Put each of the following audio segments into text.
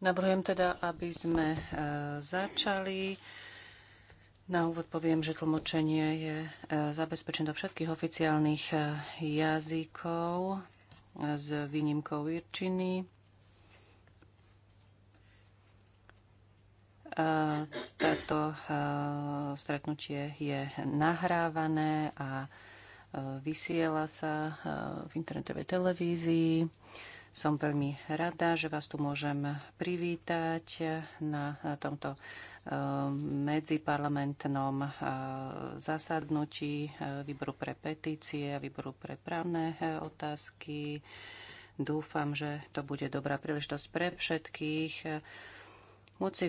Navrhujem. teda, aby sme uh, začali. Na úvod poviem, že tlmočenie je uh, zabezpečené do všetkých oficiálnych uh, jazykov s výnimkou írčiny. Toto eh, stretnutie je nahrávané a eh, vysiela sa eh, v internetovej televízii. Som veľmi rada, že vás tu môžem privítať na tomto medziparlamentnom zasadnutí výboru pre petície a výboru pre právne otázky. Dúfam, že to bude dobrá príležitosť pre všetkých môcť si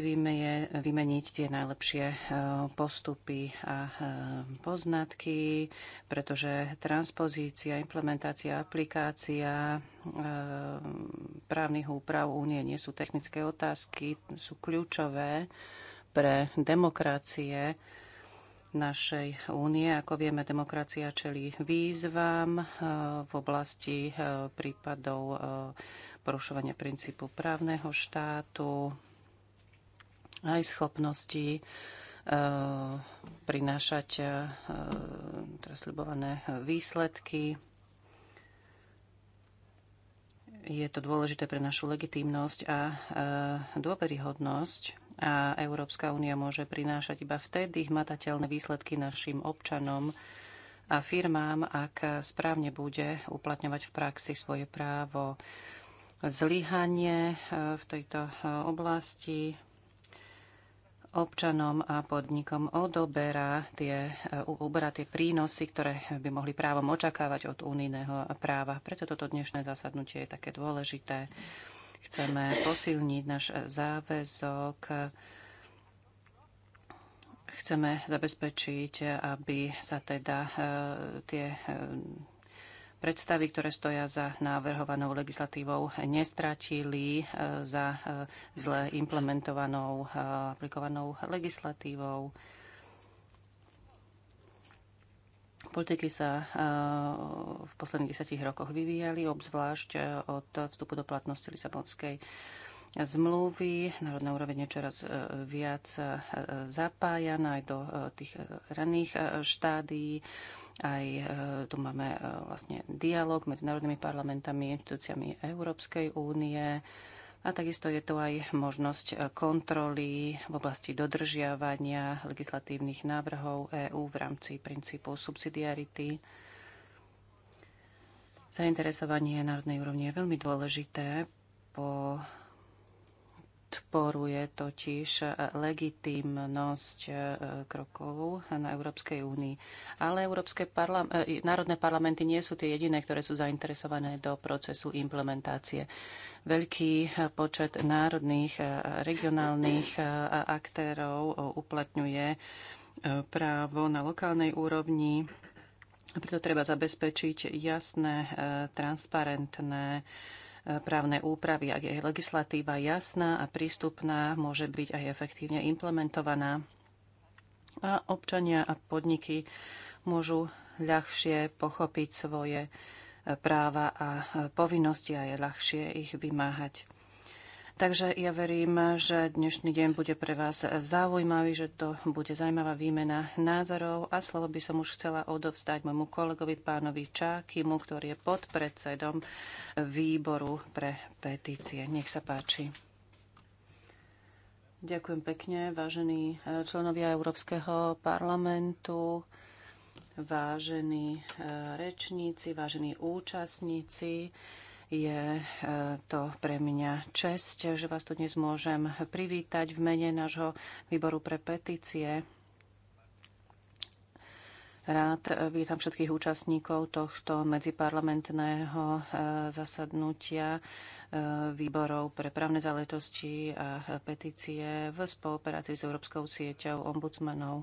vymeniť tie najlepšie e, postupy a e, poznatky, pretože transpozícia, implementácia, aplikácia e, právnych úprav únie nie sú technické otázky, sú kľúčové pre demokracie našej únie. Ako vieme, demokracia čelí výzvam v oblasti prípadov porušovania princípu právneho štátu, aj schopnosti eh, prinášať eh, teraz ľubované výsledky. Je to dôležité pre našu legitímnosť a eh, dôveryhodnosť a Európska únia môže prinášať iba vtedy hmatateľné výsledky našim občanom a firmám, ak správne bude uplatňovať v praxi svoje právo. Zlyhanie v tejto oblasti občanom a podnikom odoberá tie, uberá tie prínosy, ktoré by mohli právom očakávať od unijného práva. Preto toto dnešné zasadnutie je také dôležité. Chceme posilniť náš záväzok chceme zabezpečiť, aby sa teda eh, tie eh, predstavy, ktoré stoja za návrhovanou legislatívou, nestratili e, za e, zle implementovanou, e, aplikovanou legislatívou. Politiky sa v posledných desiatich rokoch vyvíjali, obzvlášť od vstupu do platnosti Lisabonskej zmluvy. Národná úroveň je čoraz e, viac e, zapájaná aj do e, tých raných štádií. Aj tu máme vlastne dialog medzi národnými parlamentami, inštitúciami Európskej únie. A takisto je tu aj možnosť kontroly v oblasti dodržiavania legislatívnych návrhov EÚ v rámci princípu subsidiarity. Zainteresovanie národnej úrovne je veľmi dôležité po podporuje totiž legitimnosť e, krokov na Európskej únii. Ale Európske parla- e, národné parlamenty nie sú tie jediné, ktoré sú zainteresované do procesu implementácie. Veľký počet národných a e, regionálnych aktérov uplatňuje právo na lokálnej úrovni. Preto treba zabezpečiť jasné, transparentné právne úpravy. Ak je legislatíva jasná a prístupná, môže byť aj efektívne implementovaná. A občania a podniky môžu ľahšie pochopiť svoje práva a povinnosti a je ľahšie ich vymáhať. Takže ja verím, že dnešný deň bude pre vás zaujímavý, že to bude zaujímavá výmena názorov a slovo by som už chcela odovzdať môjmu kolegovi pánovi Čákimu, ktorý je podpredsedom výboru pre petície. Nech sa páči. Ďakujem pekne, vážení členovia Európskeho parlamentu, vážení rečníci, vážení účastníci. Je e, to pre mňa česť, že vás tu dnes môžem privítať v mene nášho výboru pre petície. Rád e, vítam všetkých účastníkov tohto medziparlamentného e, zasadnutia výborov pre právne záležitosti a petície v spolupráci s Európskou sieťou ombudsmanov.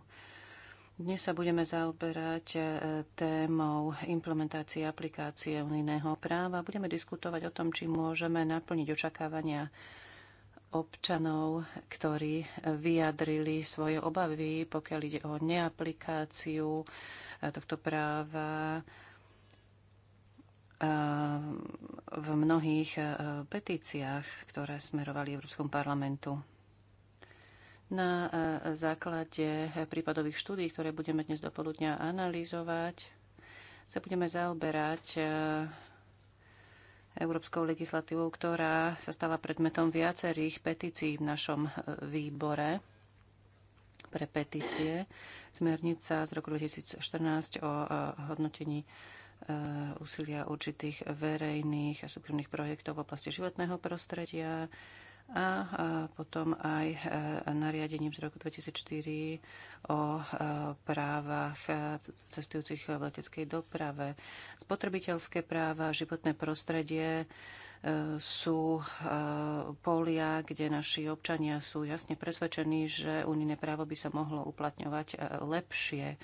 Dnes sa budeme zaoberať e, témou implementácie aplikácie unijného práva. Budeme diskutovať o tom, či môžeme naplniť očakávania občanov, ktorí vyjadrili svoje obavy, pokiaľ ide o neaplikáciu e, tohto práva e, v mnohých petíciách, ktoré smerovali Európskom parlamentu. Na e, základe e, prípadových štúdí, ktoré budeme dnes do poludnia analyzovať, sa budeme zaoberať e, európskou legislatívou, ktorá sa stala predmetom viacerých petícií v našom výbore pre petície. Smernica z roku 2014 o hodnotení úsilia určitých verejných a súkromných projektov v oblasti životného prostredia, a potom aj e, nariadením z roku 2004 o e, právach e, cestujúcich v leteckej doprave. Spotrebiteľské práva, životné prostredie sú polia, kde naši občania sú jasne presvedčení, že unijné právo by sa mohlo uplatňovať lepšie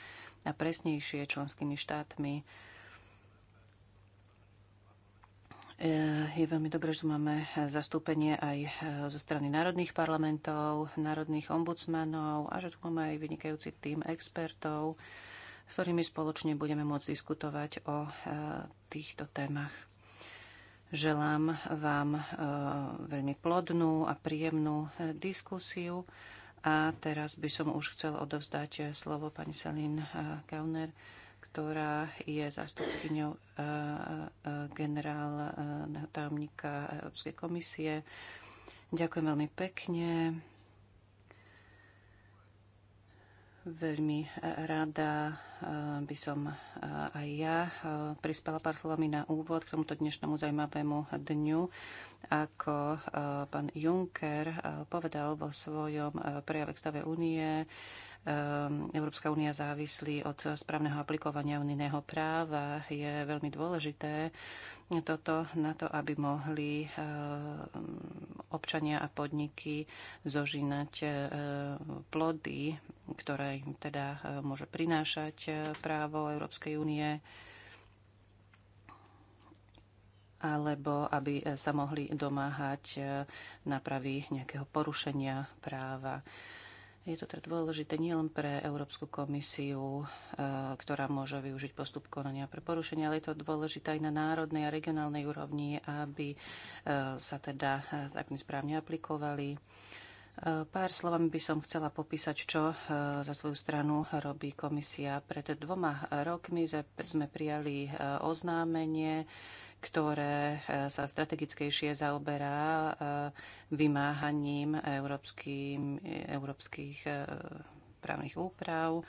a presnejšie členskými štátmi Eh, je veľmi dobré, že máme zastúpenie aj eh, zo strany národných parlamentov, národných ombudsmanov a že tu máme aj vynikajúci tým expertov, s ktorými spoločne budeme môcť diskutovať o eh, týchto témach. Želám vám veľmi plodnú a príjemnú diskusiu. A teraz by som už chcel odovzdať slovo pani Selin Kauner ktorá je zastupkyňou e, e, e, generálneho tajomníka Európskej komisie. Ďakujem veľmi pekne. Veľmi rada by som aj ja prispela pár slovami na úvod k tomuto dnešnému zaujímavému dňu. Ako pán Juncker povedal vo svojom prejave k stave únie, Ehm, Európska únia závislí od správneho aplikovania unijného práva. Je veľmi dôležité toto na to, aby mohli ehm, občania a podniky zožinať ehm, plody, ktoré im teda môže prinášať právo Európskej únie alebo aby sa mohli domáhať napravy nejakého porušenia práva. Je to teda dôležité nielen pre Európsku komisiu, e, ktorá môže využiť postup konania pre porušenie, ale je to dôležité aj na národnej a regionálnej úrovni, aby e, sa teda zákony e, správne aplikovali Eh, pár slovami by som chcela popísať, čo eh, za svoju stranu robí komisia. Pred dvoma rokmi sme prijali eh, oznámenie, ktoré sa strategickejšie zaoberá vymáhaním európskym, európskych právnych úprav.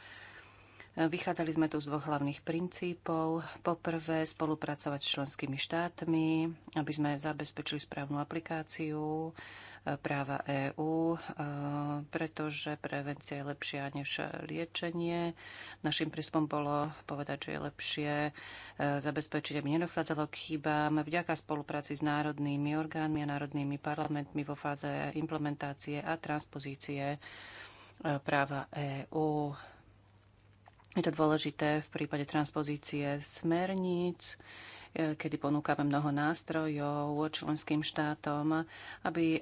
Vychádzali sme tu z dvoch hlavných princípov. Poprvé, spolupracovať s členskými štátmi, aby sme zabezpečili správnu aplikáciu práva EÚ, eh, pretože prevencia je lepšia než liečenie. Našim prispom bolo povedať, že je lepšie eh, zabezpečiť, aby nedochádzalo k chybám vďaka spolupráci s národnými orgánmi a národnými parlamentmi vo fáze implementácie a transpozície eh, práva EÚ. Je to dôležité v prípade transpozície smerníc, E, kedy ponúkame mnoho nástrojov členským štátom, aby e,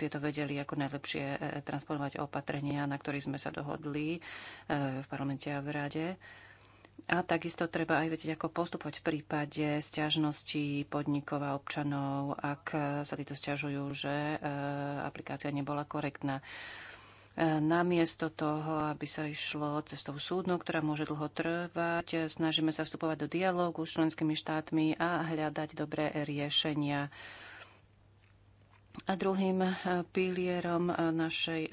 tieto vedeli, ako najlepšie e, transformovať opatrenia, na ktorých sme sa dohodli v parlamente a v rade. A takisto treba aj vedieť, ako postupovať v prípade stiažností podnikov a občanov, ak sa títo stiažujú, že aplikácia nebola korektná. Namiesto toho, aby sa išlo cestou súdnu, ktorá môže dlho trvať, snažíme sa vstupovať do dialógu s členskými štátmi a hľadať dobré riešenia. A druhým eh, pilierom eh, našej eh,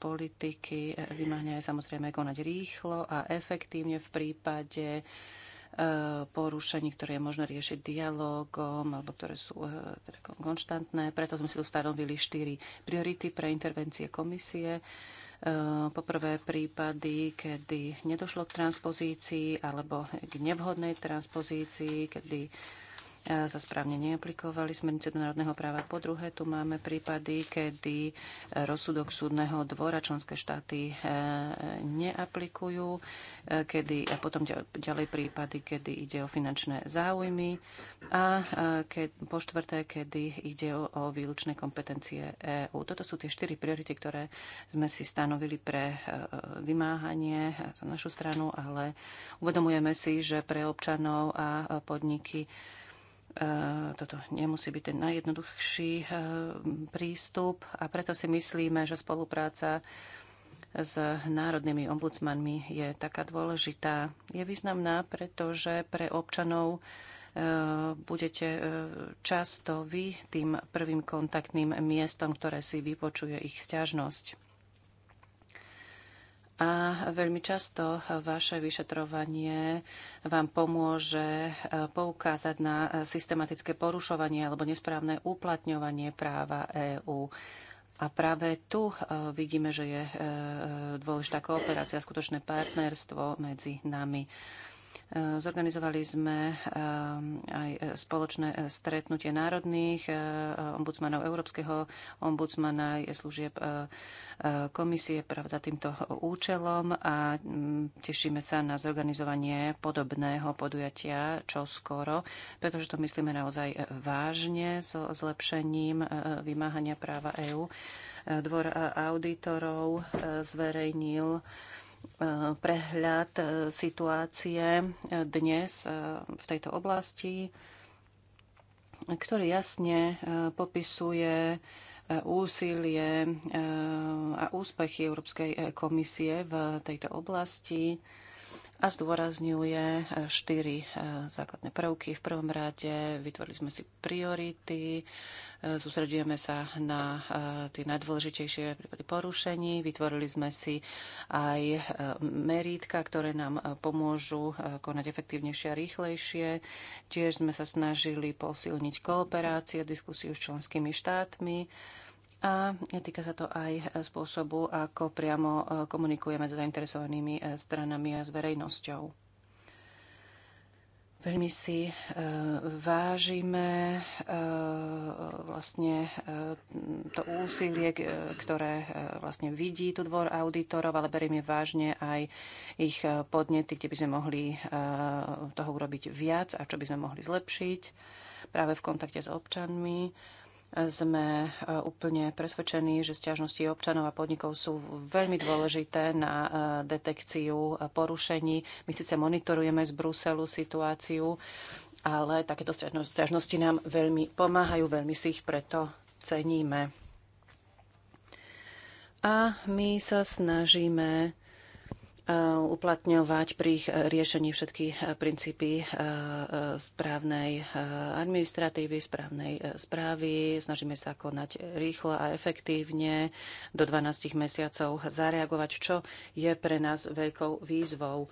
politiky vymáhňa je samozrejme konať rýchlo a efektívne v prípade porušení, ktoré je možné riešiť dialogom alebo ktoré sú e, teda konštantné. Preto sme si tu stanovili štyri priority pre intervencie komisie. E, poprvé prípady, kedy nedošlo k transpozícii alebo k nevhodnej transpozícii, kedy sa e, správne neaplikovali smernice národného práva. Po druhé, tu máme prípady, kedy rozsudok súdneho dvora členské štáty e, neaplikujú, e, kedy, a potom ďalej prípady, kedy ide o finančné záujmy a ke, po štvrté, kedy ide o, o výlučné kompetencie EÚ. Toto sú tie štyri priority, ktoré sme si stanovili pre vymáhanie na našu stranu, ale uvedomujeme si, že pre občanov a podniky Eh, toto nemusí byť ten najjednoduchší eh, prístup a preto si myslíme, že spolupráca s národnými ombudsmanmi je taká dôležitá. Je významná, pretože pre občanov eh, budete často vy tým prvým kontaktným miestom, ktoré si vypočuje ich stiažnosť a veľmi často vaše vyšetrovanie vám pomôže e, poukázať na e, systematické porušovanie alebo nesprávne uplatňovanie práva EÚ. A práve tu e, vidíme, že je dôležitá kooperácia, skutočné partnerstvo medzi nami. Zorganizovali sme eh, aj eh, spoločné eh, stretnutie národných ombudsmanov Európskeho ombudsmana aj služieb komisie práve za týmto účelom a mm, tešíme sa na zorganizovanie podobného podujatia čo skoro, pretože to myslíme naozaj vážne so zlepšením vymáhania práva EÚ. Dvor auditorov zverejnil E, prehľad e, situácie e, dnes v tejto oblasti, ktorý jasne popisuje úsilie a úspechy Európskej komisie v tejto oblasti a zdôrazňuje e, štyri e, základné prvky. V prvom rade vytvorili sme si priority, e, sústredujeme sa na tie najdôležitejšie prípady porušení, vytvorili sme si aj merítka, ktoré nám pomôžu konať efektívnejšie a rýchlejšie. Tiež sme sa snažili posilniť kooperáciu, diskusiu s členskými štátmi a týka sa to aj spôsobu, ako priamo e, komunikujeme s zainteresovanými e, stranami a s verejnosťou. Veľmi si e, vážime vlastne to úsilie, ktoré vlastne vidí tu dvor auditorov, ale berieme vážne aj ich podnety, kde by sme mohli toho urobiť viac a čo by sme mohli zlepšiť práve v kontakte s občanmi sme e, úplne presvedčení, že stiažnosti občanov a podnikov sú veľmi dôležité na e, detekciu e, porušení. My síce monitorujeme z Bruselu situáciu, ale takéto stiažnosti nám veľmi pomáhajú, veľmi si ich preto ceníme. A my sa snažíme Uh, uplatňovať pri ich uh, riešení všetky uh, princípy správnej administratívy, správnej správy. Snažíme sa konať rýchlo a efektívne, do 12 mesiacov zareagovať, čo je pre nás veľkou výzvou.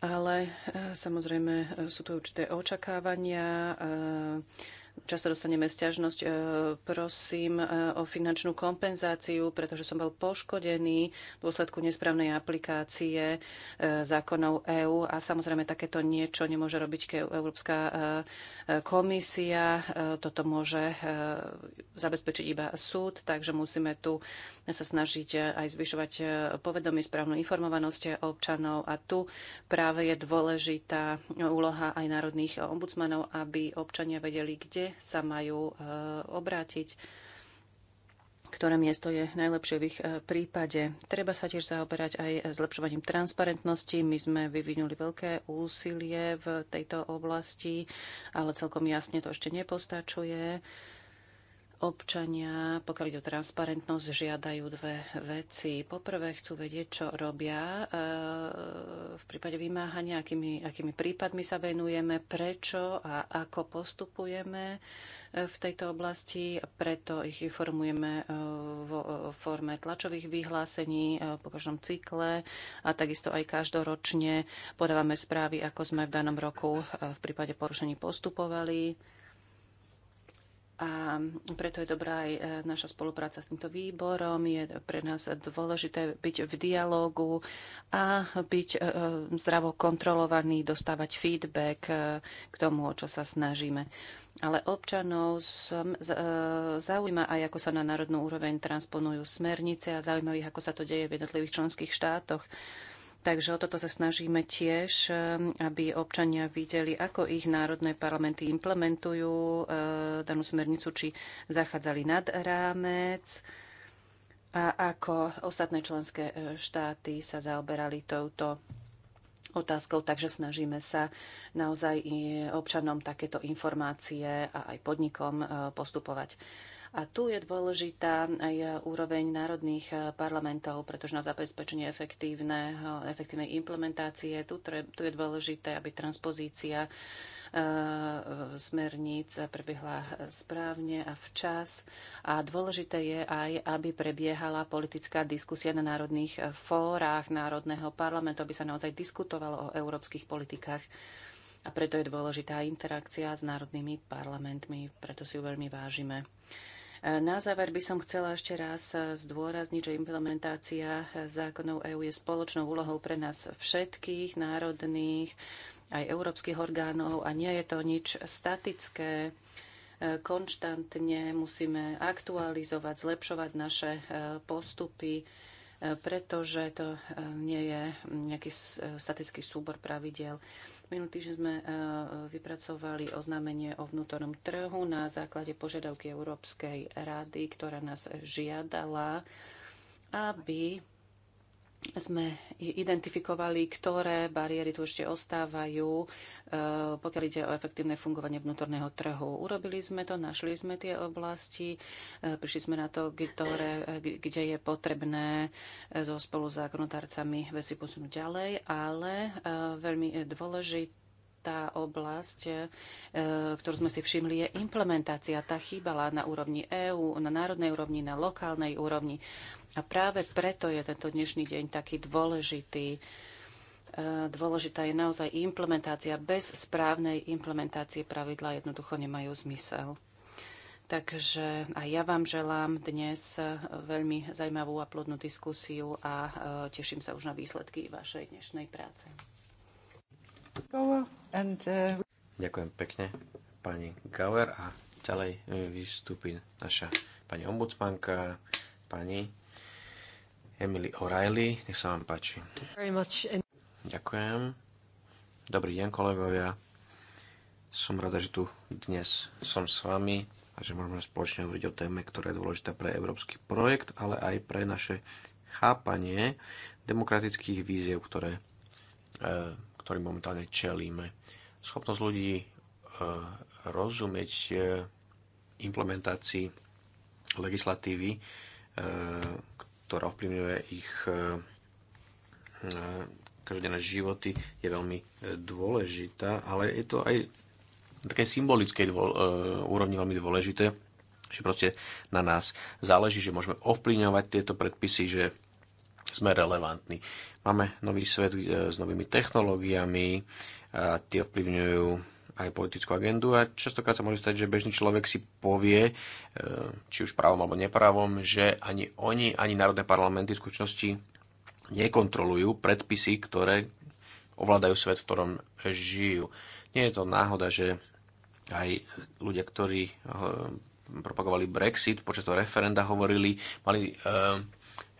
Ale samozrejme sú tu určité očakávania, Často dostaneme sťažnosť, e, prosím e, o finančnú kompenzáciu, pretože som bol poškodený v dôsledku nesprávnej aplikácie e, zákonov EÚ a samozrejme takéto niečo nemôže robiť Európska komisia. Toto môže zabezpečiť iba súd, takže musíme tu sa snažiť aj zvyšovať povedomie, správnu informovanosť občanov a tu práve je dôležitá úloha aj národných ombudsmanov, aby občania vedeli, kde kde sa majú e, obrátiť ktoré miesto je najlepšie v ich e, prípade. Treba sa tiež zaoberať aj zlepšovaním transparentnosti. My sme vyvinuli veľké úsilie v tejto oblasti, ale celkom jasne to ešte nepostačuje občania, pokiaľ ide o transparentnosť, žiadajú dve veci. Poprvé chcú vedieť, čo robia e, v prípade vymáhania, akými, akými prípadmi sa venujeme, prečo a ako postupujeme e, v tejto oblasti. Preto ich informujeme e, vo forme tlačových vyhlásení po každom cykle a takisto aj každoročne podávame správy, ako sme v danom roku v prípade porušení postupovali a preto je dobrá aj e, naša spolupráca s týmto výborom. Je pre nás dôležité byť v dialogu a byť e, e, zdravo kontrolovaný, dostávať feedback k tomu, o čo sa snažíme. Ale občanov zaujíma aj, ako sa na národnú úroveň transponujú smernice a zaujíma ich, ako sa to deje v jednotlivých členských štátoch. Takže o toto sa snažíme tiež, eh, aby občania videli, ako ich národné parlamenty implementujú eh, danú smernicu, či zachádzali nad rámec a ako ostatné členské eh, štáty sa zaoberali touto otázkou. Takže snažíme sa naozaj občanom takéto informácie a aj podnikom postupovať. A tu je dôležitá aj úroveň národných eh, parlamentov, pretože na zabezpečenie eh, efektívnej implementácie tu, tu je dôležité, aby transpozícia eh, smerníc prebiehla správne a včas. A dôležité je aj, aby prebiehala politická diskusia na národných fórach Národného parlamentu, aby sa naozaj diskutovalo o európskych politikách. A preto je dôležitá interakcia s národnými parlamentmi, preto si ju veľmi vážime. Na záver by som chcela ešte raz zdôrazniť, že implementácia zákonov EÚ je spoločnou úlohou pre nás všetkých národných aj európskych orgánov a nie je to nič statické. Konštantne musíme aktualizovať, zlepšovať naše e, postupy, e, pretože to e, nie je nejaký statický súbor pravidel. Minulý týždeň sme e, vypracovali oznámenie o vnútornom trhu na základe požiadavky Európskej rady, ktorá nás žiadala, aby sme identifikovali, ktoré bariéry tu ešte ostávajú, e, pokiaľ ide o efektívne fungovanie vnútorného trhu. Urobili sme to, našli sme tie oblasti, e, prišli sme na to, ktoré, e, kde je potrebné so spolu s zákonodárcami veci posunúť ďalej, ale veľmi dôležité tá oblasť, e, ktorú sme si všimli, je implementácia. Tá chýbala na úrovni EÚ, na národnej úrovni, na lokálnej úrovni. A práve preto je tento dnešný deň taký dôležitý. E, dôležitá je naozaj implementácia. Bez správnej implementácie pravidla jednoducho nemajú zmysel. Takže aj ja vám želám dnes e, veľmi zaujímavú a plodnú diskusiu a teším sa už na výsledky vašej dnešnej práce. Ďakujem pekne pani Gauer a ďalej e, vystúpi naša pani ombudsmanka, pani Emily O'Reilly. Nech sa vám páči. Ďakujem. Dobrý deň, kolegovia. Som rada, že tu dnes som s vami a že môžeme spoločne hovoriť o téme, ktorá je dôležitá pre európsky projekt, ale aj pre naše chápanie demokratických víziev, ktoré e, ktorým momentálne čelíme. Schopnosť ľudí e, rozumieť e, implementácii legislatívy, e, ktorá ovplyvňuje ich každodenné životy, je veľmi dôležitá, ale je to aj na takej symbolickej úrovni veľmi dôležité, že proste na nás záleží, že môžeme ovplyvňovať tieto predpisy, že sme relevantní. Máme nový svet s novými technológiami, a tie ovplyvňujú aj politickú agendu a častokrát sa môže stať, že bežný človek si povie, e, či už právom alebo nepravom, že ani oni, ani národné parlamenty v skutočnosti nekontrolujú predpisy, ktoré ovládajú svet, v ktorom žijú. Nie je to náhoda, že aj ľudia, ktorí e, propagovali Brexit, počas toho referenda hovorili, mali e,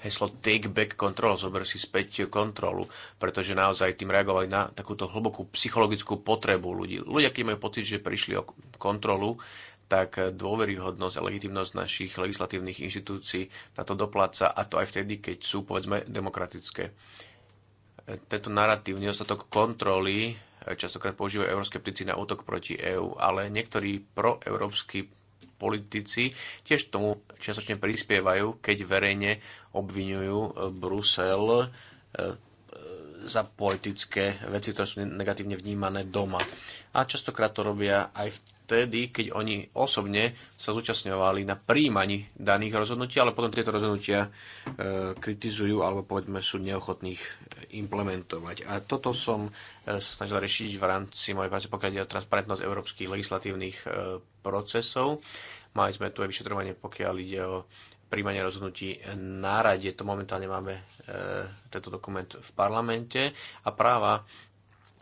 heslo Take Back Control, zober si späť kontrolu, pretože naozaj tým reagovali na takúto hlbokú psychologickú potrebu ľudí. Ľudia, keď majú pocit, že prišli o kontrolu, tak dôveryhodnosť a legitimnosť našich legislatívnych inštitúcií na to dopláca a to aj vtedy, keď sú, povedzme, demokratické. Tento narratív, nedostatok kontroly častokrát používajú euroskeptici na útok proti EÚ, ale niektorí proeurópsky politici tiež tomu čiastočne prispievajú, keď verejne obvinujú eh, Brusel eh, eh, za politické veci, ktoré sú negatívne vnímané doma. A častokrát to robia aj v vtedy, keď oni osobne sa zúčastňovali na príjmaní daných rozhodnutí, ale potom tieto rozhodnutia e, kritizujú alebo povedzme sú neochotných e, implementovať. A toto som e, sa snažil riešiť v rámci mojej práce, pokiaľ ide o transparentnosť európskych legislatívnych procesov. Mali sme tu aj vyšetrovanie, pokiaľ ide o príjmanie rozhodnutí na rade. To momentálne máme tento dokument v parlamente a práva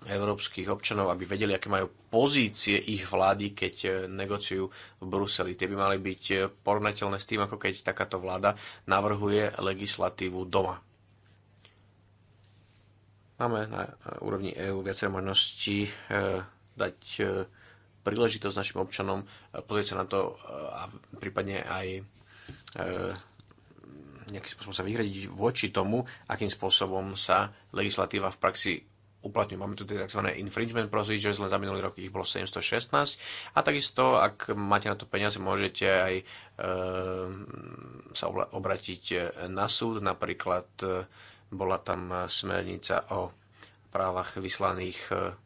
európskych občanov, aby vedeli, aké majú pozície ich vlády, keď eh, negociujú v Bruseli. Tie by mali byť eh, porovnateľné s tým, ako keď takáto vláda navrhuje legislatívu doma. Máme na eh, úrovni EÚ viaceré možnosti dať príležitosť našim občanom pozrieť sa na to a prípadne aj nejakým spôsobom sa vyhradiť voči tomu, akým spôsobom sa legislatíva v praxi uplatňujú. Máme tu tie tzv. infringement procedures, len za minulý rok ich bolo 716 a takisto, ak máte na to peniaze, môžete aj ehm, e, sa obratiť na súd. Napríklad e, bola tam smernica o právach vyslaných e,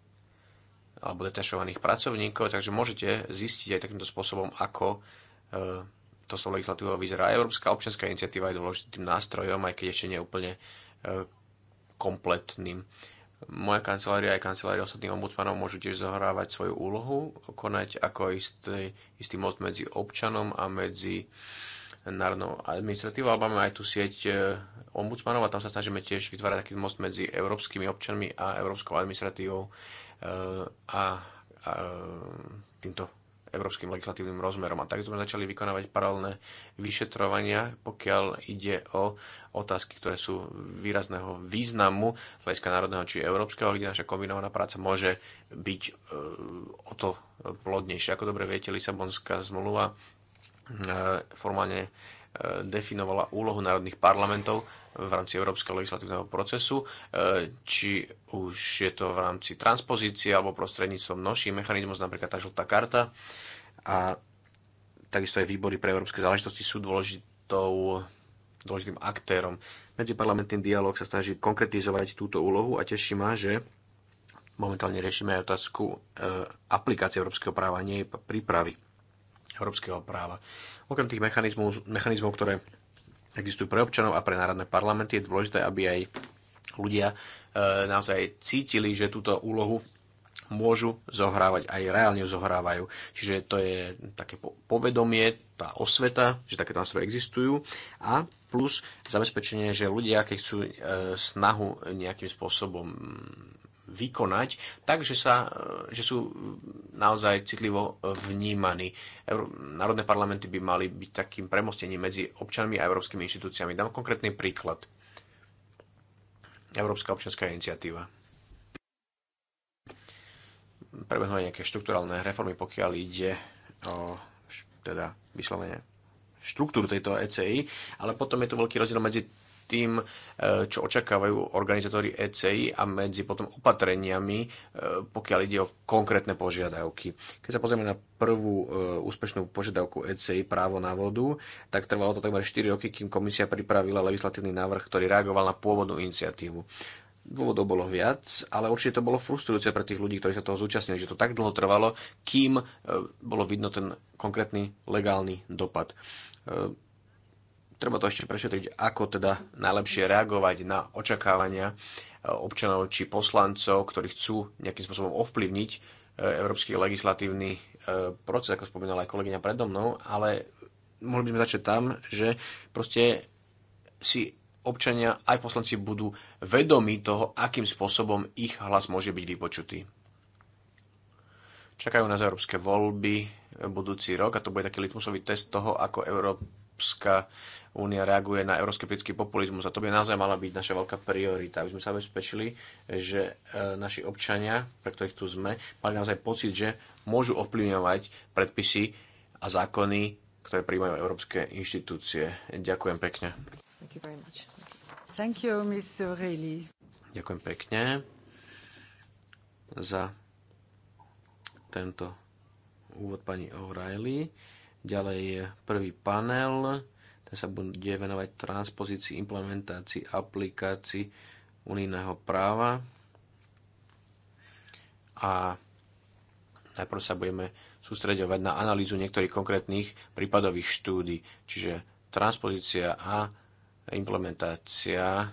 alebo detašovaných pracovníkov, takže môžete zistiť aj takýmto spôsobom, ako e, to slovo legislatívou vyzerá. Európska občianská iniciatíva je dôležitým nástrojom, aj keď ešte nie úplne e, kompletným. Moja kancelária aj kancelária ostatných ombudsmanov môžu tiež zohrávať svoju úlohu, konať ako istý, istý most medzi občanom a medzi národnou administratívou, alebo máme aj tú sieť e, ombudsmanov a tam sa snažíme tiež vytvárať taký most medzi európskymi občanmi a európskou administratívou e, a, a týmto európskym legislatívnym rozmerom. A tak sme začali vykonávať paralelné vyšetrovania, pokiaľ ide o otázky, ktoré sú výrazného významu z hľadiska národného či európskeho, kde naša kombinovaná práca môže byť e, o to plodnejšia. Ako dobre viete, Lisabonská zmluva e, formálne e, definovala úlohu národných parlamentov v rámci európskeho legislatívneho procesu, e, či už je to v rámci transpozície alebo prostredníctvom množší mechanizmus, napríklad tá žltá karta. A takisto aj výbory pre európske záležitosti sú dôležitou, dôležitým aktérom. Medziparlamentný dialog sa snaží konkretizovať túto úlohu a teší ma, že momentálne riešime aj otázku e, aplikácie európskeho práva, nie prípravy európskeho práva. Okrem tých mechanizmov, mechanizmov ktoré existujú pre občanov a pre národné parlamenty. Je dôležité, aby aj ľudia e, naozaj cítili, že túto úlohu môžu zohrávať, aj reálne zohrávajú. Čiže to je také povedomie, tá osveta, že takéto nástroje existujú a plus zabezpečenie, že ľudia, keď chcú e, snahu nejakým spôsobom vykonať, takže sa, e, že sú e, naozaj citlivo e, vnímaní. Národné parlamenty by mali byť takým premostením medzi občanmi a európskymi inštitúciami. Dám konkrétny príklad. Európska občianská iniciatíva. Prebehnú aj nejaké štrukturálne reformy, pokiaľ ide o teda vyslovene štruktúru tejto ECI, ale potom je tu veľký rozdiel medzi tým, e, čo očakávajú organizátori ECI a medzi potom opatreniami, e, pokiaľ ide o konkrétne požiadavky. Keď sa pozrieme na prvú e, úspešnú požiadavku ECI právo na vodu, tak trvalo to takmer 4 roky, kým komisia pripravila legislatívny návrh, ktorý reagoval na pôvodnú iniciatívu. Dôvodov bolo viac, ale určite to bolo frustrujúce pre tých ľudí, ktorí sa toho zúčastnili, že to tak dlho trvalo, kým bolo vidno ten konkrétny legálny dopad Treba to ešte prešetriť, ako teda najlepšie reagovať na očakávania e, občanov či poslancov, ktorí chcú nejakým spôsobom ovplyvniť e, európsky legislatívny e, proces, ako spomínala aj kolegyňa predo mnou, ale mohli by sme začať tam, že proste si občania aj poslanci budú vedomí toho, akým spôsobom ich hlas môže byť vypočutý. Čakajú nás európske voľby budúci rok a to bude taký litmusový test toho, ako Európa Európska únia reaguje na euroskeptický populizmus a to by naozaj mala byť naša veľká priorita, aby sme sa zabezpečili, že e, naši občania, pre ktorých tu sme, mali naozaj pocit, že môžu ovplyvňovať predpisy a zákony, ktoré príjmajú európske inštitúcie. Ďakujem pekne. Thank you very much. Thank you, Miss O'Reilly. Ďakujem pekne za tento úvod pani O'Reilly. Ďalej je prvý panel, ten sa bude venovať transpozícii, implementácii, aplikácii unijného práva. A najprv sa budeme sústreďovať na analýzu niektorých konkrétnych prípadových štúdí, čiže transpozícia a implementácia e,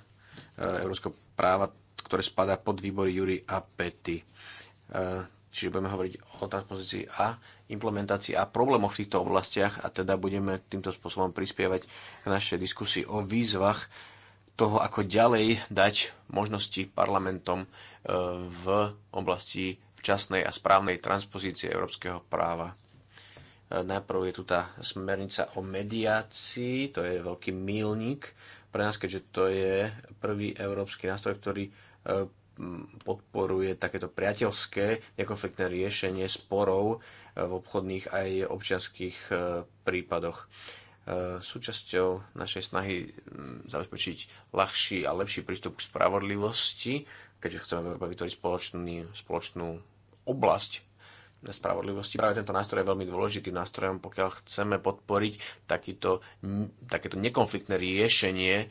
európskeho práva, ktoré spadá pod výbory Jury a Pety. E, čiže budeme hovoriť o transpozícii a implementácii a problémoch v týchto oblastiach a teda budeme týmto spôsobom prispievať k našej diskusii o výzvach toho, ako ďalej dať možnosti parlamentom e, v oblasti včasnej a správnej transpozície európskeho práva. E, najprv je tu tá smernica o mediácii, to je veľký milník pre nás, keďže to je prvý európsky nástroj, ktorý e, podporuje takéto priateľské nekonfliktné riešenie sporov v obchodných aj občianských e, prípadoch. E, súčasťou našej snahy zabezpečiť ľahší a lepší prístup k spravodlivosti, keďže chceme v Európe vytvoriť spoločný, spoločnú oblasť spravodlivosti. Práve tento nástroj je veľmi dôležitým nástrojom, pokiaľ chceme podporiť takýto, takéto nekonfliktné riešenie e,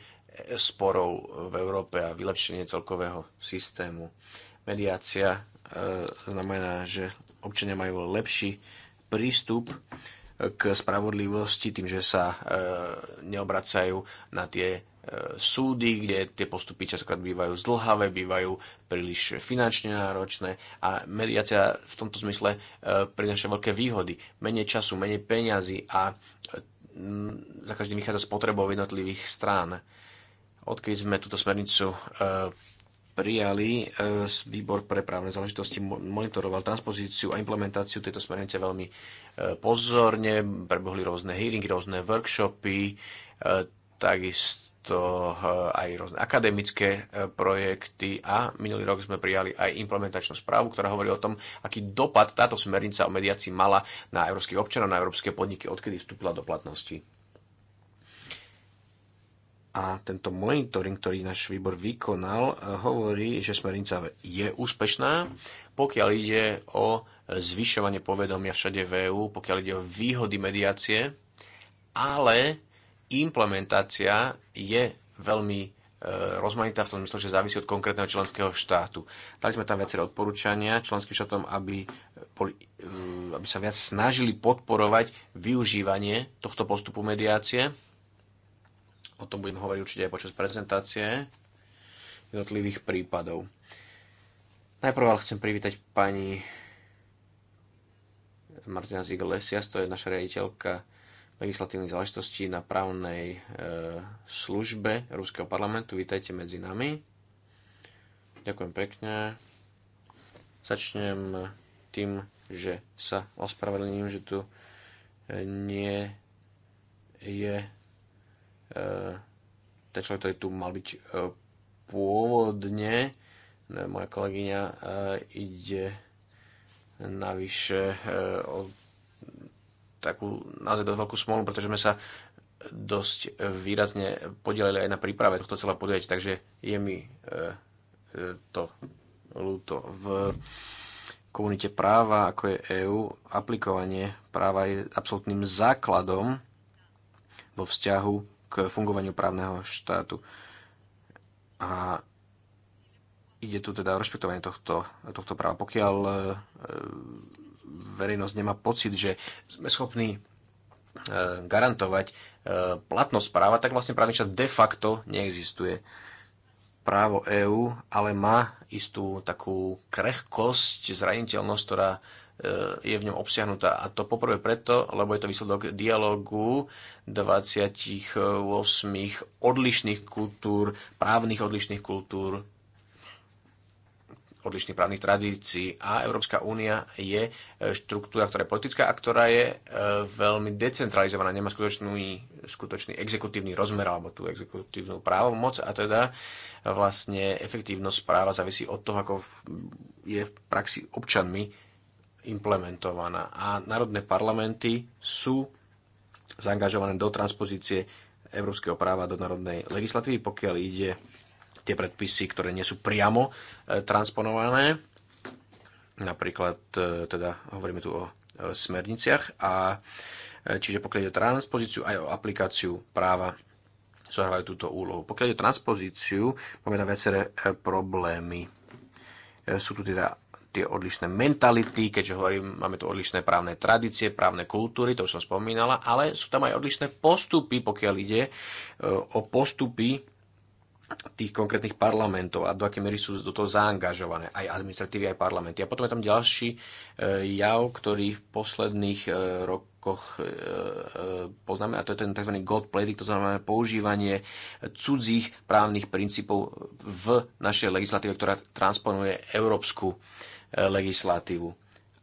sporov v Európe a vylepšenie celkového systému. Mediácia e, znamená, že občania majú lepší prístup eh, k spravodlivosti tým, že sa eh, neobracajú na tie eh, súdy, kde tie postupy častokrát bývajú zdlhavé, bývajú príliš finančne náročné a mediácia v tomto zmysle prináša veľké výhody. Menej času, menej peňazí a mm, za každým vychádza potrebou jednotlivých strán. Odkedy sme túto smernicu prijali, e, výbor pre právne záležitosti monitoroval transpozíciu a implementáciu tejto smernice veľmi e, pozorne, Prebohli rôzne hearingy, rôzne workshopy, e, takisto aj rôzne akademické projekty a minulý rok sme prijali aj implementačnú správu, ktorá hovorí o tom, aký dopad táto smernica o mediácii mala na európskych občanov, na európske podniky, odkedy vstúpila do platnosti. A tento monitoring, ktorý náš výbor vykonal, eh, hovorí, že smernica je úspešná, pokiaľ ide o zvyšovanie povedomia všade v EÚ, pokiaľ ide o výhody mediácie, ale implementácia je veľmi eh, rozmanitá v tom zmysle, že závisí od konkrétneho členského štátu. Dali sme tam viaceré odporúčania členským štátom, aby, boli, eh, aby sa viac snažili podporovať využívanie tohto postupu mediácie o tom budem hovoriť určite aj počas prezentácie jednotlivých prípadov. Najprv ale chcem privítať pani Martina Ziglesias, to je naša riaditeľka legislatívnej záležitosti na právnej e, službe Ruského parlamentu. Vítajte medzi nami. Ďakujem pekne. Začnem tým, že sa ospravedlním, že tu e, nie je ten človek, ktorý tu mal byť e, pôvodne, e, moja kolegyňa e, ide navyše o takú naozaj dosť veľkú smolu, pretože sme sa dosť výrazne podielili aj na príprave tohto celého podujatia, takže je mi to ľúto. V komunite práva, ako je EÚ, aplikovanie práva je absolútnym základom vo vzťahu k fungovaniu právneho štátu. A ide tu teda o rešpektovanie tohto, tohto práva. Pokiaľ e, verejnosť nemá pocit, že sme schopní e, garantovať e, platnosť práva, tak vlastne právny štát de facto neexistuje. Právo EÚ ale má istú takú krehkosť, zraniteľnosť, ktorá E, je v ňom obsiahnutá. A to poprvé preto, lebo je to výsledok dialogu 28 odlišných kultúr, právnych odlišných kultúr, odlišných právnych tradícií a Európska únia je e, štruktúra, ktorá je politická a ktorá je e, veľmi decentralizovaná, nemá skutočný, skutočný exekutívny rozmer alebo tú exekutívnu právomoc a teda vlastne efektívnosť práva závisí od toho, ako je v praxi občanmi implementovaná. A národné parlamenty sú zaangažované do transpozície európskeho práva do národnej legislatívy, pokiaľ ide tie predpisy, ktoré nie sú priamo e, transponované. Napríklad e, teda hovoríme tu o e, smerniciach a čiže pokiaľ ide o transpozíciu aj o aplikáciu práva zohrávajú túto úlohu. Pokiaľ ide o transpozíciu, máme tam viaceré problémy. Sú tu teda tie odlišné mentality, keďže hovorím, máme tu odlišné právne tradície, právne kultúry, to už som spomínala, ale sú tam aj odlišné postupy, pokiaľ ide e, o postupy tých konkrétnych parlamentov a do aké miery sú do toho zaangažované aj administratívy, aj parlamenty. A potom je tam ďalší e, jav, ktorý v posledných e, rokoch poznáme, a to je ten tzv. god plating, to znamená používanie cudzích právnych princípov v našej legislatíve, ktorá transponuje európsku legislatívu.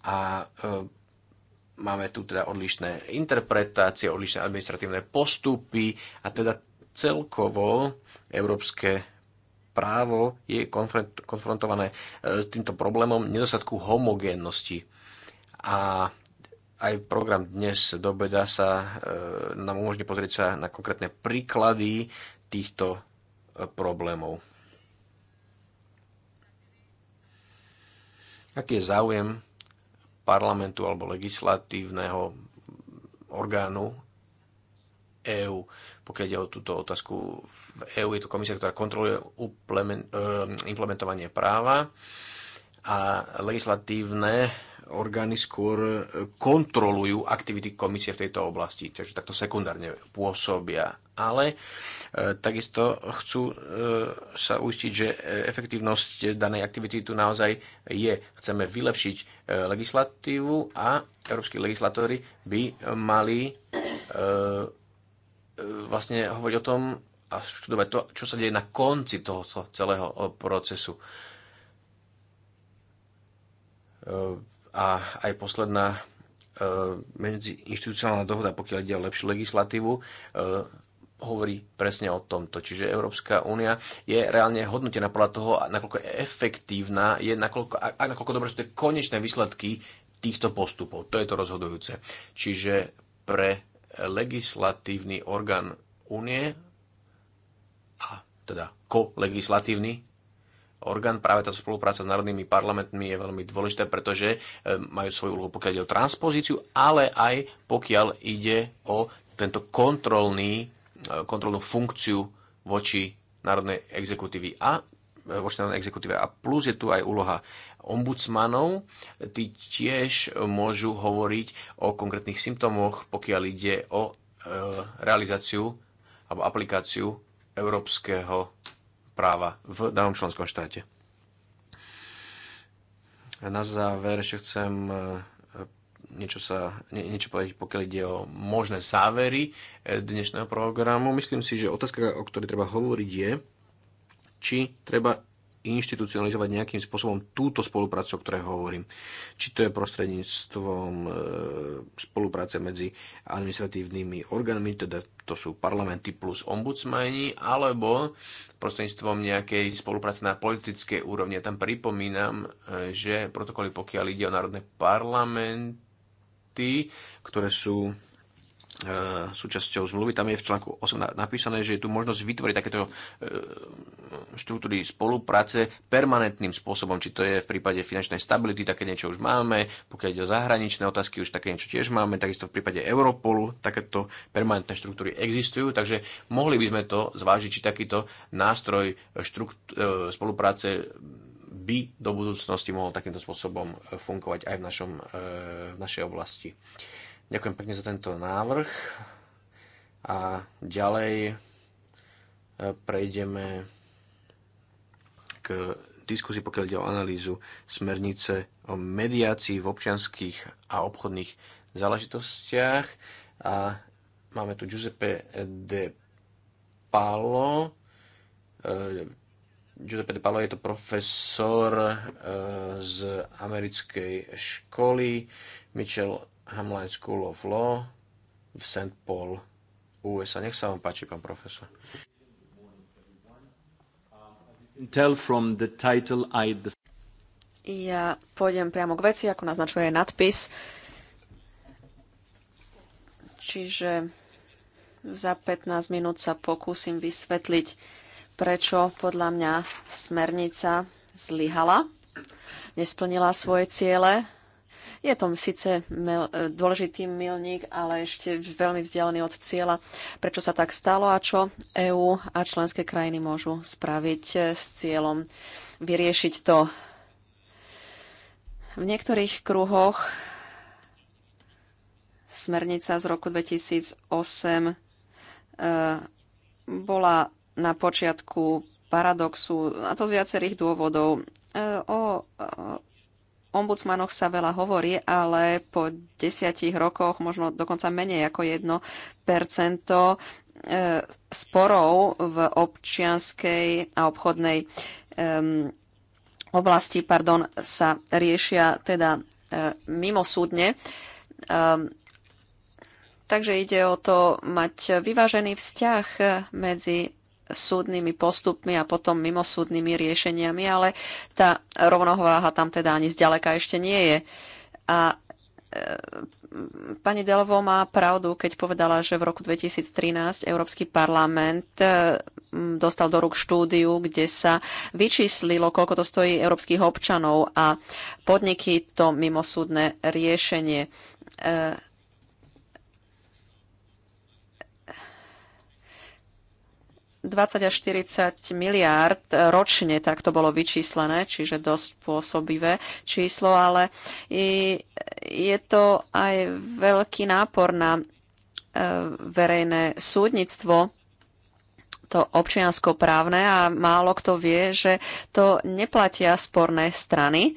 A e, máme tu teda odlišné interpretácie, odlišné administratívne postupy a teda celkovo európske právo je konfrontované e, s týmto problémom nedostatku homogénnosti. A aj program dnes do beda sa e, nám umožní pozrieť sa na konkrétne príklady týchto problémov. aký je záujem parlamentu alebo legislatívneho orgánu EÚ. Pokiaľ ide o túto otázku, v EÚ je to komisia, ktorá kontroluje eh, implementovanie práva a legislatívne orgány skôr e, kontrolujú aktivity komisie v tejto oblasti, čiže takto sekundárne pôsobia. Ale e, takisto chcú e, sa uistiť, že efektívnosť danej aktivity tu naozaj je. Chceme vylepšiť legislatívu a európsky legislatóri by mali vlastne hovoriť o tom a študovať to, čo sa deje na konci toho celého procesu. A aj posledná e, medziinstitucionálna dohoda, pokiaľ ide o lepšiu legislatívu, e, hovorí presne o tomto. Čiže Európska únia je reálne hodnotená podľa toho, nakoľko je efektívna, je nakoľko, a nakoľko dobre sú tie konečné výsledky týchto postupov. To je to rozhodujúce. Čiže pre legislatívny orgán únie a teda ko-legislatívny orgán. Práve táto spolupráca s národnými parlamentmi je veľmi dôležitá, pretože e, majú svoju úlohu, pokiaľ ide o transpozíciu, ale aj pokiaľ ide o tento kontrolný, e, kontrolnú funkciu voči národnej exekutívy a e, voči národnej exekutíve. A plus je tu aj úloha ombudsmanov. Tí tiež môžu hovoriť o konkrétnych symptómoch, pokiaľ ide o realizáciu alebo aplikáciu európskeho práva v danom členskom štáte. A na záver ešte chcem e, niečo, sa, nie, niečo povedať, pokiaľ ide o možné závery e, dnešného programu. Myslím si, že otázka, o ktorej treba hovoriť, je, či treba inštitucionalizovať nejakým spôsobom túto spoluprácu, o ktorej hovorím. Či to je prostredníctvom e, spolupráce medzi administratívnymi orgánmi, teda to sú parlamenty plus ombudsmani, alebo prostredníctvom nejakej spolupráce na politickej úrovni. Ja tam pripomínam, e, že protokoly, pokiaľ ide o národné parlamenty, ktoré sú E, súčasťou zmluvy. Tam je v článku 8 napísané, že je tu možnosť vytvoriť takéto e, štruktúry spolupráce permanentným spôsobom, či to je v prípade finančnej stability, také niečo už máme, pokiaľ ide o zahraničné otázky, už také niečo tiež máme, takisto v prípade Europolu takéto permanentné štruktúry existujú, takže mohli by sme to zvážiť, či takýto nástroj e, spolupráce by do budúcnosti mohol takýmto spôsobom fungovať aj v, našom, v našej oblasti. Ďakujem pekne za tento návrh a ďalej e, prejdeme k diskusii, pokiaľ ide o analýzu smernice o mediácii v občianských a obchodných záležitostiach. A máme tu Giuseppe De Palo. E, Giuseppe De Palo je to profesor e, z americkej školy. Mitchell Hamline School of Law v St. Paul, USA. Nech sa vám páči, pán profesor. Ja pôjdem priamo k veci, ako naznačuje nadpis. Čiže za 15 minút sa pokúsim vysvetliť, prečo podľa mňa smernica zlyhala, nesplnila svoje ciele je to síce e, dôležitý milník, ale ešte veľmi vzdialený od cieľa. Prečo sa tak stalo a čo EÚ a členské krajiny môžu spraviť e, s cieľom vyriešiť to? V niektorých kruhoch smernica z roku 2008 e, bola na počiatku paradoxu, a to z viacerých dôvodov. O ombudsmanoch sa veľa hovorí, ale po desiatich rokoch, možno dokonca menej ako 1 e, sporov v občianskej a obchodnej um, oblasti pardon, sa riešia teda uh, mimosúdne. Um, takže ide o to mať vyvážený vzťah medzi súdnymi postupmi a potom mimosúdnymi riešeniami, ale tá rovnováha tam teda ani zďaleka ešte nie je. A e, pani Delvo má pravdu, keď povedala, že v roku 2013 Európsky parlament e, dostal do rúk štúdiu, kde sa vyčíslilo, koľko to stojí európskych občanov a podniky to mimosúdne riešenie. E, 20 až 40 miliárd ročne, tak to bolo vyčíslené, čiže dosť pôsobivé číslo, ale je to aj veľký nápor na e, verejné súdnictvo, to občiansko právne a málo kto vie, že to neplatia sporné strany.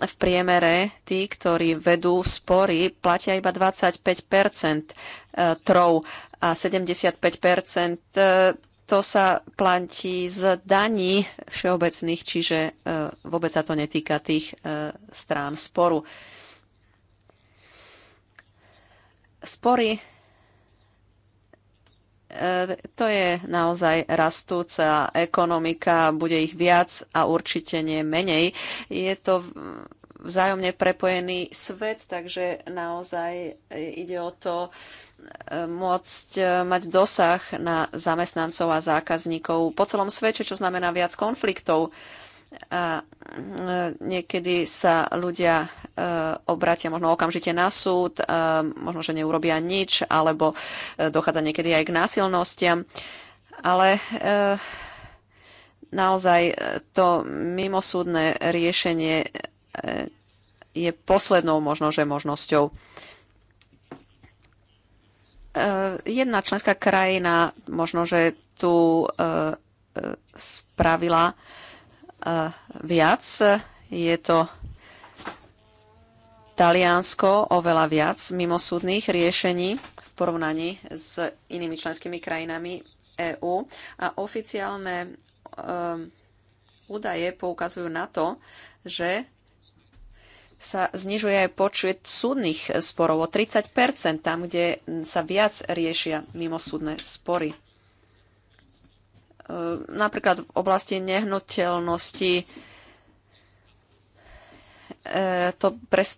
V priemere tí, ktorí vedú spory, platia iba 25 e, trov a 75 to sa platí z daní všeobecných, čiže e, vôbec sa to netýka tých e, strán sporu. Spory e, to je naozaj rastúca ekonomika, bude ich viac a určite nie menej. Je to vzájomne prepojený svet, takže naozaj ide o to môcť e, mať dosah na zamestnancov a zákazníkov po celom svete, čo znamená viac konfliktov. A e, niekedy sa ľudia e, obratia možno okamžite na súd, možno, že neurobia nič, alebo dochádza niekedy aj k násilnostiam. Ale naozaj to mimosúdne riešenie je poslednou možno, že možnosťou. Eh, jedna členská krajina možno, že tu eh, spravila eh, viac. Je to Taliansko oveľa viac mimosúdnych riešení v porovnaní s inými členskými krajinami EÚ a oficiálne um, údaje poukazujú na to, že sa znižuje aj počet súdnych sporov o 30 tam, kde sa viac riešia mimosúdne spory. E, napríklad v oblasti nehnuteľnosti e, to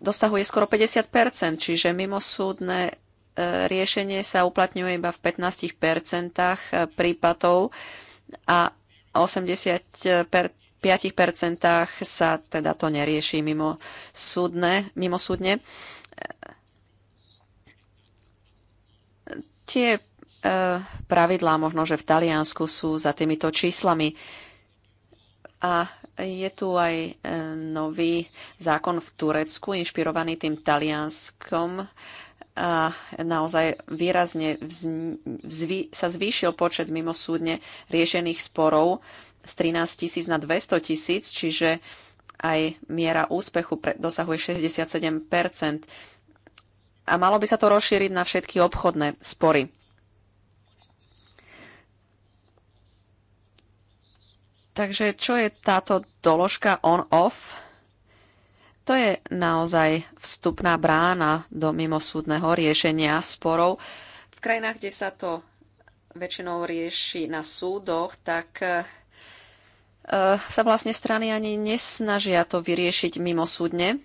dosahuje skoro 50 čiže mimosúdne e, riešenie sa uplatňuje iba v 15 prípadov a 80 5% sa teda to nerieši mimo, súdne, mimo súdne. Tie e, pravidlá možno, že v Taliansku sú za týmito číslami. A je tu aj e, nový zákon v Turecku, inšpirovaný tým talianskom. A naozaj výrazne vzvi, sa zvýšil počet mimosúdne riešených sporov z 13 tisíc na 200 tisíc, čiže aj miera úspechu pre, dosahuje 67 A malo by sa to rozšíriť na všetky obchodné spory. Takže čo je táto doložka on-off? To je naozaj vstupná brána do mimosúdneho riešenia sporov. V krajinách, kde sa to väčšinou rieši na súdoch, tak eh, E, sa vlastne strany ani nesnažia to vyriešiť súdne. E,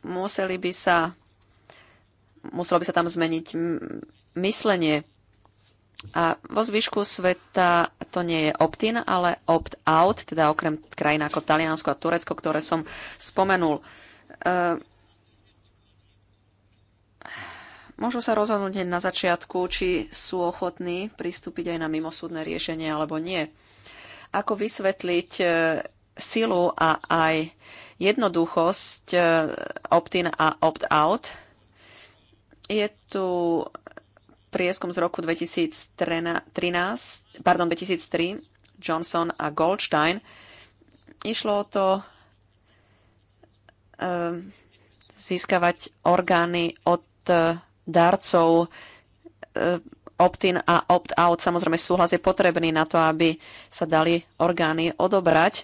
museli by sa, muselo by sa tam zmeniť myslenie. A vo zvyšku sveta to nie je opt-in, ale opt-out, teda okrem krajín ako Taliansko a Turecko, ktoré som spomenul. E, Môžu sa rozhodnúť hneď na začiatku, či sú ochotní pristúpiť aj na mimosúdne riešenie alebo nie. Ako vysvetliť e, silu a aj jednoduchosť e, opt-in a opt-out? Je tu prieskum z roku 2013, pardon, 2003, Johnson a Goldstein. Išlo o to e, získavať orgány od darcov. E, opt-in a opt-out, samozrejme súhlas je potrebný na to, aby sa dali orgány odobrať.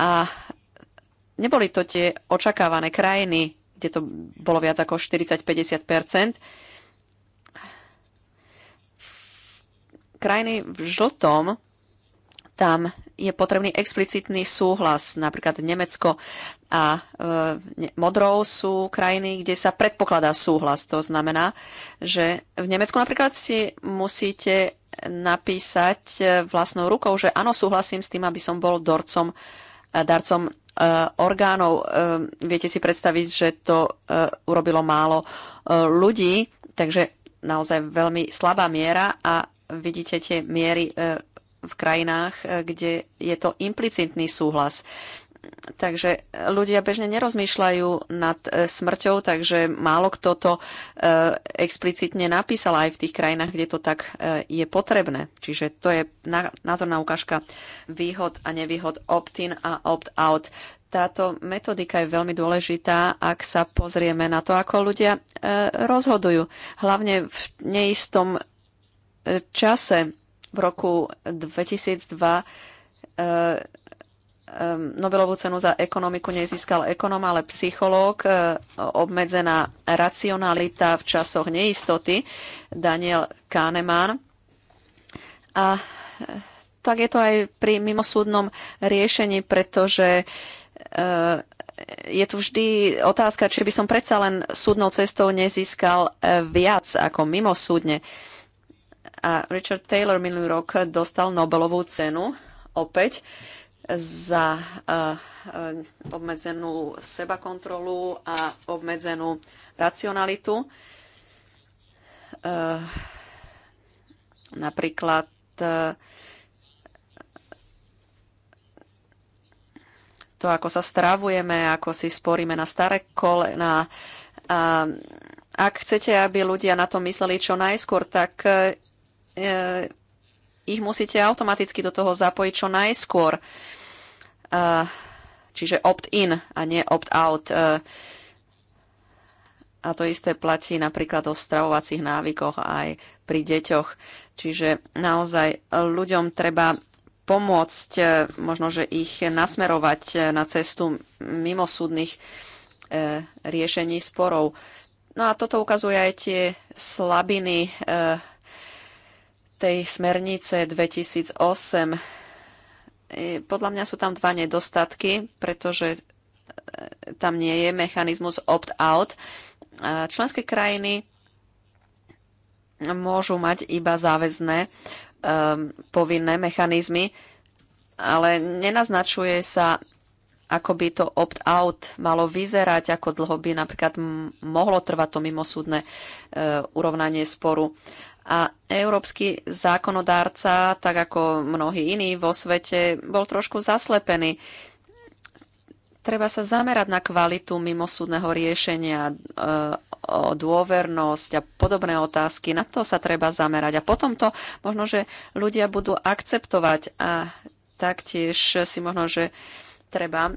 A neboli to tie očakávané krajiny, kde to bolo viac ako 40-50 Krajiny v žltom tam je potrebný explicitný súhlas. Napríklad Nemecko a e, Modrou sú krajiny, kde sa predpokladá súhlas. To znamená, že v Nemecku napríklad si musíte napísať e, vlastnou rukou, že áno, súhlasím s tým, aby som bol dorcom, e, darcom e, orgánov. viete si predstaviť, že to urobilo málo ľudí, takže naozaj veľmi slabá miera a vidíte tie miery v krajinách, e, kde je to implicitný súhlas. Takže ľudia bežne nerozmýšľajú nad e, smrťou, takže málo kto to e, explicitne napísal aj v tých krajinách, kde to tak je potrebné. Čiže to je názorná ukážka výhod a nevýhod opt-in a opt-out. Táto metodika je veľmi dôležitá, ak sa pozrieme na to, ako ľudia rozhodujú. Hlavne v neistom čase v roku 2002 e, e, Nobelovú cenu za ekonomiku nezískal ekonom, ale psychológ, e, obmedzená racionalita v časoch neistoty, Daniel Kahneman. A tak je to aj pri mimosúdnom riešení, pretože je tu vždy otázka, či by som predsa len súdnou cestou nezískal viac ako mimosúdne. súdne. A Richard Taylor minulý rok dostal Nobelovú cenu opäť za eh, obmedzenú sebakontrolu a obmedzenú racionalitu. Eh, napríklad eh, to, ako sa stravujeme, ako si sporíme na staré kolena. ak chcete, aby ľudia na to mysleli čo najskôr, tak Eh, ich musíte automaticky do toho zapojiť čo najskôr. Eh, čiže opt-in a nie opt-out. Eh, a to isté platí napríklad o stravovacích návykoch aj pri deťoch. Čiže naozaj ľuďom treba pomôcť, možno, že ich nasmerovať na cestu mimosúdnych riešení sporov. No a toto ukazuje aj tie slabiny tej smernice 2008. Podľa mňa sú tam dva nedostatky, pretože e, tam nie je mechanizmus opt-out. Členské krajiny môžu mať iba záväzné um, povinné mechanizmy, ale nenaznačuje sa, ako by to opt-out malo vyzerať, ako dlho by napríklad mohlo trvať to mimosúdne uh, urovnanie sporu. Uh, a európsky zákonodárca, tak ako mnohí iní vo svete, bol trošku zaslepený. Treba sa zamerať na kvalitu mimosúdneho riešenia, e, o dôvernosť a podobné otázky. Na to sa treba zamerať. A potom to možno, že ľudia budú akceptovať a taktiež si možno, že treba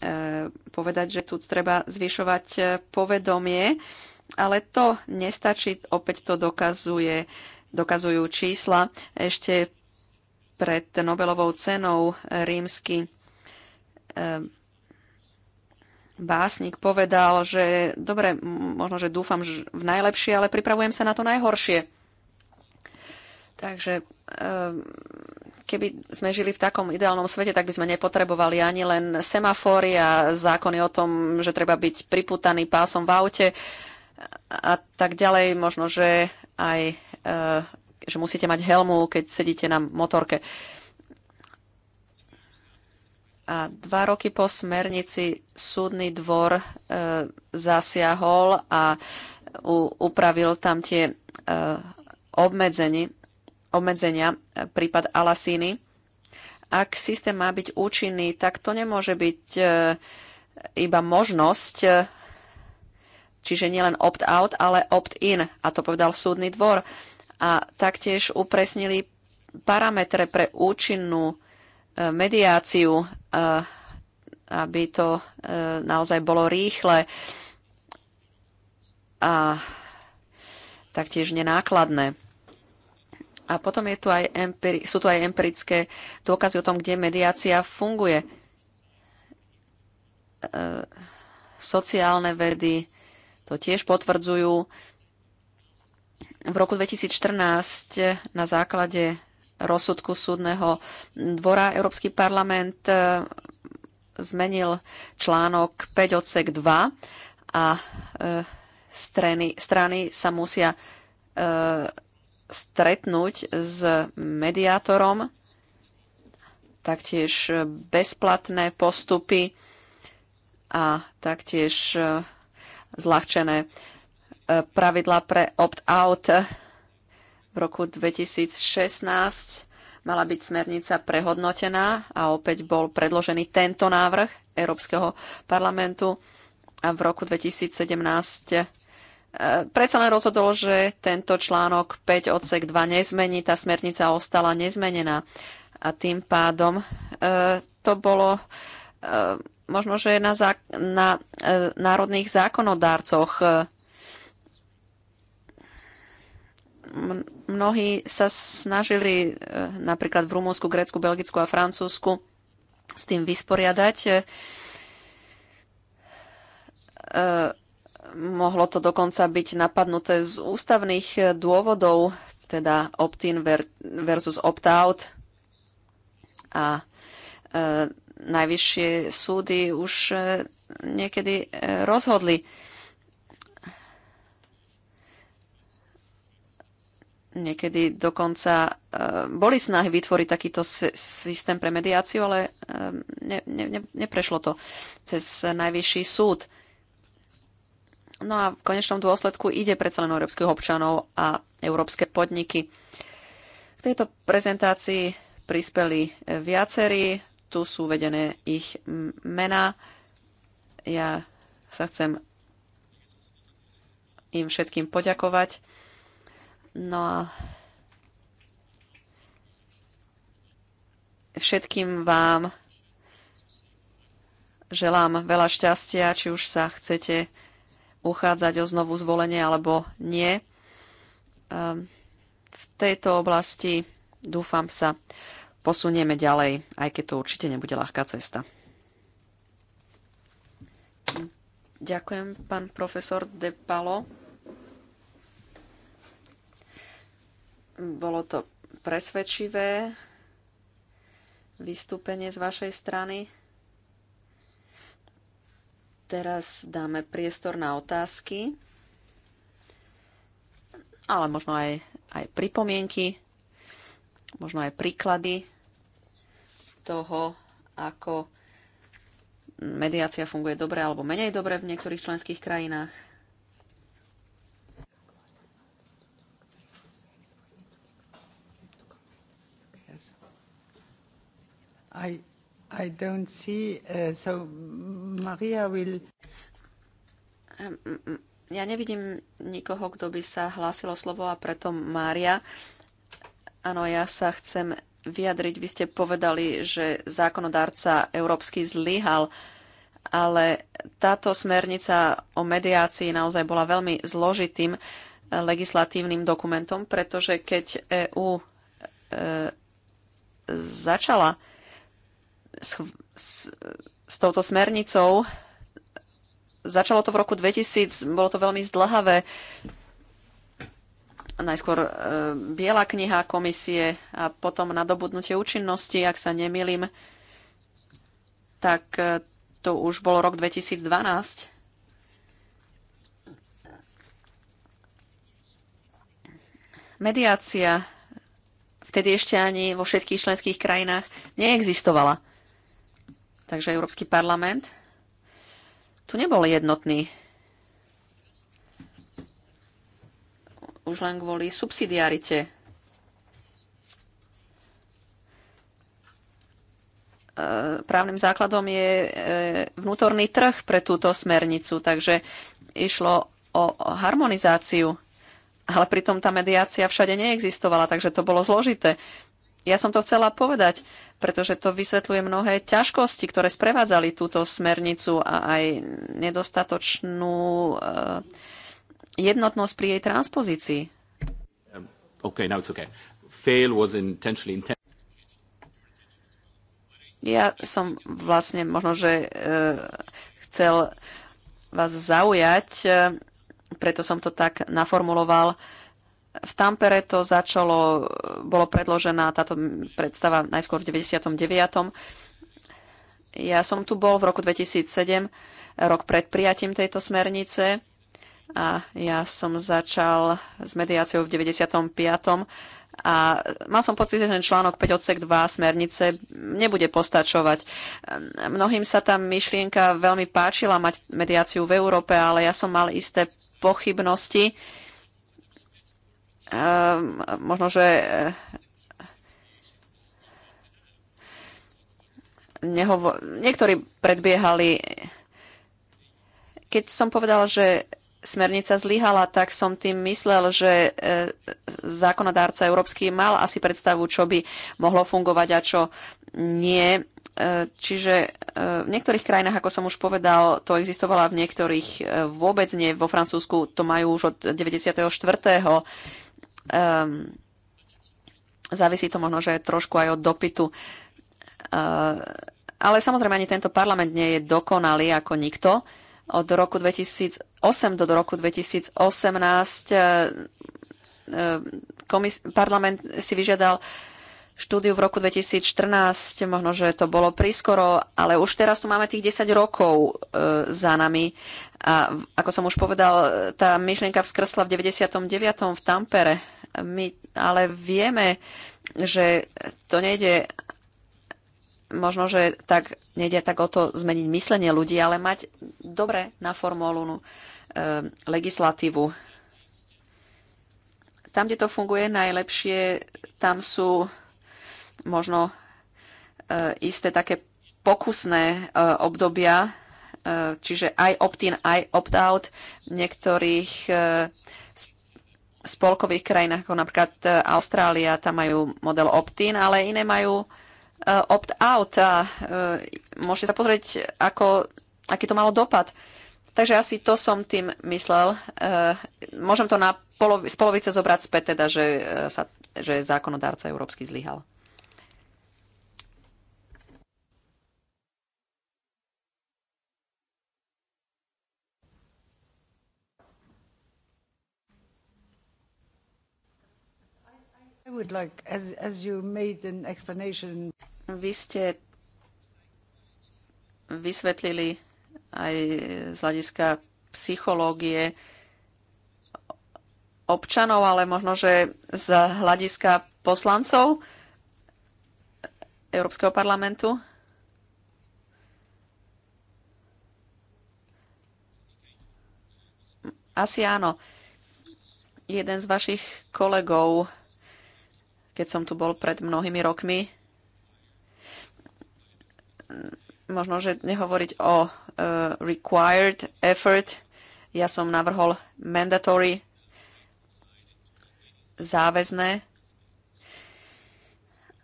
e, povedať, že tu treba zvyšovať e, povedomie ale to nestačí, opäť to dokazuje, dokazujú čísla. Ešte pred Nobelovou cenou rímsky ehm, básnik povedal, že dobre, možno, že dúfam že v najlepšie, ale pripravujem sa na to najhoršie. Takže ehm, keby sme žili v takom ideálnom svete, tak by sme nepotrebovali ani len semafóry a zákony o tom, že treba byť priputaný pásom v aute a tak ďalej. Možno, že aj e, že musíte mať helmu, keď sedíte na motorke. A dva roky po smernici súdny dvor e, zasiahol a u, upravil tam tie e, obmedzenia, e, prípad Alasíny. Ak systém má byť účinný, tak to nemôže byť e, iba možnosť, e, Čiže nielen opt-out, ale opt-in. A to povedal súdny dvor. A taktiež upresnili parametre pre účinnú e, mediáciu, e, aby to e, naozaj bolo rýchle a taktiež nenákladné. A potom je tu aj sú tu aj empirické dôkazy o tom, kde mediácia funguje. E, sociálne vedy, to tiež potvrdzujú. V roku 2014 na základe rozsudku súdneho dvora Európsky parlament e, zmenil článok 5 odsek 2 a e, strany, strany sa musia e, stretnúť s mediátorom, taktiež bezplatné postupy a taktiež zľahčené e, pravidla pre opt-out. V roku 2016 mala byť smernica prehodnotená a opäť bol predložený tento návrh Európskeho parlamentu a v roku 2017 e, predsa len rozhodol, že tento článok 5 odsek 2 nezmení, tá smernica ostala nezmenená a tým pádom e, to bolo možno, že na, zá, na e, národných zákonodárcoch. E, mnohí sa snažili e, napríklad v Rumúnsku, Grécku, Belgicku a Francúzsku s tým vysporiadať. E, mohlo to dokonca byť napadnuté z ústavných e, dôvodov, teda opt-in versus opt-out. A e, najvyššie súdy už e, niekedy e, rozhodli. Niekedy dokonca e, boli snahy vytvoriť takýto systém pre mediáciu, ale ne, ne, ne, neprešlo to cez najvyšší súd. No a v konečnom dôsledku ide predsa len európskych občanov a európske podniky. K tejto prezentácii prispeli viacerí tu sú vedené ich mená. Ja sa chcem im všetkým poďakovať. No a všetkým vám želám veľa šťastia, či už sa chcete uchádzať o znovu zvolenie alebo nie. Ehm, v tejto oblasti dúfam sa posunieme ďalej, aj keď to určite nebude ľahká cesta. Ďakujem, pán profesor De Palo. Bolo to presvedčivé vystúpenie z vašej strany. Teraz dáme priestor na otázky, ale možno aj, aj pripomienky možno aj príklady toho, ako mediácia funguje dobre alebo menej dobre v niektorých členských krajinách? I, I don't see, uh, so Maria will... Ja nevidím nikoho, kto by sa hlásilo slovo a preto Mária Áno, ja sa chcem vyjadriť. Vy ste povedali, že zákonodárca európsky zlyhal, ale táto smernica o mediácii naozaj bola veľmi zložitým eh, legislatívnym dokumentom, pretože keď EÚ e, eh, začala s, s, s touto smernicou, začalo to v roku 2000, bolo to veľmi zdlhavé, najskôr e, biela kniha komisie a potom nadobudnutie účinnosti, ak sa nemilím, tak e, to už bol rok 2012. Mediácia vtedy ešte ani vo všetkých členských krajinách neexistovala. Takže Európsky parlament tu nebol jednotný už len kvôli subsidiarite. E, právnym základom je e, vnútorný trh pre túto smernicu, takže išlo o harmonizáciu, ale pritom tá mediácia všade neexistovala, takže to bolo zložité. Ja som to chcela povedať, pretože to vysvetľuje mnohé ťažkosti, ktoré sprevádzali túto smernicu a aj nedostatočnú e, jednotnosť pri jej transpozícii. Um, okay, now it's okay. Fail was intentionally intent- ja som vlastne možno, že e, chcel vás zaujať, e, preto som to tak naformuloval. V Tampere to začalo, e, bolo predložená táto predstava najskôr v 99. Ja som tu bol v roku 2007, rok pred prijatím tejto smernice a ja som začal s mediáciou v 95. A mal som pocit, že ten článok 5 odsek 2 smernice nebude postačovať. Mnohým sa tá myšlienka veľmi páčila mať mediáciu v Európe, ale ja som mal isté pochybnosti. Ehm, možno, že eh, nehovo- niektorí predbiehali. Keď som povedal, že smernica zlyhala, tak som tým myslel, že e, zákonodárca európsky mal asi predstavu, čo by mohlo fungovať a čo nie. E, čiže e, v niektorých krajinách, ako som už povedal, to existovala v niektorých vôbec nie. Vo Francúzsku to majú už od 94. Ehm, závisí to možno, že trošku aj od dopytu. Ale samozrejme ani tento parlament nie je dokonalý ako nikto. Od roku 2008 do roku 2018 eh, eh, komis- parlament si vyžiadal štúdiu v roku 2014, možno, že to bolo prískoro, ale už teraz tu máme tých 10 rokov e, za nami. A ako som už povedal, tá myšlienka vzkrsla v 99. v Tampere. My ale vieme, že to nejde možno, že tak nejde tak o to zmeniť myslenie ľudí, ale mať dobre naformulovanú e, legislatívu. Tam, kde to funguje najlepšie, tam sú možno e, isté také pokusné e, obdobia, e, čiže aj opt-in, aj opt-out. V niektorých e, spolkových krajinách, ako napríklad e, Austrália, tam majú model opt-in, ale iné majú uh, opt-out a uh, môžete sa pozrieť, ako, aký to malo dopad. Takže asi to som tým myslel. Uh, Môžem to na polovi, z polovice zobrať späť, teda, že, uh, sa, že zákonodárca európsky zlyhal. would Like, as, as you made an explanation vy ste vysvetlili aj z hľadiska psychológie občanov, ale možno, že z hľadiska poslancov Európskeho parlamentu. Asi áno. Jeden z vašich kolegov, keď som tu bol pred mnohými rokmi, možno, že nehovoriť o uh, required effort. Ja som navrhol mandatory záväzné,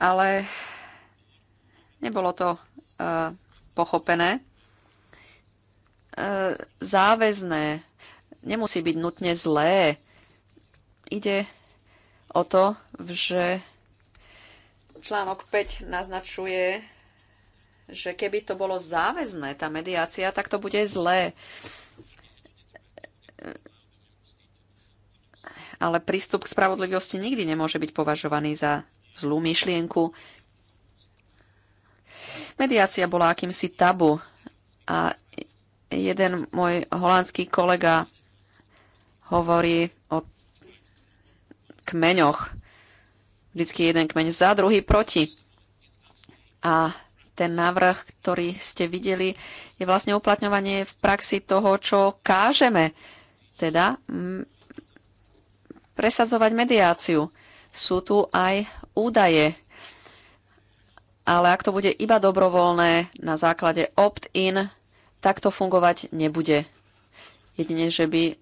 ale nebolo to uh, pochopené. Uh, záväzné nemusí byť nutne zlé. Ide o to, že článok 5 naznačuje že keby to bolo záväzné, tá mediácia, tak to bude zlé. Ale prístup k spravodlivosti nikdy nemôže byť považovaný za zlú myšlienku. Mediácia bola akýmsi tabu a jeden môj holandský kolega hovorí o kmeňoch. Vždycky jeden kmeň za, druhý proti. A ten návrh, ktorý ste videli, je vlastne uplatňovanie v praxi toho, čo kážeme. Teda mm, presadzovať mediáciu. Sú tu aj údaje. Ale ak to bude iba dobrovoľné na základe opt-in, tak to fungovať nebude. Jedine, že by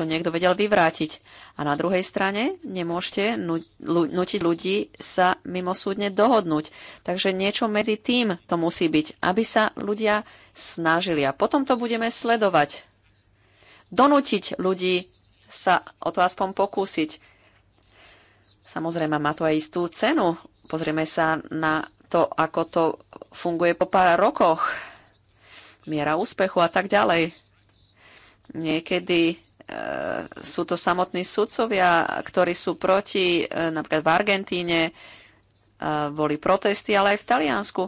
to niekto vedel vyvrátiť. A na druhej strane nemôžete nutiť ľudí sa mimosúdne dohodnúť. Takže niečo medzi tým to musí byť, aby sa ľudia snažili. A potom to budeme sledovať. Donútiť ľudí sa o to aspoň pokúsiť. Samozrejme, má to aj istú cenu. Pozrieme sa na to, ako to funguje po pár rokoch miera úspechu a tak ďalej. Niekedy E, sú to samotní sudcovia, ktorí sú proti, e, napríklad v Argentíne e, boli protesty, ale aj v Taliansku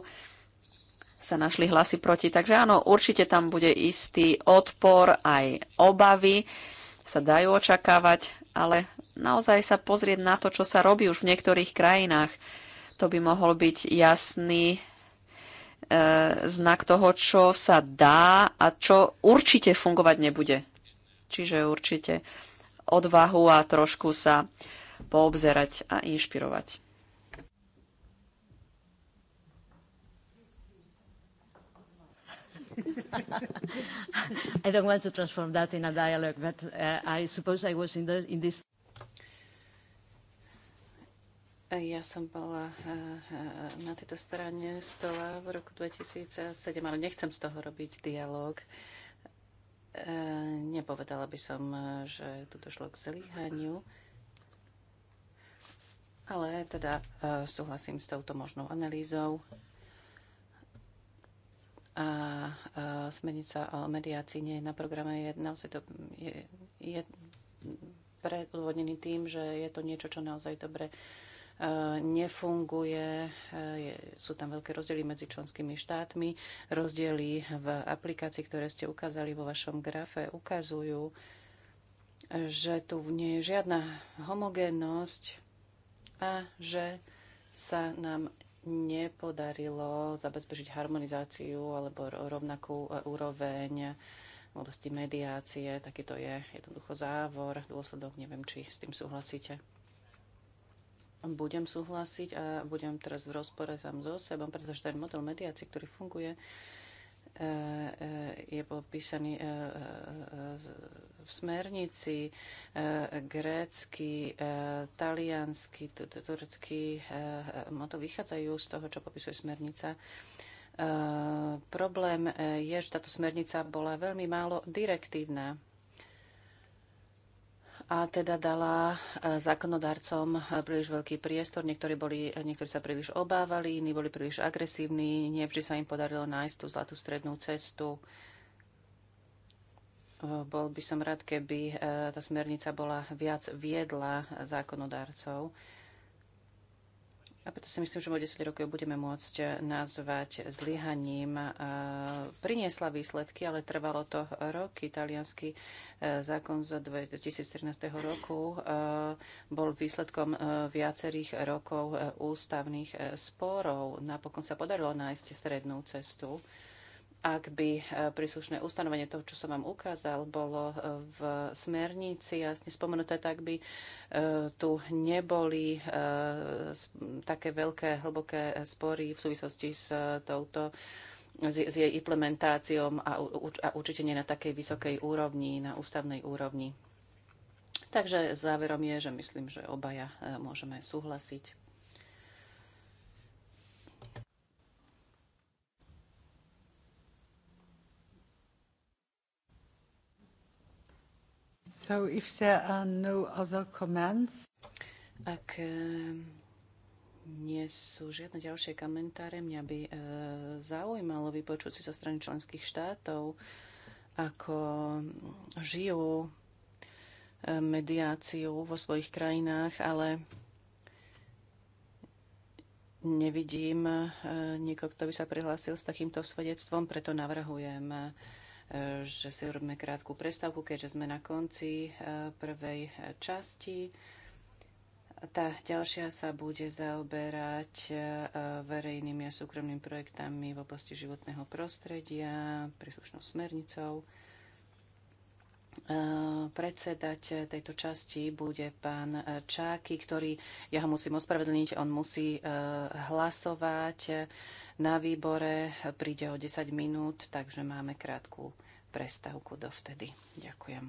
sa našli hlasy proti. Takže áno, určite tam bude istý odpor, aj obavy sa dajú očakávať, ale naozaj sa pozrieť na to, čo sa robí už v niektorých krajinách. To by mohol byť jasný e, znak toho, čo sa dá a čo určite fungovať nebude. Čiže určite odvahu a trošku sa poobzerať a inšpirovať. I don't want to transform that in a dialogue, but uh, I suppose I was in, the, in this. Ja som bola uh, na tejto strane stola v roku 2007, ale nechcem z toho robiť dialog. Uh, E, nepovedala by som, e, že tu došlo k zlyhaniu, ale teda e, súhlasím s touto možnou analýzou. A smernica o mediácii nie je na programe. Je, naozaj to je, je predvodnený tým, že je to niečo, čo naozaj dobre nefunguje. Sú tam veľké rozdiely medzi členskými štátmi. Rozdiely v aplikácii, ktoré ste ukázali vo vašom grafe, ukazujú, že tu nie je žiadna homogénnosť a že sa nám nepodarilo zabezpečiť harmonizáciu alebo rovnakú e, úroveň v oblasti mediácie. Takýto je jednoducho závor, dôsledok, neviem, či s tým súhlasíte budem súhlasiť a budem teraz v rozpore sám so sebou, pretože ten model mediácie, ktorý funguje, e, e, je popísaný e, v smernici grécky, taliansky, turecký to vychádzajú z toho, čo popisuje smernica. Problém je, že táto smernica bola veľmi málo direktívna a teda dala e, zákonodarcom e, príliš veľký priestor. Niektorí, boli, e, niektorí sa príliš obávali, iní boli príliš agresívni, nevždy sa im podarilo nájsť tú zlatú strednú cestu. Bol by som rád, keby tá smernica bola viac viedla zákonodarcov a preto si myslím, že o 10 rokov budeme môcť eh, nazvať zlyhaním. Eh, priniesla výsledky, ale trvalo to rok. Italianský eh, zákon z 2013. roku bol výsledkom viacerých rokov ústavných sporov. Napokon sa podarilo nájsť strednú cestu ak by e, príslušné ustanovenie toho, čo som vám ukázal, bolo e, v smernici jasne spomenuté, tak by e, tu neboli také veľké, hlboké spory v súvislosti s touto s, jej implementáciou a, a určite nie na takej vysokej úrovni, na ústavnej úrovni. Takže záverom je, že myslím, že obaja môžeme súhlasiť. So if there are no other comments... Ak eh, nie sú žiadne ďalšie komentáre, mňa by eh, zaujímalo vypočuť si zo strany členských štátov, ako žijú eh, mediáciu vo svojich krajinách, ale nevidím nikoho, kto by sa prihlásil s takýmto svedectvom, preto navrhujem E, že si urobíme krátku prestavku, keďže sme na konci e, prvej časti. Tá ďalšia sa bude zaoberať e, verejnými a súkromnými projektami v oblasti životného prostredia, príslušnou smernicou. Predsedať tejto časti bude pán Čáky, ktorý, ja ho musím ospravedlniť, on musí hlasovať na výbore. Príde o 10 minút, takže máme krátku prestávku dovtedy. Ďakujem.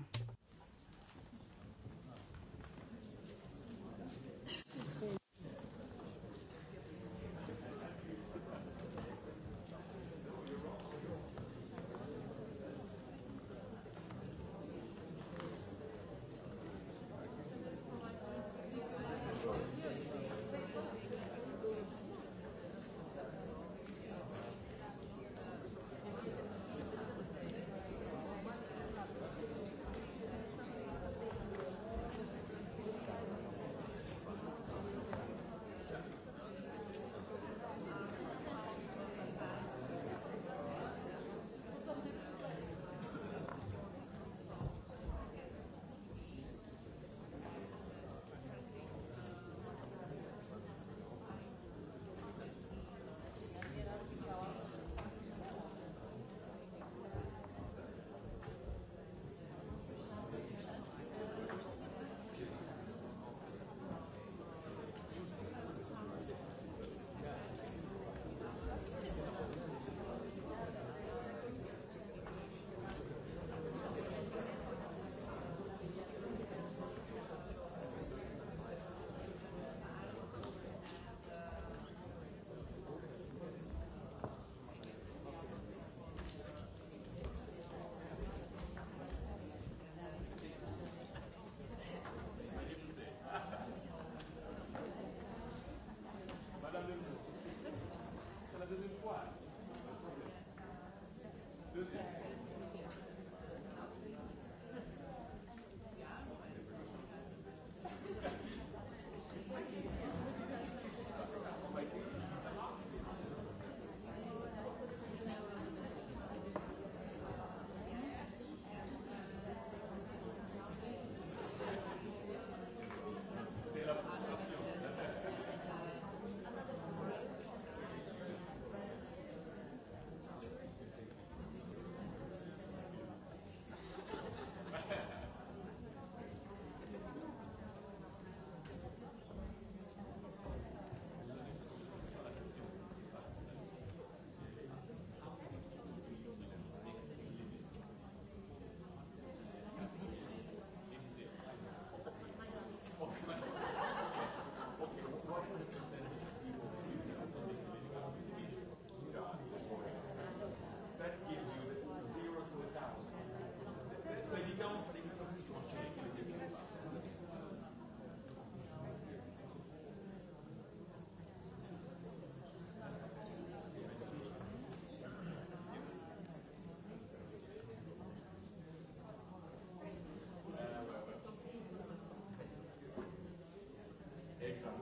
example.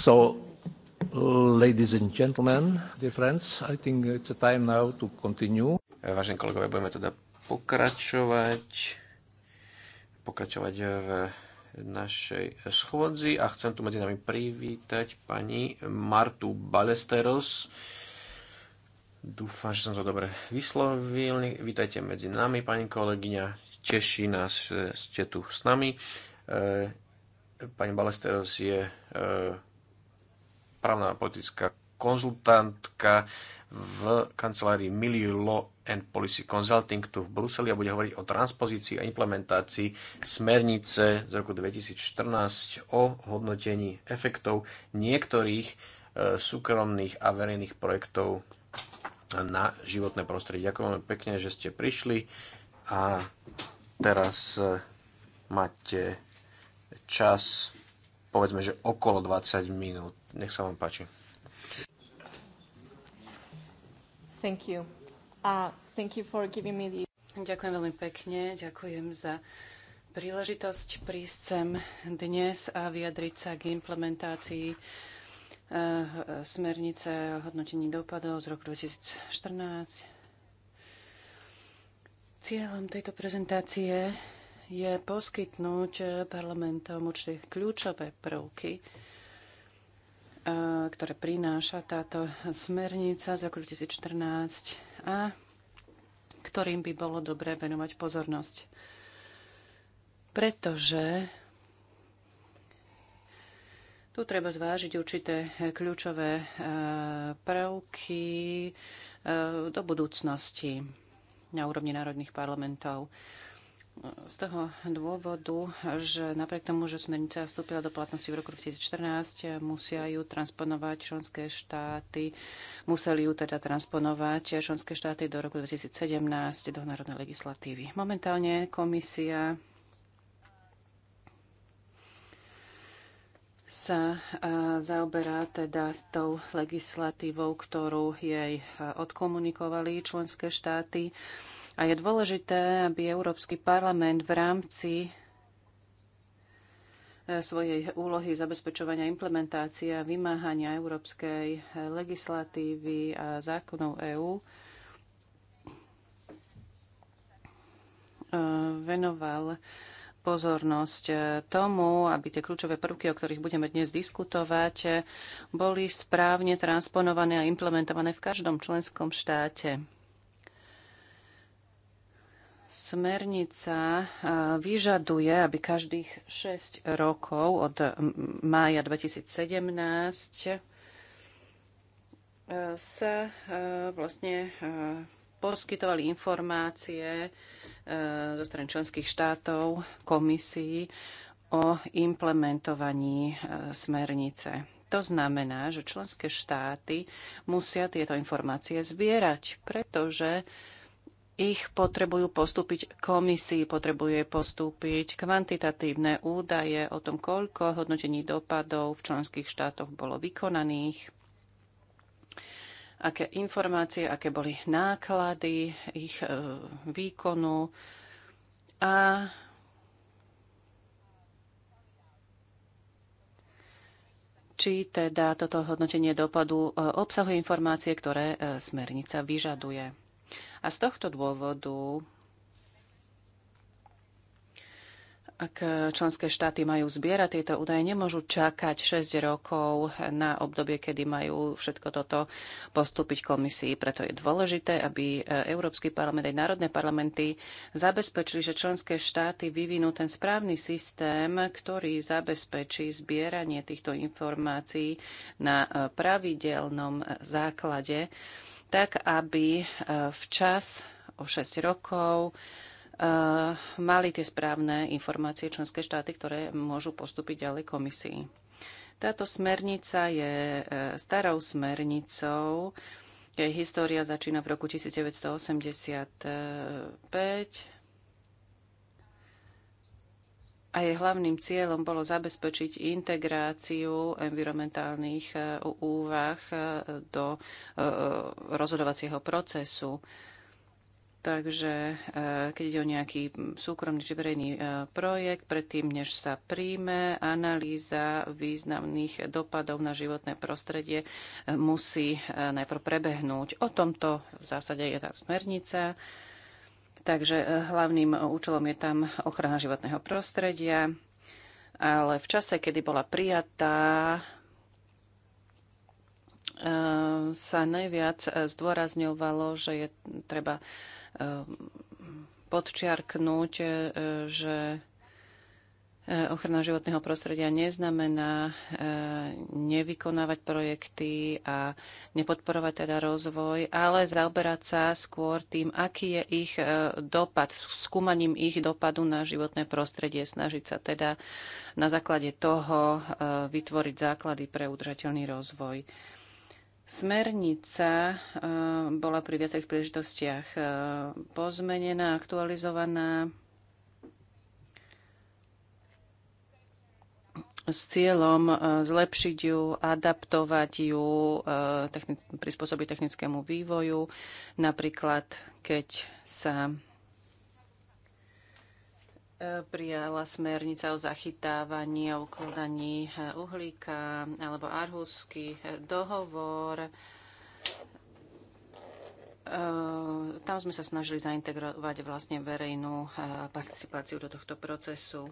So, uh, ladies and gentlemen, dear friends, I think it's a time now to continue. Vážení kolegovia, budeme teda pokračovať pokračovať v našej schôdzi a chcem tu medzi nami privítať pani Martu Balesteros. Dúfam, že som to dobre vyslovil. Vítajte medzi nami, pani kolegyňa. Teší nás, že ste tu s nami. Eh, pani Balesteros je eh, právna politická konzultantka v kancelárii Milieu Law and Policy Consulting tu v Bruseli a bude hovoriť o transpozícii a implementácii smernice z roku 2014 o hodnotení efektov niektorých e, súkromných a verejných projektov na životné prostredie. Ďakujem veľmi pekne, že ste prišli a teraz e, máte čas povedzme, že okolo 20 minút. Nech sa vám páči. Thank you. Uh, thank you for giving me the... Ďakujem veľmi pekne. Ďakujem za príležitosť prísť sem dnes a vyjadriť sa k implementácii uh, smernice o hodnotení dopadov z roku 2014. Cieľom tejto prezentácie je poskytnúť uh, parlamentom určité kľúčové prvky, E, ktoré prináša táto smernica z roku 2014 a ktorým by bolo dobré venovať pozornosť. Pretože tu treba zvážiť určité kľúčové e, prvky e, do budúcnosti na úrovni národných parlamentov z toho dôvodu, že napriek tomu, že smernica vstúpila do platnosti v roku 2014, musia ju transponovať členské štáty, museli ju teda transponovať členské štáty do roku 2017 do národnej legislatívy. Momentálne komisia sa zaoberá teda tou legislatívou, ktorú jej odkomunikovali členské štáty. A je dôležité, aby Európsky parlament v rámci e, svojej úlohy zabezpečovania implementácie a vymáhania európskej legislatívy a zákonov EÚ e, venoval pozornosť e, tomu, aby tie kľúčové prvky, o ktorých budeme dnes diskutovať, boli správne transponované a implementované v každom členskom štáte. Smernica vyžaduje, aby každých 6 rokov od mája 2017 e, sa e, vlastne e, poskytovali informácie zo strany členských štátov, komisií o implementovaní smernice. To znamená, že členské štáty musia tieto informácie zbierať, pretože ich potrebujú postúpiť komisii, potrebuje postúpiť kvantitatívne údaje o tom, koľko hodnotení dopadov v členských štátoch bolo vykonaných, aké informácie, aké boli náklady ich e, výkonu a či teda toto hodnotenie dopadu e, obsahuje informácie, ktoré e, smernica vyžaduje. A z tohto dôvodu Ak členské štáty majú zbierať tieto údaje, nemôžu čakať 6 rokov na obdobie, kedy majú všetko toto postúpiť komisii. Preto je dôležité, aby Európsky parlament aj národné parlamenty zabezpečili, že členské štáty vyvinú ten správny systém, ktorý zabezpečí zbieranie týchto informácií na pravidelnom základe tak aby e, včas o 6 rokov e, mali tie správne informácie členské štáty, ktoré môžu postúpiť ďalej komisii. Táto smernica je e, starou smernicou, jej história začína v roku 1985 a jej hlavným cieľom bolo zabezpečiť integráciu environmentálnych e, úvah e, do e, rozhodovacieho procesu. Takže keď ide o nejaký súkromný či verejný projekt, predtým, než sa príjme analýza významných dopadov na životné prostredie, musí najprv prebehnúť. O tomto v zásade je tá smernica. Takže e, hlavným e, účelom je tam ochrana životného prostredia, ale v čase, kedy bola prijatá, e, sa najviac zdôrazňovalo, že je treba podčiarknúť, že E, ochrana životného prostredia neznamená e, nevykonávať projekty a nepodporovať teda rozvoj, ale zaoberať sa skôr tým, aký je ich e, dopad, skúmaním ich dopadu na životné prostredie, snažiť sa teda na základe toho vytvoriť základy pre udržateľný rozvoj. Smernica bola pri viacerých príležitostiach pozmenená, aktualizovaná. s cieľom e, zlepšiť ju, adaptovať ju, e, technic- prispôsobiť technickému vývoju. Napríklad, keď sa e, prijala smernica o zachytávaní a ukladaní uhlíka alebo arhusky dohovor. Tam sme sa snažili zaintegrovať vlastne verejnú participáciu do tohto procesu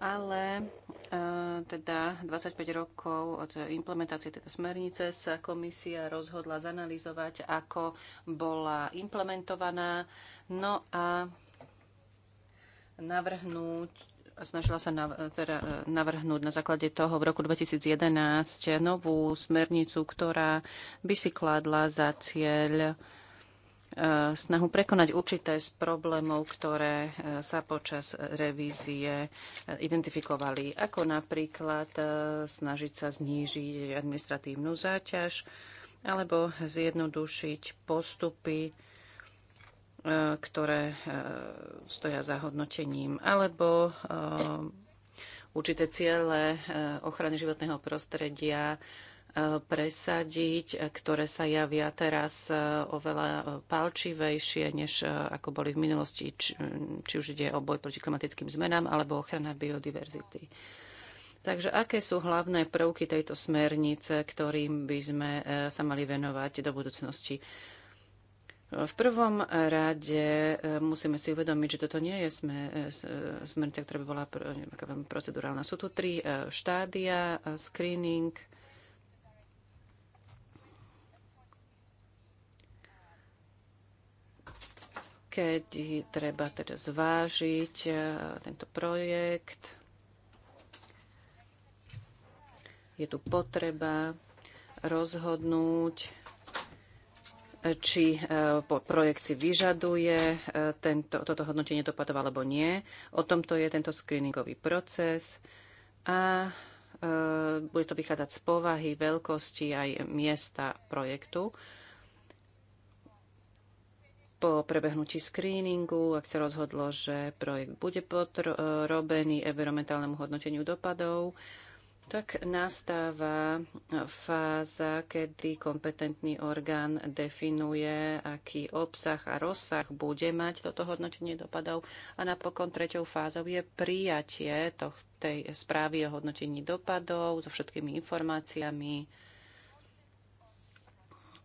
ale e, teda 25 rokov od implementácie tejto smernice sa komisia rozhodla zanalizovať, ako bola implementovaná, no a navrhnúť snažila sa nav- teda e, navrhnúť na základe toho v roku 2011 novú smernicu, ktorá by si kladla za cieľ E, snahu prekonať určité z problémov, ktoré e, sa počas revízie e, identifikovali, ako napríklad snažiť sa znížiť administratívnu záťaž alebo zjednodušiť postupy, ktoré stoja za hodnotením, alebo určité ciele ochrany životného prostredia presadiť, ktoré sa javia teraz e, oveľa e, palčivejšie, než e, ako boli v minulosti, či, či už ide o boj proti klimatickým zmenám alebo ochrana biodiverzity. Takže aké sú hlavné prvky tejto smernice, ktorým by sme sa mali venovať do budúcnosti? V prvom rade musíme si uvedomiť, že toto nie je smernica, ktorá by bola procedurálna. Sú tu tri štádia, screening, kedy treba teda zvážiť e, tento projekt. Je tu potreba rozhodnúť, či e, projekt si vyžaduje e, tento, toto hodnotenie dopadov alebo nie. O tomto je tento screeningový proces a bude to vychádzať z povahy, veľkosti aj miesta projektu. Po prebehnutí screeningu, ak sa rozhodlo, že projekt bude podrobený environmentálnemu hodnoteniu dopadov, tak nastáva fáza, kedy kompetentný orgán definuje, aký obsah a rozsah bude mať toto hodnotenie dopadov. A napokon treťou fázou je prijatie toh, tej správy o hodnotení dopadov so všetkými informáciami,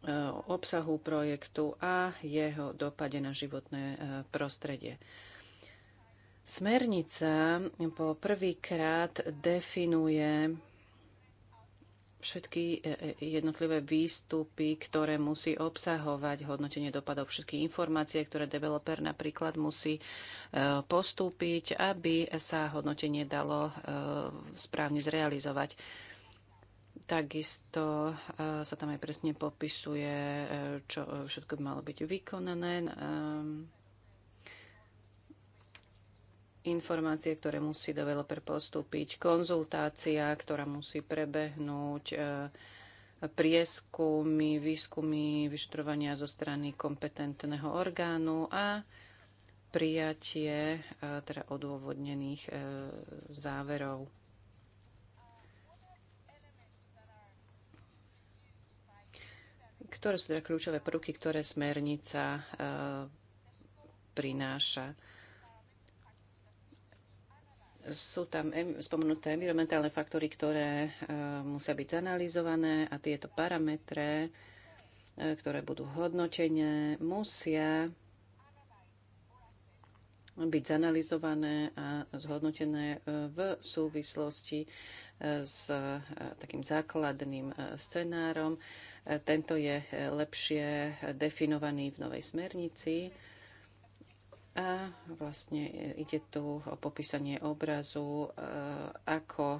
E, obsahu projektu a jeho dopade na životné e, prostredie. Smernica po prvýkrát definuje všetky e, jednotlivé výstupy, ktoré musí obsahovať hodnotenie dopadov, všetky informácie, ktoré developer napríklad musí postúpiť, aby sa hodnotenie dalo správne zrealizovať. Takisto e, sa tam aj presne popisuje, e, čo všetko by malo byť vykonané. E, informácie, ktoré musí developer postúpiť, konzultácia, ktorá musí prebehnúť, prieskumy, výskumy, vyšetrovania zo strany kompetentného orgánu a prijatie teda odôvodnených záverov. Ktoré sú teda kľúčové prvky, ktoré smernica e, prináša? sú tam spomenuté environmentálne faktory, ktoré e, musia byť zanalizované a tieto parametre, e, ktoré budú hodnotené, musia byť zanalizované a zhodnotené e, v súvislosti e, s e, takým základným scenárom. Tento je lepšie definovaný v novej smernici a vlastne ide tu o popísanie obrazu, ako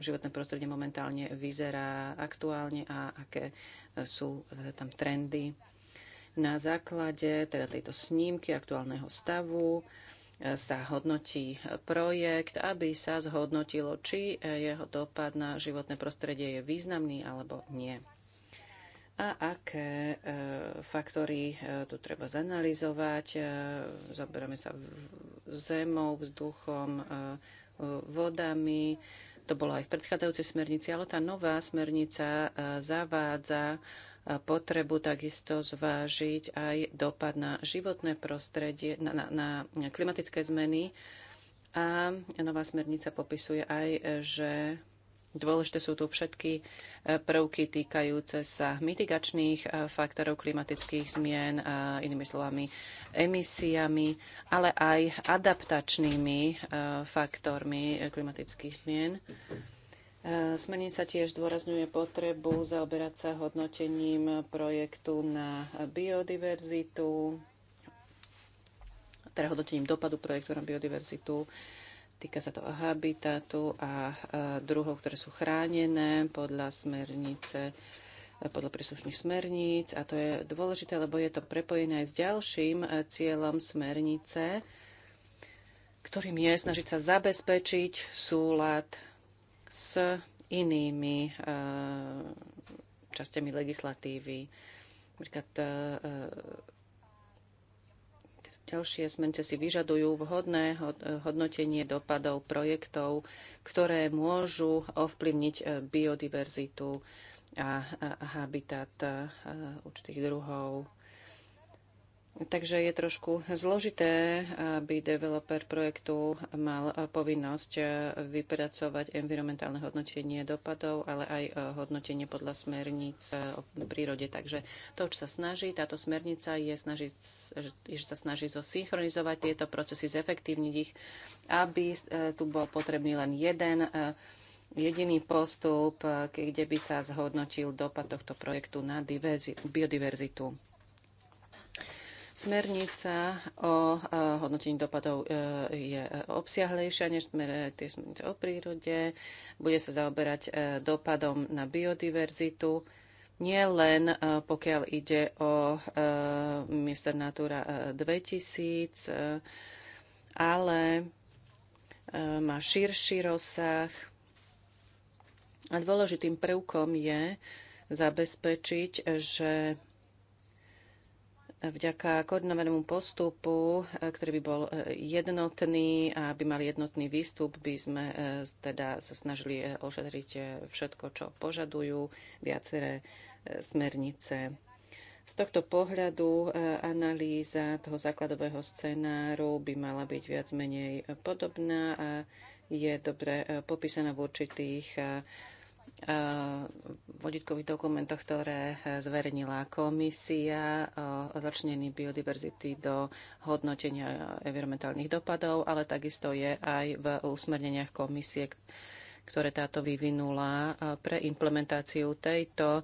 životné prostredie momentálne vyzerá aktuálne a aké sú tam trendy. Na základe teda tejto snímky aktuálneho stavu e, sa hodnotí e, projekt, aby sa zhodnotilo, či e, jeho dopad na životné prostredie je významný alebo nie. A aké e, faktory e, tu treba zanalizovať. E, zoberieme sa zemou, vzduchom, e, vodami. To bolo aj v predchádzajúcej smernici, ale tá nová smernica zavádza potrebu takisto zvážiť aj dopad na životné prostredie, na, na, na klimatické zmeny. A nová smernica popisuje aj, že Dôležité sú tu všetky e, prvky týkajúce sa mitigačných e, faktorov klimatických zmien, inými slovami emisiami, ale aj adaptačnými e, faktormi klimatických zmien. Smernica tiež dôrazňuje potrebu zaoberať sa hodnotením projektu na biodiverzitu, teda hodnotením dopadu projektu na biodiverzitu. Týka sa to habitatu a e, druhov, ktoré sú chránené podľa smernice e, podľa príslušných smerníc a to je dôležité, lebo je to prepojené aj s ďalším e, cieľom smernice, ktorým je snažiť sa zabezpečiť súlad s inými eh, častiami legislatívy. Napríklad eh, eh, ďalšie smernice si vyžadujú vhodné hodnotenie dopadov projektov, ktoré môžu ovplyvniť biodiverzitu a habitat určitých druhov. Takže je trošku zložité, aby developer projektu mal povinnosť eh, vypracovať environmentálne hodnotenie dopadov, ale aj eh, hodnotenie podľa smerníc eh, o prírode. Takže to, čo sa snaží, táto smernica je, snažiť, že sa snaží zosynchronizovať tieto procesy, zefektívniť ich, aby tu bol potrebný len jeden jediný postup, kde by sa zhodnotil dopad tohto projektu na biodiverzitu. Smernica o e, hodnotení dopadov e, je e, obsiahlejšia než tie smernice o prírode. Bude sa zaoberať dopadom na biodiverzitu nie len pokiaľ ide o Mister Natura 2000, ale má širší rozsah. A dôležitým prvkom je zabezpečiť, že vďaka koordinovanému postupu, e, ktorý by bol e, jednotný a by mal jednotný výstup, by sme e, teda sa snažili ošetriť všetko, čo požadujú viaceré smernice. Z tohto pohľadu analýza toho základového scenáru by mala byť viac menej podobná a je dobre popísaná v určitých Eh, vodítkových dokumentoch, ktoré eh, zverejnila komisia o eh, začnení biodiverzity do hodnotenia environmentálnych dopadov, ale takisto je aj v usmerneniach komisie, ktoré táto vyvinula pre implementáciu tejto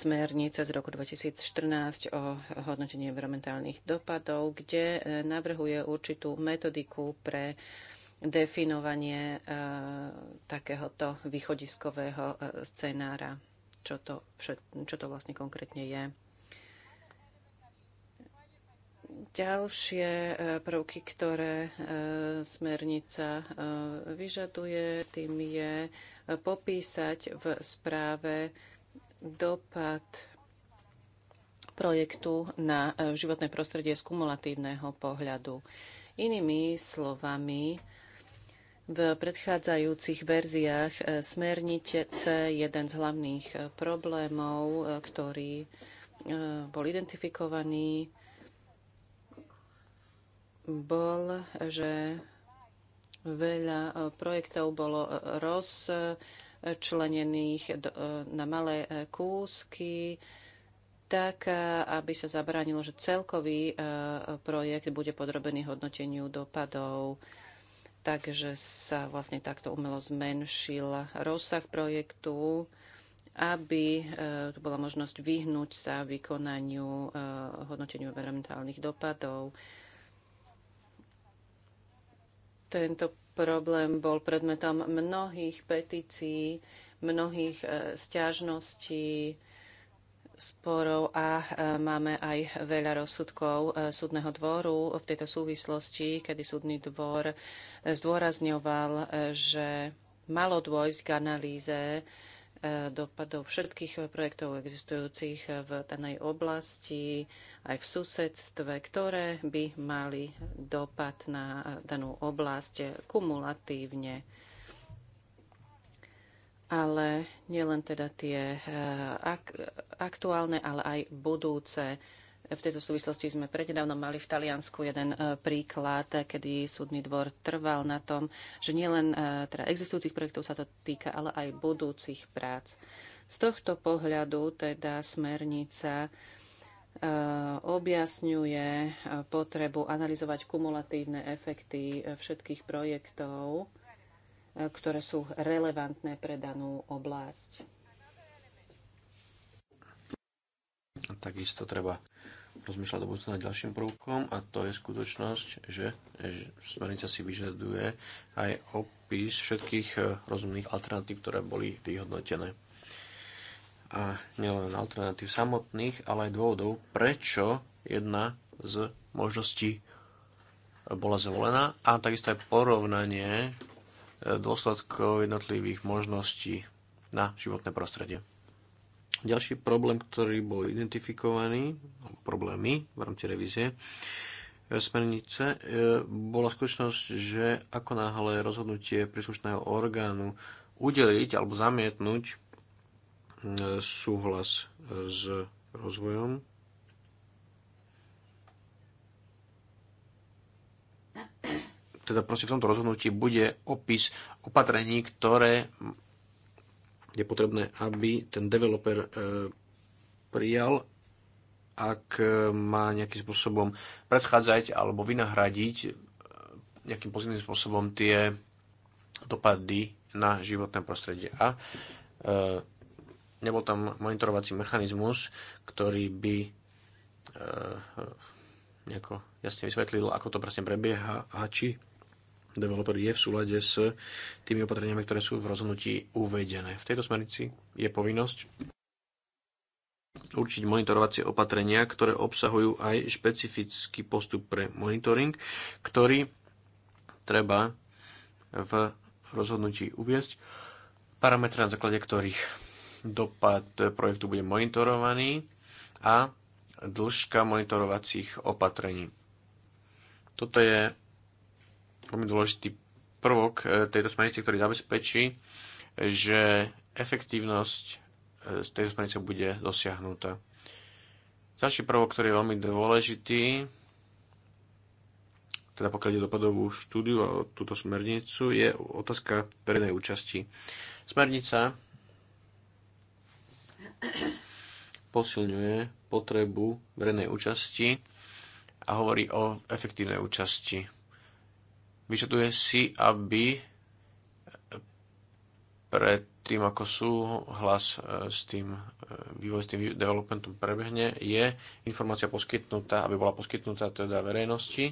smernice z roku 2014 o hodnotení environmentálnych dopadov, kde navrhuje určitú metodiku pre definovanie e, takéhoto východiskového e, scenára, čo to, všet, čo to vlastne konkrétne je. Ďalšie e, prvky, ktoré smernica vyžaduje, tým je popísať v správe dopad projektu na životné prostredie z kumulatívneho pohľadu. Inými slovami, v predchádzajúcich verziách e, smernice jeden z hlavných e, problémov, e, ktorý bol identifikovaný, bol, že veľa projektov bolo rozčlenených na malé kúsky, tak aby sa zabránilo, že celkový projekt bude podrobený hodnoteniu dopadov. Takže sa vlastne takto umelo zmenšil rozsah projektu, aby e, tu bola možnosť vyhnúť sa vykonaniu e, hodnoteniu environmentálnych dopadov. Tento problém bol predmetom mnohých petícií, mnohých e, sťažností sporov a e, máme aj veľa rozsudkov e, súdneho dvoru v tejto súvislosti, kedy súdny dvor e, zdôrazňoval, že malo dôjsť k analýze dopadov všetkých projektov existujúcich v danej oblasti, aj v susedstve, ktoré by mali dopad na danú oblasť kumulatívne ale nielen teda tie eh, ak, aktuálne, ale aj budúce. V tejto súvislosti sme prednedávno mali v Taliansku jeden eh, príklad, kedy súdny dvor trval na tom, že nielen eh, teda existujúcich projektov sa to týka, ale aj budúcich prác. Z tohto pohľadu teda smernica objasňuje potrebu analyzovať kumulatívne efekty všetkých projektov E, ktoré sú relevantné pre danú oblasť. Takisto treba rozmýšľať do budúcna nad ďalším prvkom a to je skutočnosť, že, že smernica si vyžaduje aj opis všetkých e, rozumných alternatív, ktoré boli vyhodnotené. A nielen alternatív samotných, ale aj dôvodov, prečo jedna z možností bola zvolená a takisto aj porovnanie dôsledkov jednotlivých možností na životné prostredie. Ďalší problém, ktorý bol identifikovaný, problémy v rámci revízie e, smernice, e, bola skutočnosť, že ako náhle rozhodnutie príslušného orgánu udeliť alebo zamietnúť e, súhlas s rozvojom teda proste v tomto rozhodnutí bude opis opatrení, ktoré je potrebné, aby ten developer e, prijal, ak e, má nejakým spôsobom predchádzať alebo vynahradiť e, nejakým pozitívnym spôsobom tie dopady na životné prostredie. A nebol tam monitorovací mechanizmus, ktorý by nejako jasne vysvetlil, ako to presne prebieha a či developer je v súlade s tými opatreniami, ktoré sú v rozhodnutí uvedené. V tejto smernici je povinnosť určiť monitorovacie opatrenia, ktoré obsahujú aj špecifický postup pre monitoring, ktorý treba v rozhodnutí uviesť, parametre, na základe ktorých dopad projektu bude monitorovaný a dĺžka monitorovacích opatrení. Toto je veľmi dôležitý prvok e, tejto smernice, ktorý zabezpečí, že efektívnosť e, z tejto smernice bude dosiahnutá. Ďalší prvok, ktorý je veľmi dôležitý, teda pokiaľ ide podobu štúdiu a túto smernicu, je otázka verejnej účasti. Smernica posilňuje potrebu verejnej účasti a hovorí o efektívnej účasti vyžaduje si, aby pred tým, ako sú hlas e, s tým e, vývoj, s tým developmentom prebehne, je informácia poskytnutá, aby bola poskytnutá teda verejnosti.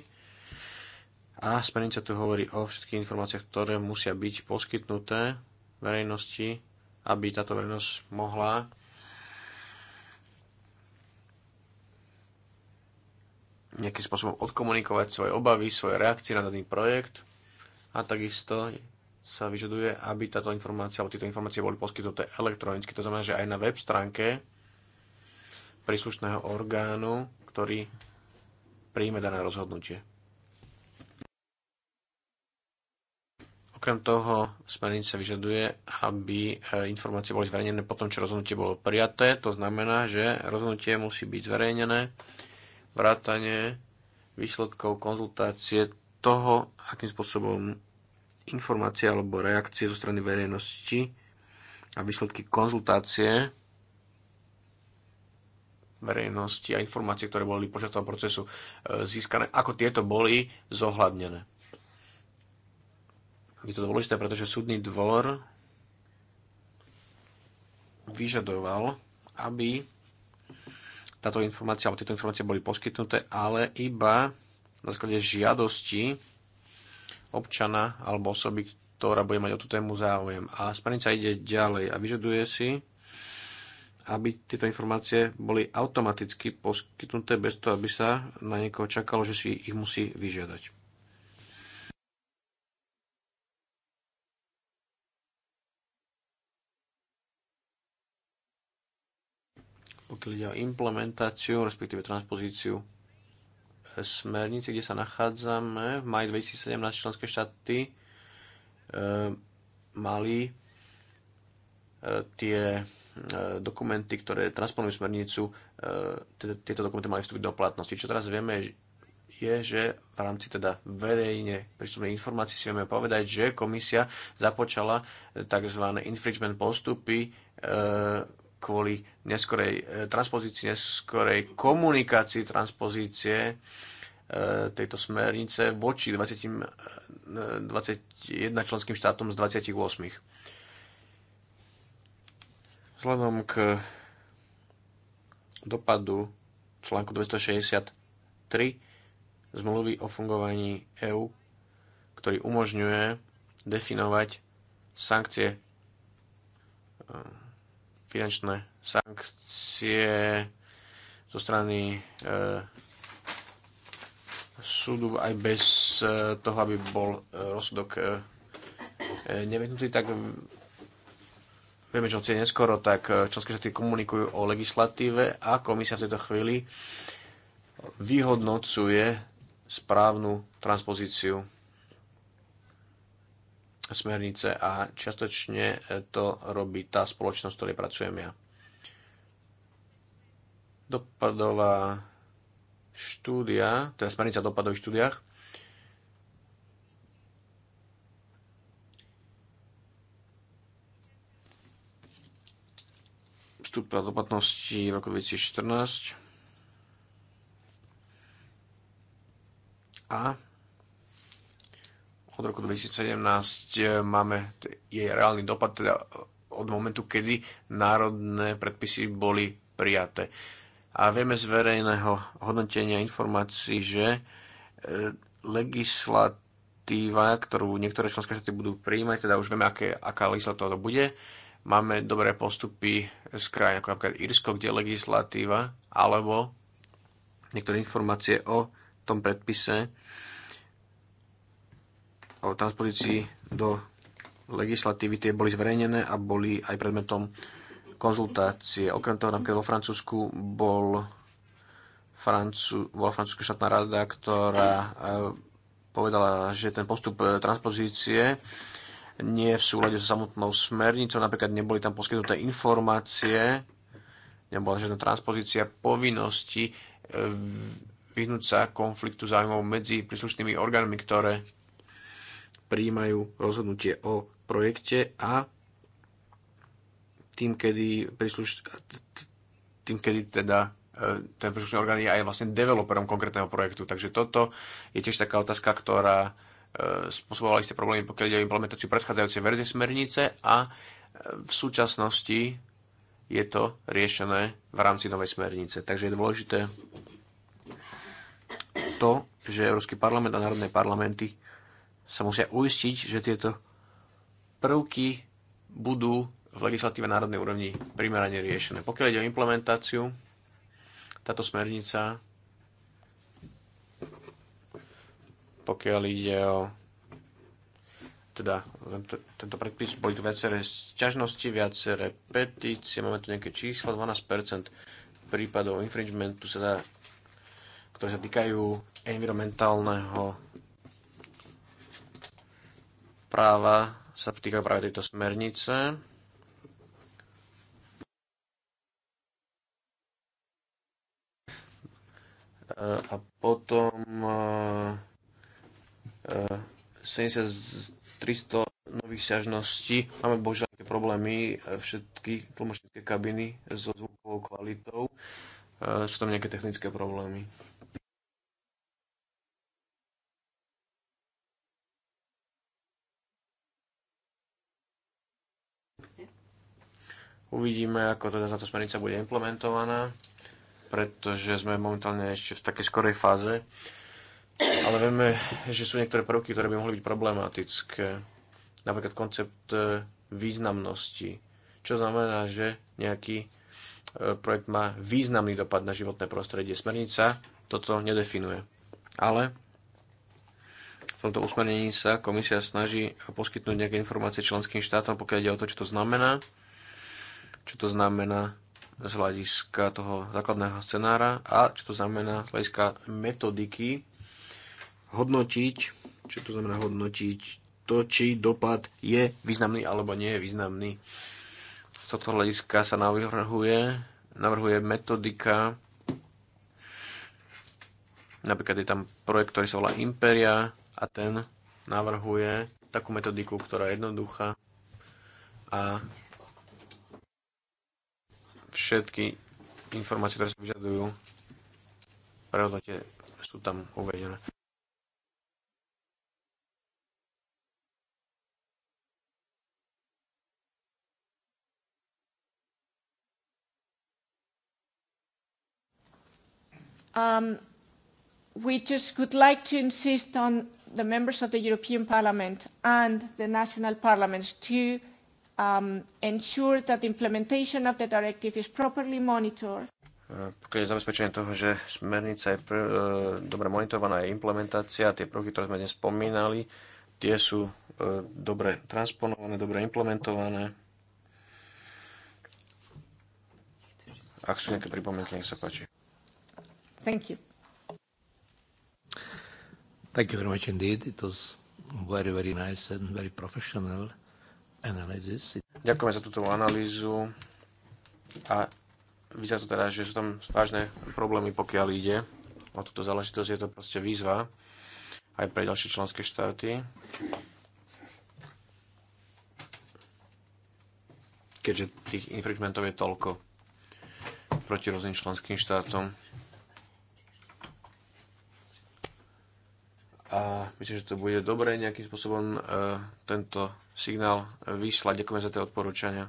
A smernica tu hovorí o všetkých informáciách, ktoré musia byť poskytnuté verejnosti, aby táto verejnosť mohla nejakým spôsobom odkomunikovať svoje obavy, svoje reakcie na daný projekt a takisto sa vyžaduje, aby táto informácia alebo tieto informácie boli poskytnuté elektronicky. To znamená, že aj na web stránke príslušného orgánu, ktorý príjme dané rozhodnutie. Okrem toho smernica vyžaduje, aby e, informácie boli zverejnené po tom, čo rozhodnutie bolo prijaté. To znamená, že rozhodnutie musí byť zverejnené vrátane výsledkov konzultácie toho, akým spôsobom informácie alebo reakcie zo strany verejnosti a výsledky konzultácie verejnosti a informácie, ktoré boli počas toho procesu e, získané, ako tieto boli zohľadnené. Je to dôležité, pretože súdny dvor vyžadoval, aby táto informácia, alebo tieto informácie boli poskytnuté, ale iba na základe žiadosti občana alebo osoby, ktorá bude mať o tú tému záujem. A smernica ide ďalej a vyžaduje si, aby tieto informácie boli automaticky poskytnuté bez toho, aby sa na niekoho čakalo, že si ich musí vyžiadať. pokiaľ ide o implementáciu, respektíve transpozíciu e, smernice, kde sa nachádzame. V maji 2017 členské štáty e, mali e, tie e, dokumenty, ktoré transponujú smernicu, e, teda tieto dokumenty mali vstúpiť do platnosti. Čo teraz vieme, je, že v rámci teda verejne prístupnej informácií si vieme povedať, že komisia započala e, tzv. infringement postupy, e, kvôli neskorej e, transpozícii, neskorej komunikácii transpozície e, tejto smernice voči 20, 21 e, členským štátom z 28. Vzhľadom k dopadu článku 263 zmluvy o fungovaní EÚ, ktorý umožňuje definovať sankcie finančné sankcie zo strany e, súdu aj bez e, toho, aby bol e, rozsudok nevyhnutý, tak vieme, že hoci je neskoro, tak členské štáty komunikujú o legislatíve a komisia v tejto chvíli vyhodnocuje správnu transpozíciu smernice a čiastočne to robí tá spoločnosť, v ktorej pracujem ja. Dopadová štúdia, teda smernica dopadových štúdiách, vstúpila do platnosti v roku 2014 a od roku 2017 eh, máme jej reálny dopad, teda od momentu, kedy národné predpisy boli prijaté. A vieme z verejného hodnotenia informácií, že eh, legislatíva, ktorú niektoré členské štáty budú prijímať, teda už vieme, aké, aká legislatíva to bude, máme dobré postupy z krajín, ako napríklad Irsko, kde legislatíva alebo niektoré informácie o tom predpise o transpozícii do legislatívy, tie boli zverejnené a boli aj predmetom konzultácie. Okrem toho, napríklad vo Francúzsku bol Francú, bola francúzska štátna rada, ktorá e, povedala, že ten postup e, transpozície nie je v súlade so samotnou smernicou, napríklad neboli tam poskytnuté informácie, nebola žiadna transpozícia povinnosti e, vyhnúť sa konfliktu záujmov medzi príslušnými orgánmi, ktoré príjmajú rozhodnutie o projekte a tým, kedy, prísluš... tým, kedy teda e, ten príslušný orgán je aj vlastne developerom konkrétneho projektu. Takže toto je tiež taká otázka, ktorá e, spôsobovala isté problémy, pokiaľ ide o implementáciu predchádzajúcej verzie smernice a e, v súčasnosti je to riešené v rámci novej smernice. Takže je dôležité to, že Európsky parlament a národné parlamenty sa musia uistiť, že tieto prvky budú v legislatíve národnej úrovni primerane riešené. Pokiaľ ide o implementáciu, táto smernica, pokiaľ ide o teda tento, tento predpis, boli tu viaceré sťažnosti, viaceré petície, máme tu nejaké čísla, 12% prípadov infringementu, sa dá, ktoré sa týkajú environmentálneho práva sa týkajú práve tejto smernice. A potom 70 z 300 nových sťažností. Máme bohužiaľ také problémy. Eh, všetky tlmočnícke kabiny so zvukovou kvalitou. Eh, sú tam nejaké technické problémy. Uvidíme, ako teda táto smernica bude implementovaná, pretože sme momentálne ešte v takej skorej fáze, ale vieme, že sú niektoré prvky, ktoré by mohli byť problematické. Napríklad koncept e, významnosti, čo znamená, že nejaký e, projekt má významný dopad na životné prostredie. Smernica toto nedefinuje. Ale v tomto usmernení sa komisia snaží poskytnúť nejaké informácie členským štátom, pokiaľ ide o to, čo to znamená čo to znamená z hľadiska toho základného scenára a čo to znamená z hľadiska metodiky hodnotiť, čo to znamená hodnotiť to, či dopad je významný alebo nie je významný. Z tohto hľadiska sa navrhuje, navrhuje metodika, napríklad je tam projekt, ktorý sa volá Imperia a ten navrhuje takú metodiku, ktorá je jednoduchá a všetky informácie, ktoré sa vyžadujú pre sú tam uvedené. Um, we just would like to insist on the members of the European Parliament and the national parliaments to Um, ensure that implementation of the directive is properly monitored. Uh, pokiaľ je zabezpečenie toho, že smernica je pre, uh, dobre monitorovaná, je implementácia, tie prvky, ktoré sme dnes spomínali, tie sú uh, dobre transponované, dobre implementované. Ak sú nejaké pripomienky, nech sa páči. Thank you. Thank you very much indeed. It was very, very nice and very professional analysis. Ďakujeme za túto analýzu a vyzerá to teda, že sú tam vážne problémy, pokiaľ ide o túto záležitosť. Je to proste výzva aj pre ďalšie členské štáty. Keďže tých infringementov je toľko proti rôznym členským štátom. a myslím, že to bude dobre nejakým spôsobom e, tento signál vyslať. Ďakujem za tie odporúčania.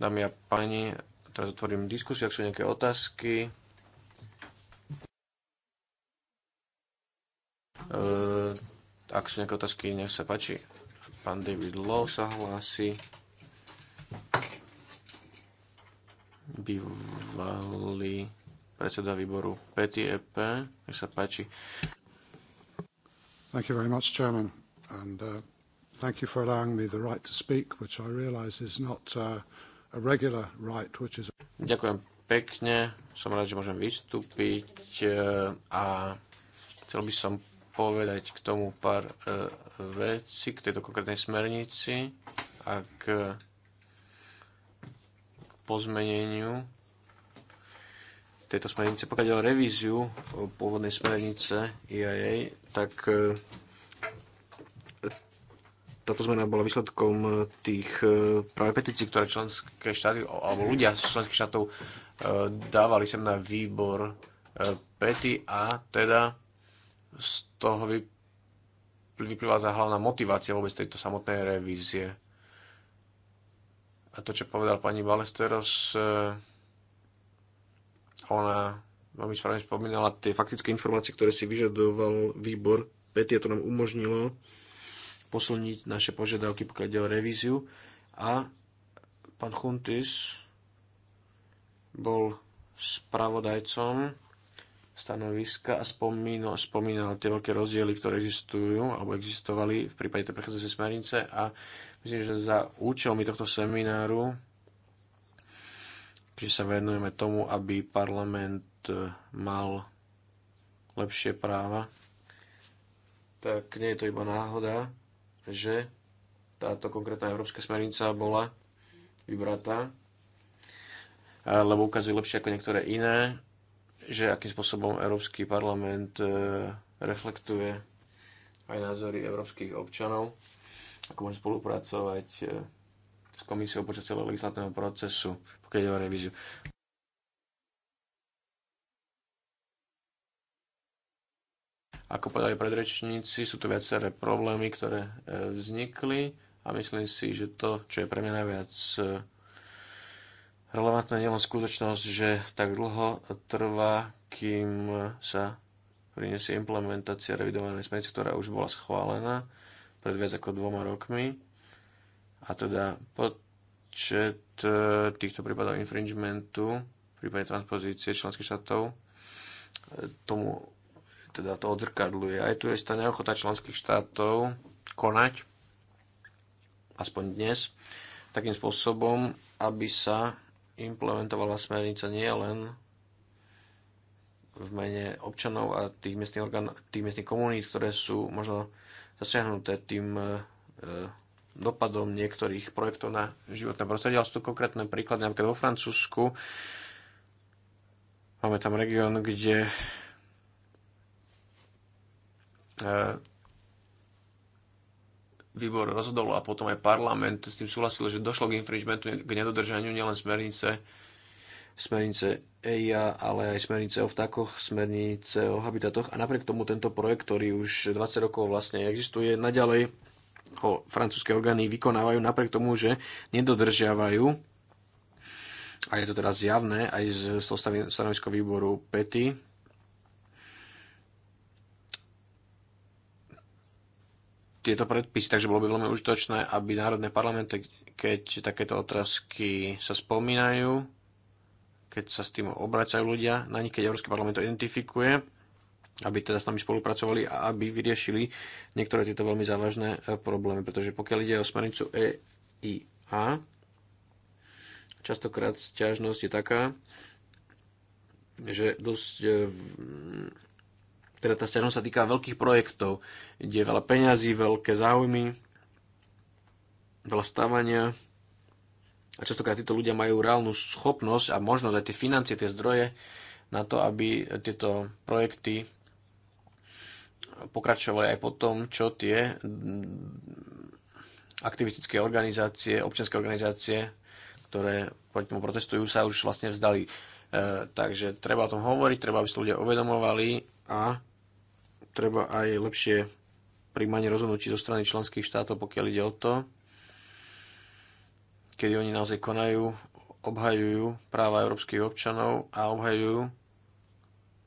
Dámy a páni, teraz otvorím diskusiu, ak sú nejaké otázky. E, ak sú nejaké otázky, nech sa páči. Pán David Lowe sa hlási. Bývalý predseda výboru PTEP. E nech sa páči. Thank you very much, Chairman. And uh, thank you for allowing me the right to speak, which I realize is not uh, a regular right, which is... Ďakujem pekne. Som rád, že môžem vystúpiť uh, a chcel by som povedať k tomu pár uh, vecí, k tejto konkrétnej smernici a k, k pozmeneniu tejto smernice. Pokiaľ ide revíziu uh, pôvodnej smernice IAA, tak e, táto zmena bola výsledkom e, tých e, práve petícií, ktoré členské štáty, alebo ľudia z členských štátov dávali sem na výbor pety a teda z toho vyplýva tá hlavná motivácia vôbec tejto samotnej revízie. A to, čo povedal pani Balesteros, ona veľmi správne spomínala tie faktické informácie, ktoré si vyžadoval výbor PETIA, to nám umožnilo posilniť naše požiadavky, pokiaľ ide o revíziu. A pán Chuntis bol spravodajcom stanoviska a spomínal, spomínal tie veľké rozdiely, ktoré existujú alebo existovali v prípade tej prechádzajúcej smernice a myslím, že za účelmi tohto semináru, keďže sa venujeme tomu, aby parlament E, mal lepšie práva, tak nie je to iba náhoda, že táto konkrétna európska smernica bola vybratá, lebo ukazuje lepšie ako niektoré iné, že akým spôsobom Európsky parlament e, reflektuje aj názory európskych občanov, ako môže spolupracovať e, s komisiou počas celého legislatívneho procesu, pokiaľ ide o revíziu. Ako povedali predrečníci, sú tu viaceré problémy, ktoré e, vznikli a myslím si, že to, čo je pre mňa najviac e, relevantné, len skutočnosť, že tak dlho trvá, kým sa priniesie implementácia revidovanej smernice, ktorá už bola schválená pred viac ako dvoma rokmi. A teda počet e, týchto prípadov infringementu, prípadne transpozície členských štátov, tomu teda to odzrkadluje. Aj tu je tá neochota členských štátov konať, aspoň dnes, takým spôsobom, aby sa implementovala smernica nielen v mene občanov a tých miestnych, orgán, tých miestnych komunít, ktoré sú možno zasiahnuté tým e, dopadom niektorých projektov na životné prostredie. Ale sú tu konkrétne príklady, napríklad vo Francúzsku. Máme tam región, kde E, výbor rozhodol a potom aj parlament s tým súhlasil, že došlo k infringementu, k nedodržaniu nielen smernice, smernice EIA, ale aj smernice o vtákoch, smernice o habitatoch a napriek tomu tento projekt, ktorý už 20 rokov vlastne existuje, naďalej ho francúzske orgány vykonávajú napriek tomu, že nedodržiavajú a je to teraz zjavné aj z toho stanovisko výboru PETI, tieto predpisy, takže bolo by veľmi užitočné, aby národné parlamenty, keď takéto otázky sa spomínajú, keď sa s tým obracajú ľudia, na nich, keď Európsky parlament to identifikuje, aby teda s nami spolupracovali a aby vyriešili niektoré tieto veľmi závažné e, problémy. Pretože pokiaľ ide o smernicu EIA, častokrát sťažnosť je taká, že dosť e, teda tá stiažnosť sa týka veľkých projektov, kde je veľa peňazí, veľké záujmy, veľa stávania a častokrát títo ľudia majú reálnu schopnosť a možnosť aj tie financie, tie zdroje na to, aby tieto projekty pokračovali aj po tom, čo tie aktivistické organizácie, občianske organizácie, ktoré proti tomu protestujú, sa už vlastne vzdali. E, takže treba o tom hovoriť, treba, aby sa ľudia uvedomovali a treba aj lepšie príjmanie rozhodnutí zo strany členských štátov, pokiaľ ide o to, kedy oni naozaj konajú, obhajujú práva európskych občanov a obhajujú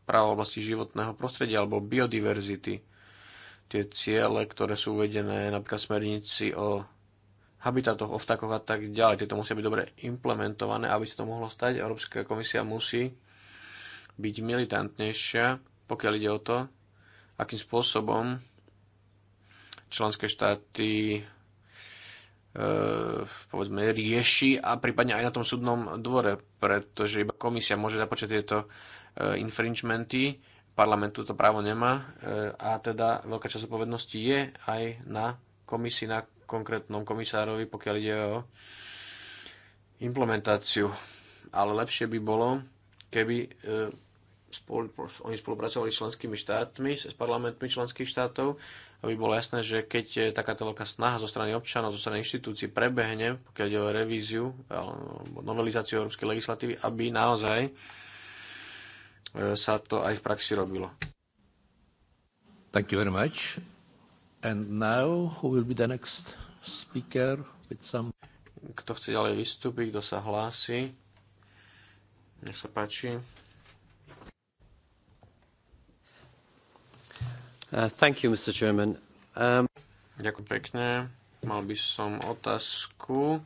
práva oblasti životného prostredia alebo biodiverzity. Tie ciele, ktoré sú uvedené napríklad smernici o habitatoch, o vtákoch a tak ďalej, tieto musia byť dobre implementované. Aby sa to mohlo stať, Európska komisia musí byť militantnejšia, pokiaľ ide o to, akým spôsobom členské štáty e, povedzme, rieši a prípadne aj na tom súdnom dvore, pretože iba komisia môže započať tieto e, infringementy, parlament toto právo nemá e, a teda veľká časť odpovednosti je aj na komisii, na konkrétnom komisárovi, pokiaľ ide o implementáciu. Ale lepšie by bolo, keby spolu, oni spolupracovali s členskými štátmi, s parlamentmi členských štátov, aby bolo jasné, že keď je eh, takáto veľká snaha zo strany občanov, zo strany inštitúcií prebehne, pokiaľ ide o revíziu alebo novelizáciu európskej legislatívy, aby naozaj eh, sa to aj v praxi robilo. Thank you very much. And now who will be the next speaker with some... Kto chce ďalej vystúpiť, kto sa hlási? Nech sa páči. Uh, thank you, Mr. Chairman. Um... Ďakujem pekne. Mal by som otázku,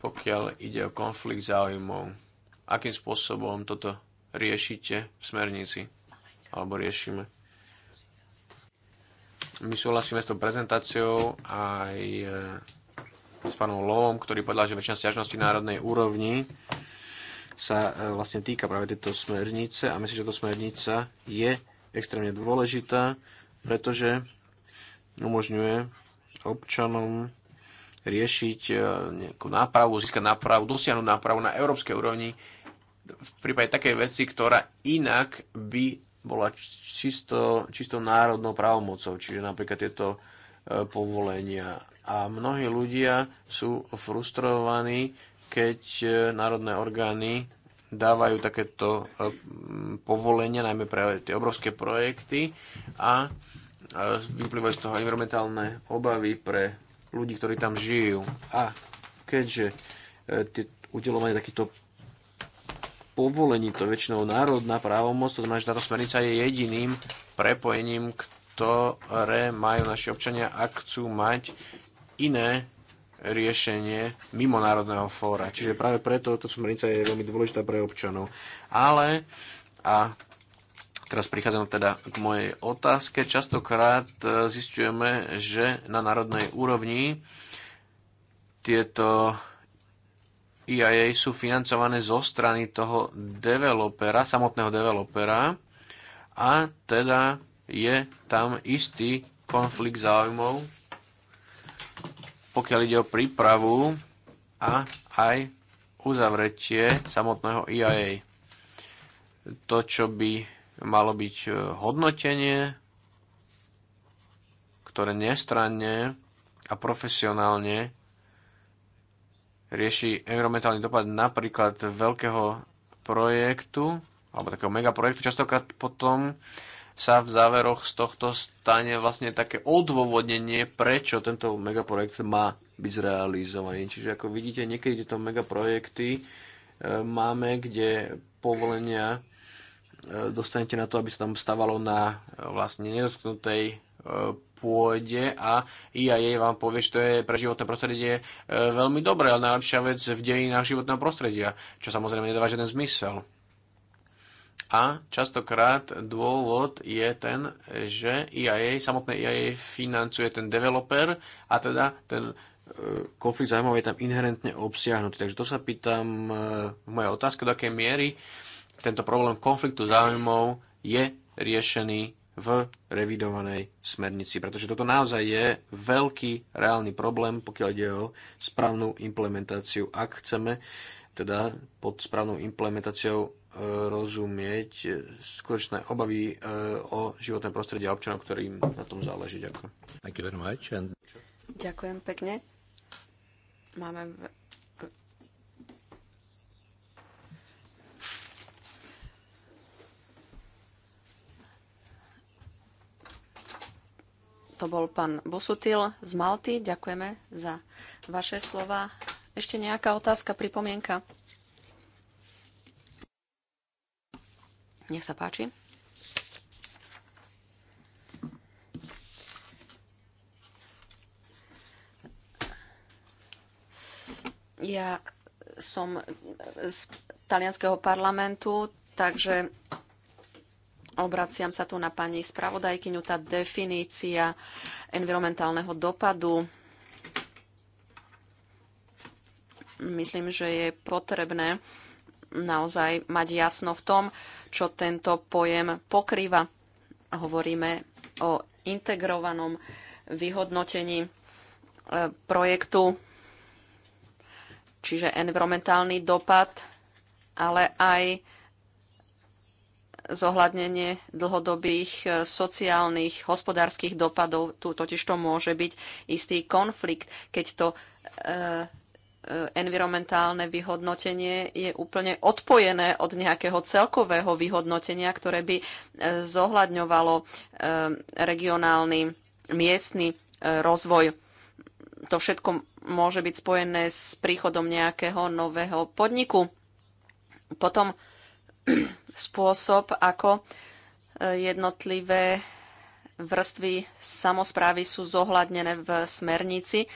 pokiaľ ide o konflikt záujmov. Akým spôsobom toto riešite v smernici? Alebo riešime? My súhlasíme s tou prezentáciou aj eh, s pánom Lovom, ktorý povedal, že väčšina stiažností národnej úrovni sa eh, vlastne týka práve tejto smernice a myslím, že to smernica je extrémne dôležitá pretože umožňuje občanom riešiť e, nejakú nápravu, získať nápravu, dosiahnuť nápravu na európskej úrovni v prípade takej veci, ktorá inak by bola čisto, čisto národnou právomocou, čiže napríklad tieto e, povolenia. A mnohí ľudia sú frustrovaní, keď e, národné orgány dávajú takéto povolenia, najmä pre tie obrovské projekty a vyplývajú z toho environmentálne obavy pre ľudí, ktorí tam žijú. A keďže e, tie udelovanie takýchto povolení, to väčšinou národná právomoc, to znamená, že táto smernica je jediným prepojením, ktoré majú naši občania, ak chcú mať iné riešenie mimo národného fóra. Čiže práve preto táto smernica je veľmi dôležitá pre občanov. Ale a Teraz prichádzam teda k mojej otázke. Častokrát e, zistujeme, že na národnej úrovni tieto EIA sú financované zo strany toho developera, samotného developera a teda je tam istý konflikt záujmov, pokiaľ ide o prípravu a aj uzavretie samotného EIA. To, čo by malo byť e, hodnotenie, ktoré nestranne a profesionálne rieši environmentálny dopad napríklad veľkého projektu alebo takého megaprojektu. Častokrát potom sa v záveroch z tohto stane vlastne také odôvodnenie, prečo tento megaprojekt má byť zrealizovaný. Čiže ako vidíte, niekedy tieto megaprojekty e, máme, kde povolenia E, dostanete na to, aby sa tam stávalo na e, vlastne nedotknutej e, pôde a IAE vám povie, že to je pre životné prostredie veľmi dobré, ale najlepšia vec v dejinách životného prostredia, čo samozrejme nedáva žiaden zmysel. A častokrát dôvod je ten, že IAA, samotné IAA financuje ten developer a teda ten konflikt zájmov je tam inherentne obsiahnutý. Takže to sa pýtam moja otázka, do akej miery tento problém konfliktu záujmov je riešený v revidovanej smernici, pretože toto naozaj je veľký reálny problém, pokiaľ ide o správnu implementáciu. Ak chceme teda pod správnou implementáciou e, rozumieť e, skutočné obavy e, o životné prostredie a občanov, ktorým na tom záleží. Ďakujem. Ďakujem pekne. Máme to bol pán Busutil z Malty. Ďakujeme za vaše slova. Ešte nejaká otázka, pripomienka? Nech sa páči. Ja som z talianského parlamentu, takže Obraciam sa tu na pani spravodajkyňu. Tá definícia environmentálneho dopadu myslím, že je potrebné naozaj mať jasno v tom, čo tento pojem pokrýva. Hovoríme o integrovanom vyhodnotení e, projektu, čiže environmentálny dopad, ale aj zohľadnenie dlhodobých e, sociálnych, hospodárskych dopadov. Tu totiž to môže byť istý konflikt, keď to e, e, environmentálne vyhodnotenie je úplne odpojené od nejakého celkového vyhodnotenia, ktoré by zohľadňovalo regionálny, miestny rozvoj. To všetko môže byť spojené s príchodom nejakého nového podniku. Potom spôsob, ako e, jednotlivé vrstvy samozprávy sú zohľadnené v smernici, e,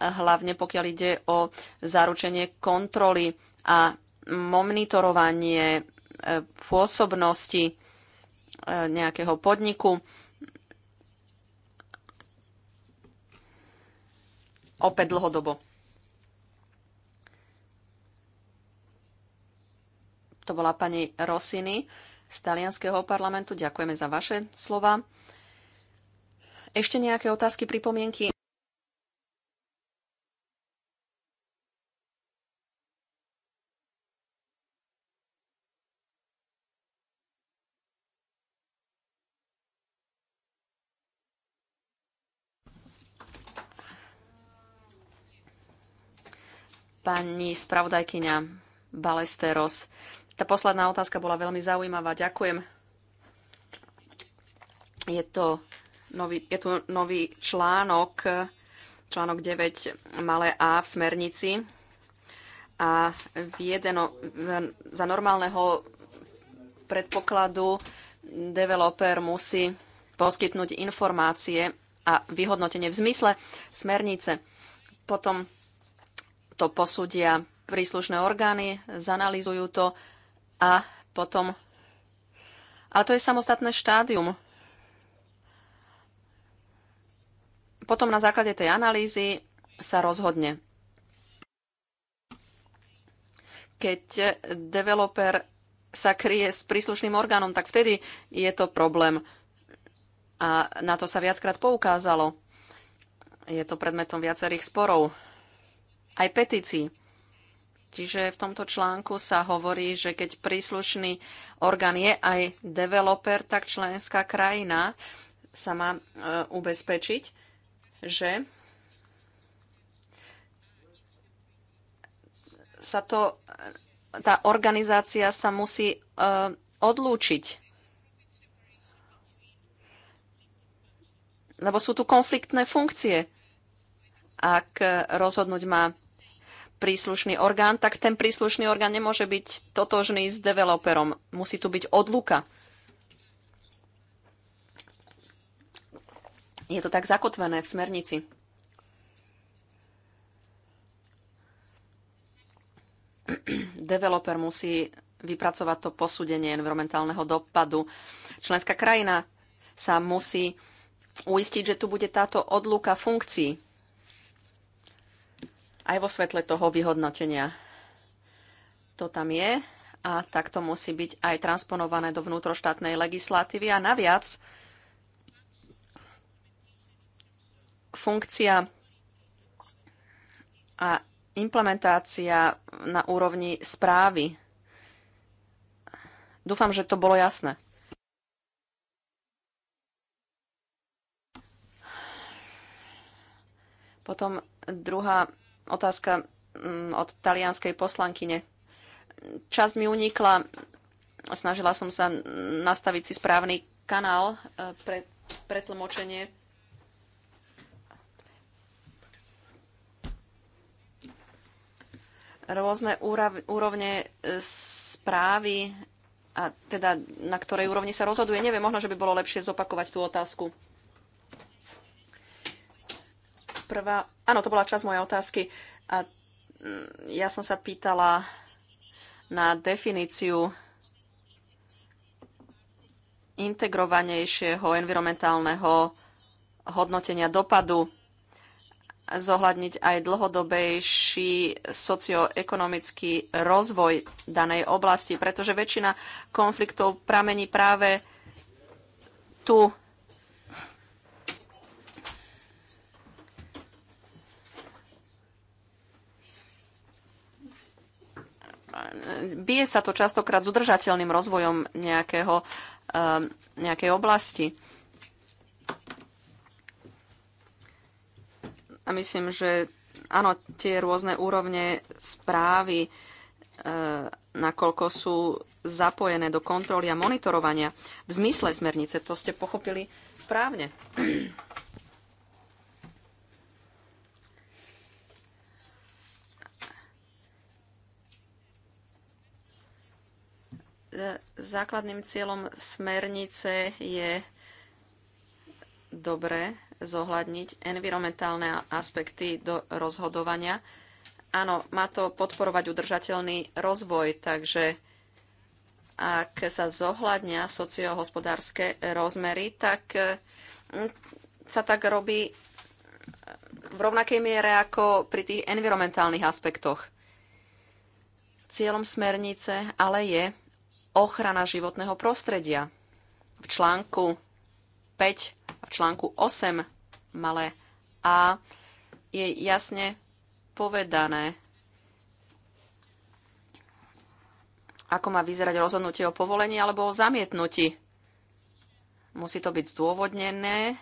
hlavne pokiaľ ide o zaručenie kontroly a monitorovanie e, pôsobnosti nejakého podniku. Opäť dlhodobo. To bola pani Rosiny z talianského parlamentu. Ďakujeme za vaše slova. Ešte nejaké otázky, pripomienky? pani spravodajkyňa Balesteros. Tá posledná otázka bola veľmi zaujímavá. Ďakujem. Je, to nový, je tu nový článok, článok 9, malé A v smernici. A v jedeno, v, za normálneho predpokladu developer musí poskytnúť informácie a vyhodnotenie v zmysle smernice. Potom to posúdia príslušné orgány, zanalýzujú to a potom... Ale to je samostatné štádium. Potom na základe tej analýzy sa rozhodne. Keď developer sa kryje s príslušným orgánom, tak vtedy je to problém. A na to sa viackrát poukázalo. Je to predmetom viacerých sporov. Aj petícií. Čiže v tomto článku sa hovorí, že keď príslušný orgán je aj developer, tak členská krajina sa má e, ubezpečiť, že sa to, tá organizácia sa musí e, odlúčiť lebo sú tu konfliktné funkcie. Ak rozhodnúť má príslušný orgán, tak ten príslušný orgán nemôže byť totožný s developerom. Musí tu byť odluka. Je to tak zakotvené v smernici. Developer musí vypracovať to posúdenie environmentálneho dopadu. Členská krajina sa musí uistiť, že tu bude táto odluka funkcií aj vo svetle toho vyhodnotenia. To tam je a tak to musí byť aj transponované do vnútroštátnej legislatívy a naviac funkcia a implementácia na úrovni správy. Dúfam, že to bolo jasné. Potom druhá Otázka mm, od talianskej poslankyne. Čas mi unikla. Snažila som sa nastaviť si správny kanál e, pre pretlmočenie. Rôzne úrovne e, správy a teda na ktorej úrovni sa rozhoduje. Neviem, možno, že by bolo lepšie zopakovať tú otázku. Prvá Áno, to bola časť mojej otázky. A mm, ja som sa pýtala na definíciu integrovanejšieho environmentálneho hodnotenia dopadu zohľadniť aj dlhodobejší socioekonomický rozvoj danej oblasti, pretože väčšina konfliktov pramení práve tu bije sa to častokrát s udržateľným rozvojom nejakého, eh, nejakej oblasti. A myslím, že áno, tie rôzne úrovne správy, eh, nakoľko sú zapojené do kontroly a monitorovania v zmysle smernice, to ste pochopili správne. Základným cieľom smernice je dobre zohľadniť environmentálne aspekty do rozhodovania. Áno, má to podporovať udržateľný rozvoj, takže ak sa zohľadnia sociohospodárske rozmery, tak mm, sa tak robí v rovnakej miere ako pri tých environmentálnych aspektoch. Cieľom smernice ale je ochrana životného prostredia. V článku 5 a v článku 8 malé a je jasne povedané, ako má vyzerať rozhodnutie o povolení alebo o zamietnutí. Musí to byť zdôvodnené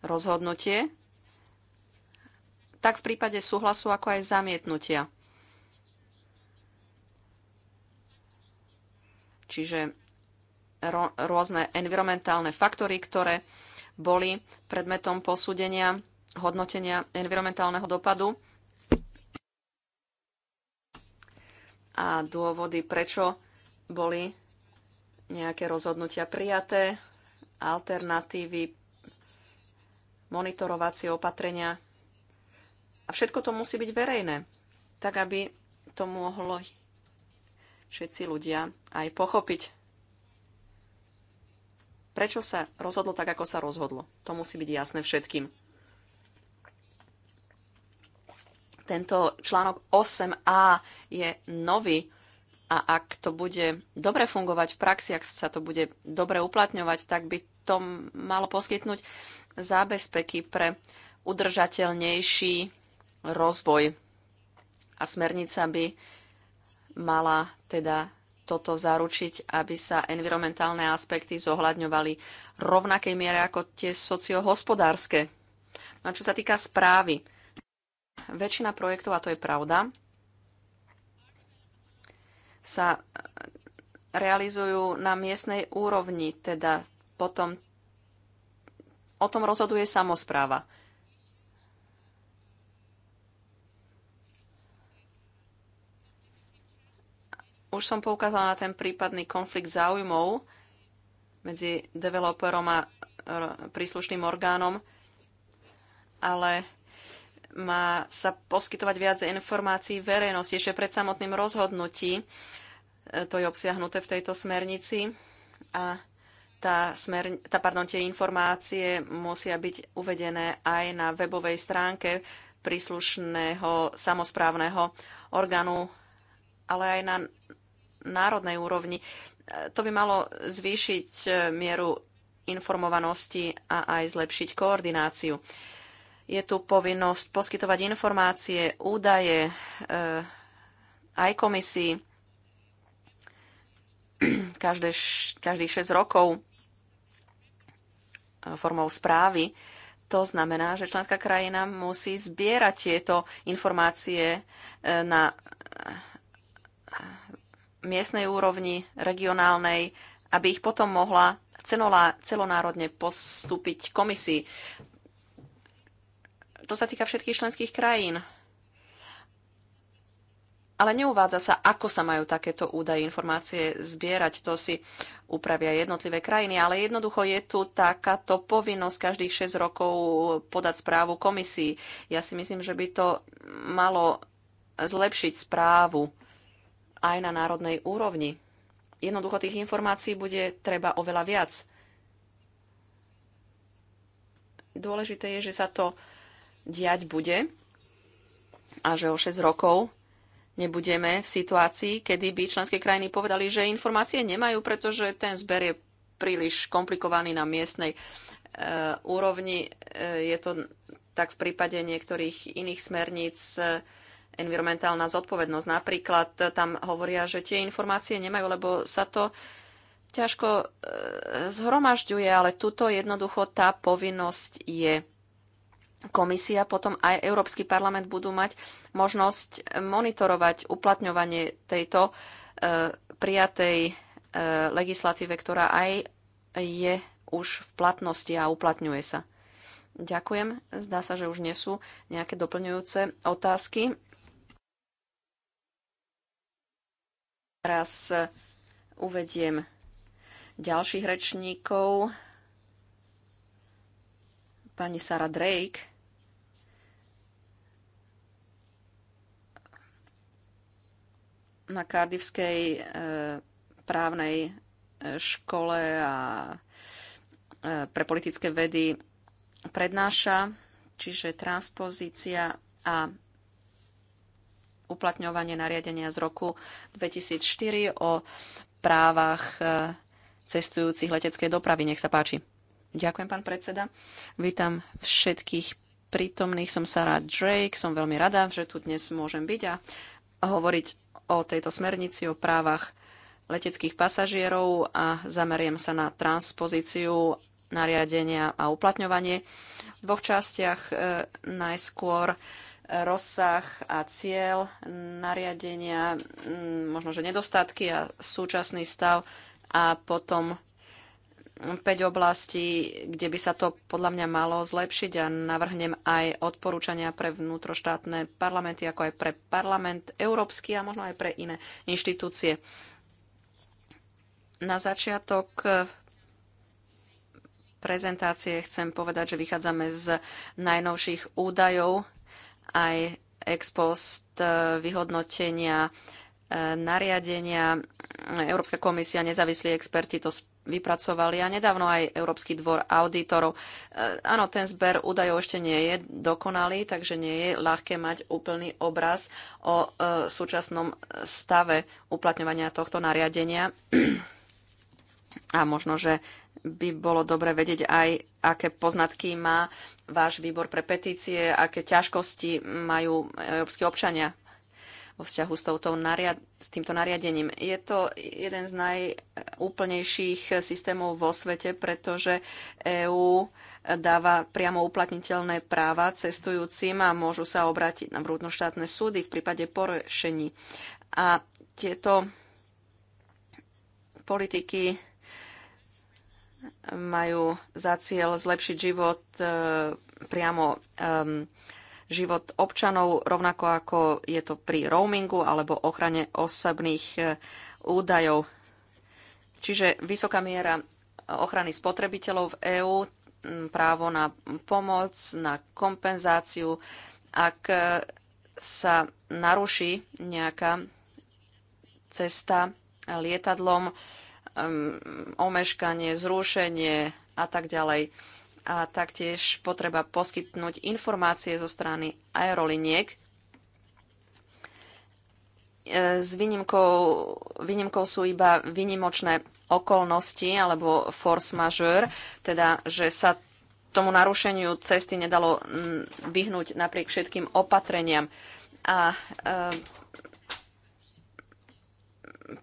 rozhodnutie, tak v prípade súhlasu ako aj zamietnutia. Čiže rôzne environmentálne faktory, ktoré boli predmetom posúdenia, hodnotenia environmentálneho dopadu a dôvody, prečo boli nejaké rozhodnutia prijaté, alternatívy, monitorovacie opatrenia. A všetko to musí byť verejné, tak aby to mohlo všetci ľudia aj pochopiť. Prečo sa rozhodlo tak, ako sa rozhodlo? To musí byť jasné všetkým. Tento článok 8a je nový a ak to bude dobre fungovať v praxi, ak sa to bude dobre uplatňovať, tak by to malo poskytnúť zábezpeky pre udržateľnejší rozvoj. A smernica by mala teda toto zaručiť, aby sa environmentálne aspekty zohľadňovali v rovnakej miere ako tie sociohospodárske. No a čo sa týka správy, väčšina projektov, a to je pravda, sa e, realizujú na miestnej úrovni, teda potom o tom rozhoduje samozpráva. Už som poukázala na ten prípadný konflikt záujmov medzi developerom a príslušným orgánom, ale má sa poskytovať viac informácií verejnosti ešte pred samotným rozhodnutí. E, to je obsiahnuté v tejto smernici a tá, smer, tá pardon, tie informácie musia byť uvedené aj na webovej stránke príslušného samozprávneho orgánu, ale aj na národnej úrovni. E, to by malo zvýšiť e, mieru informovanosti a aj zlepšiť koordináciu. Je tu povinnosť poskytovať informácie, údaje e, aj komisii každé, každých 6 rokov formou správy. To znamená, že členská krajina musí zbierať tieto informácie na miestnej úrovni, regionálnej, aby ich potom mohla celonárodne postúpiť komisii. To sa týka všetkých členských krajín. Ale neuvádza sa, ako sa majú takéto údaje, informácie zbierať. To si upravia jednotlivé krajiny, ale jednoducho je tu takáto povinnosť každých 6 rokov podať správu komisii. Ja si myslím, že by to malo zlepšiť správu aj na národnej úrovni. Jednoducho tých informácií bude treba oveľa viac. Dôležité je, že sa to diať bude a že o 6 rokov nebudeme v situácii, kedy by členské krajiny povedali, že informácie nemajú, pretože ten zber je príliš komplikovaný na miestnej e, úrovni. E, je to tak v prípade niektorých iných smerníc. E, environmentálna zodpovednosť. Napríklad tam hovoria, že tie informácie nemajú, lebo sa to ťažko e, zhromažďuje, ale tuto jednoducho tá povinnosť je. Komisia, potom aj Európsky parlament budú mať možnosť monitorovať uplatňovanie tejto e, prijatej e, legislatíve, ktorá aj je už v platnosti a uplatňuje sa. Ďakujem. Zdá sa, že už nie sú nejaké doplňujúce otázky. Teraz e, uvediem ďalších rečníkov. Pani Sara Drake. Na kardivskej e, právnej e, škole a pre politické vedy prednáša, čiže transpozícia a uplatňovanie nariadenia z roku 2004 o právach e, cestujúcich leteckej dopravy. Nech sa páči. Ďakujem, pán predseda. Vítam všetkých prítomných. Som Sara Drake. Som veľmi rada, že tu dnes môžem byť a hovoriť o tejto smernici o právach leteckých pasažierov a zameriem sa na transpozíciu nariadenia a uplatňovanie v dvoch častiach. E, najskôr rozsah a cieľ nariadenia, mm, možno že nedostatky a súčasný stav a potom 5 oblastí, kde by sa to podľa mňa malo zlepšiť a navrhnem aj odporúčania pre vnútroštátne parlamenty, ako aj pre parlament európsky a možno aj pre iné inštitúcie. Na začiatok prezentácie chcem povedať, že vychádzame z najnovších údajov aj ex post e, vyhodnotenia e, nariadenia. Európska komisia, nezávislí experti to vypracovali a nedávno aj Európsky dvor auditorov. E, áno, ten zber údajov ešte nie je dokonalý, takže nie je ľahké mať úplný obraz o súčasnom stave uplatňovania tohto nariadenia. A možno, že by bolo dobre vedieť aj, aké poznatky má váš výbor pre petície, aké ťažkosti majú európsky občania vo vzťahu s, touto nariad- s týmto nariadením. Je to jeden z najúplnejších systémov vo svete, pretože EÚ dáva priamo uplatniteľné práva cestujúcim a môžu sa obrátiť na vnútroštátne súdy v prípade porešení. A tieto politiky majú za cieľ zlepšiť život e, priamo život občanov, rovnako ako je to pri roamingu alebo ochrane osobných e, údajov. Čiže vysoká miera ochrany spotrebiteľov v EÚ, právo na pomoc, na kompenzáciu, ak e, sa naruší nejaká cesta lietadlom, Um, omeškanie, zrušenie a tak ďalej. A taktiež potreba poskytnúť informácie zo strany aeroliniek, e, s výnimkou, výnimkou sú iba výnimočné okolnosti alebo force majeure, teda že sa tomu narušeniu cesty nedalo vyhnúť napriek všetkým opatreniam. A e,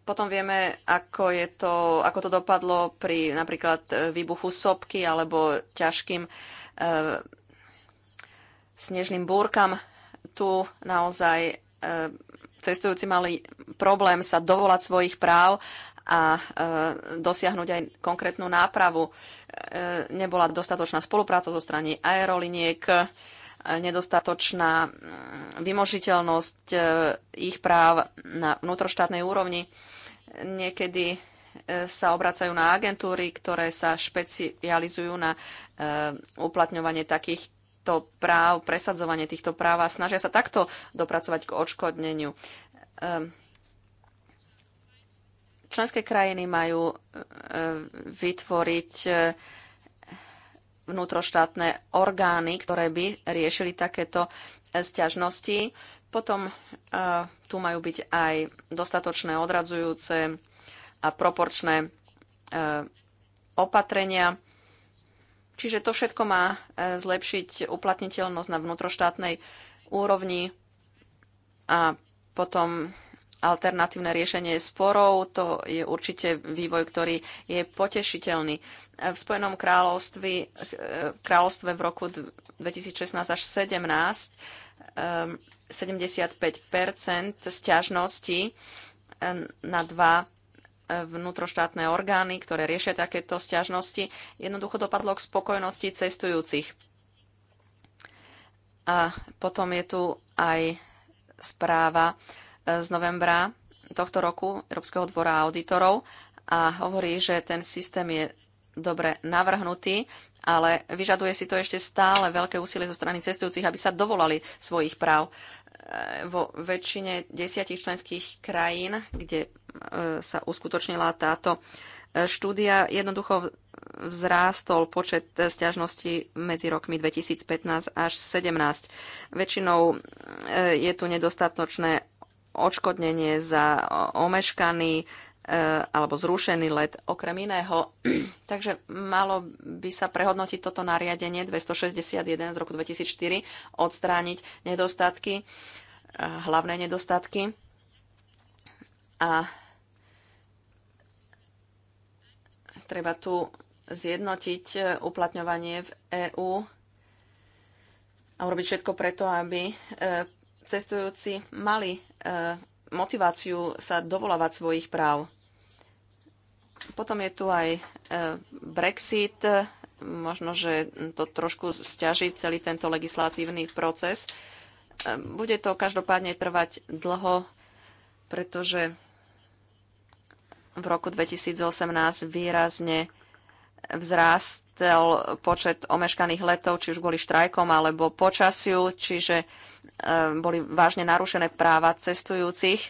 potom vieme, ako, je to, ako to dopadlo pri napríklad e, výbuchu sopky alebo ťažkým e, snežným búrkam. Tu naozaj e, cestujúci mali problém sa dovolať svojich práv a e, dosiahnuť aj konkrétnu nápravu. E, nebola dostatočná spolupráca zo strany aeroliniek. E, nedostatočná mm, vymožiteľnosť e, ich práv na vnútroštátnej úrovni. Niekedy e, sa obracajú na agentúry, ktoré sa špecializujú na e, uplatňovanie takých práv, presadzovanie týchto práv a snažia sa takto dopracovať k odškodneniu. Ehm, členské krajiny majú vytvoriť vnútroštátne orgány, ktoré by riešili takéto e, sťažnosti. Potom e, tu majú byť aj dostatočné odradzujúce a proporčné e, opatrenia. Čiže to všetko má zlepšiť uplatniteľnosť na vnútroštátnej úrovni a potom alternatívne riešenie sporov, to je určite vývoj, ktorý je potešiteľný. V Spojenom kráľovstve, kráľovstve v roku 2016 až 17 75 stiažností na dva e, vnútroštátne orgány, ktoré riešia takéto stiažnosti, jednoducho dopadlo k spokojnosti cestujúcich. A potom je tu aj správa z novembra tohto roku Európskeho dvora auditorov a hovorí, že ten systém je dobre navrhnutý, ale vyžaduje si to ešte stále veľké úsilie zo strany cestujúcich, aby sa dovolali svojich práv. E, vo väčšine desiatich členských krajín, kde e, sa uskutočnila táto e, štúdia, jednoducho vzrástol počet stiažností medzi rokmi 2015 až 2017. Väčšinou je tu nedostatočné odškodnenie za omeškaný e, alebo zrušený let okrem iného. Takže malo by sa prehodnotiť toto nariadenie 261 z roku 2004, odstrániť nedostatky, e, hlavné nedostatky. A treba tu zjednotiť e, uplatňovanie v EÚ a urobiť všetko preto, aby cestujúci mali e, motiváciu sa dovolávať svojich práv. Potom je tu aj e, Brexit. Možno, že to trošku stiaží celý tento legislatívny proces. E, bude to každopádne trvať dlho, pretože v roku 2018 výrazne vzrástel počet omeškaných letov, či už kvôli štrajkom alebo počasiu, čiže e, boli vážne narušené práva cestujúcich e,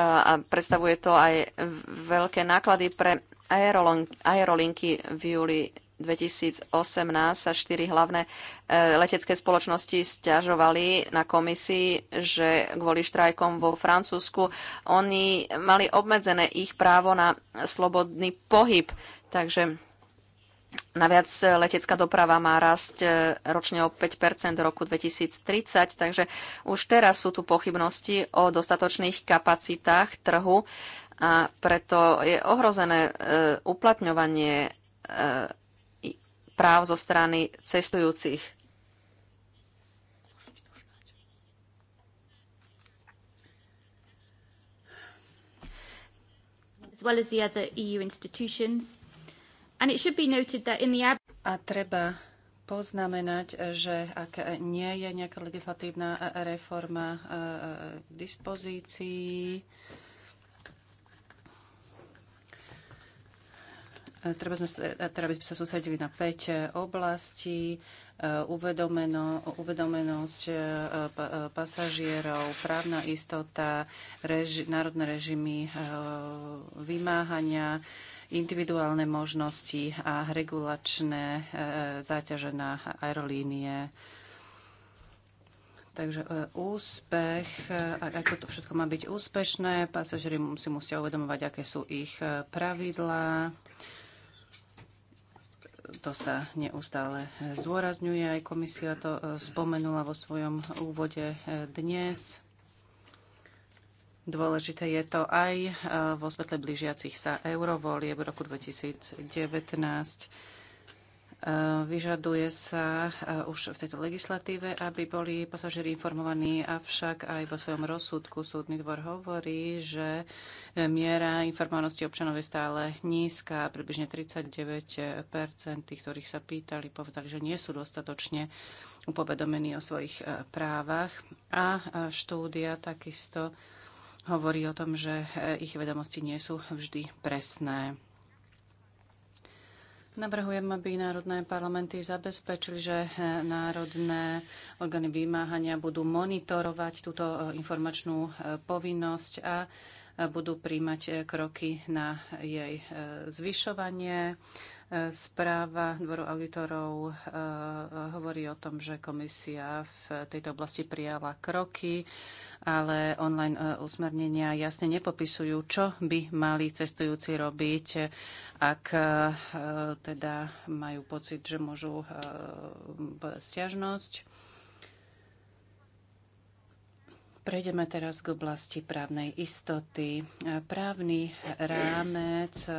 a predstavuje to aj veľké náklady pre aerolinky v júli 2018 sa štyri hlavné e, letecké spoločnosti stiažovali na komisii, že kvôli štrajkom vo Francúzsku oni mali obmedzené ich právo na slobodný pohyb. Takže Naviac eh, letecká doprava má rásť eh, ročne o 5 do roku 2030, takže už teraz sú tu pochybnosti o dostatočných kapacitách trhu a preto je ohrozené eh, uplatňovanie práv zo strany cestujúcich. As well as the other EU institutions, a treba poznamenať, že ak nie je nejaká legislatívna e, reforma k e, e, dispozícii, Treba, sme, by sme sa sústredili na 5 oblastí, uvedomeno, uvedomenosť pasažierov, právna istota, reži, národné režimy vymáhania, individuálne možnosti a regulačné e, záťaže na aerolínie. Takže e, úspech, e, ako to všetko má byť úspešné, pasažieri si musia uvedomovať, aké sú ich pravidlá. To sa neustále zdôrazňuje, aj komisia to spomenula vo svojom úvode dnes. Dôležité je to aj e, vo svetle blížiacich sa eurovolieb v roku 2019. E, vyžaduje sa e, už v tejto legislatíve, aby boli pasažieri informovaní, avšak aj vo svojom rozsudku súdny dvor hovorí, že miera informovanosti občanov je stále nízka. Približne 39 tých, ktorých sa pýtali, povedali, že nie sú dostatočne upovedomení o svojich právach. A štúdia takisto hovorí o tom, že e, ich vedomosti nie sú vždy presné. Navrhujem, aby národné parlamenty zabezpečili, že e, národné orgány vymáhania budú monitorovať túto e, informačnú povinnosť a budú príjmať eh, kroky na jej eh, zvyšovanie. Eh, správa dvoru auditorov hovorí o tom, že komisia v tejto oblasti prijala kroky, ale online usmernenia jasne nepopisujú, čo by mali cestujúci robiť, ak teda majú pocit, že môžu podať stiažnosť. Prejdeme teraz k oblasti právnej istoty. Právny rámec e, e,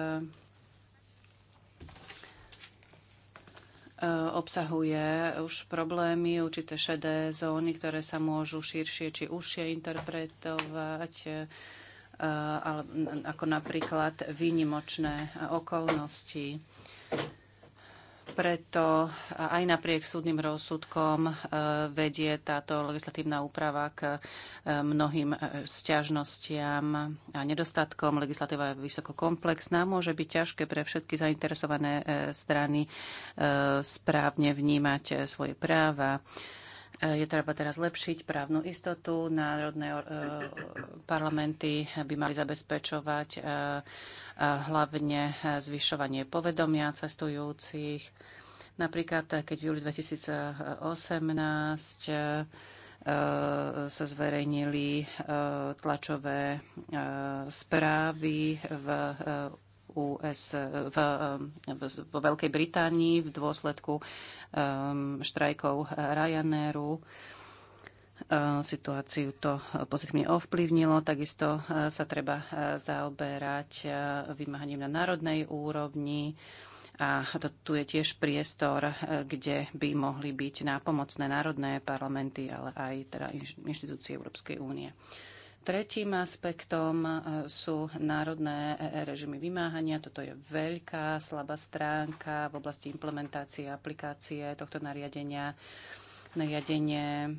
obsahuje už problémy, určité šedé zóny, ktoré sa môžu širšie či užšie interpretovať, e, ako napríklad výnimočné okolnosti. Preto aj napriek súdnym rozsudkom eh, vedie táto legislatívna úprava k eh, mnohým eh, sťažnostiam a nedostatkom. Legislatíva je vysoko komplexná, môže byť ťažké pre všetky zainteresované strany správne vnímať svoje práva. Je treba teraz lepšiť právnu istotu. Národné eh, parlamenty by mali zabezpečovať eh, eh, hlavne zvyšovanie povedomia cestujúcich. Napríklad, keď v júli 2018 sa zverejnili tlačové správy v US, v, vo Veľkej Británii v dôsledku um, štrajkov Ryanairu. Ehm, situáciu to pozitívne ovplyvnilo. Takisto e, sa treba e, zaoberať e, vymáhaním na národnej úrovni. A to, tu je tiež priestor, kde by mohli byť nápomocné národné parlamenty, ale aj teda inštitúcie Európskej únie. Tretím aspektom e, sú národné e e režimy vymáhania. Toto je veľká slabá stránka v oblasti implementácie a aplikácie tohto nariadenia. Nariadenie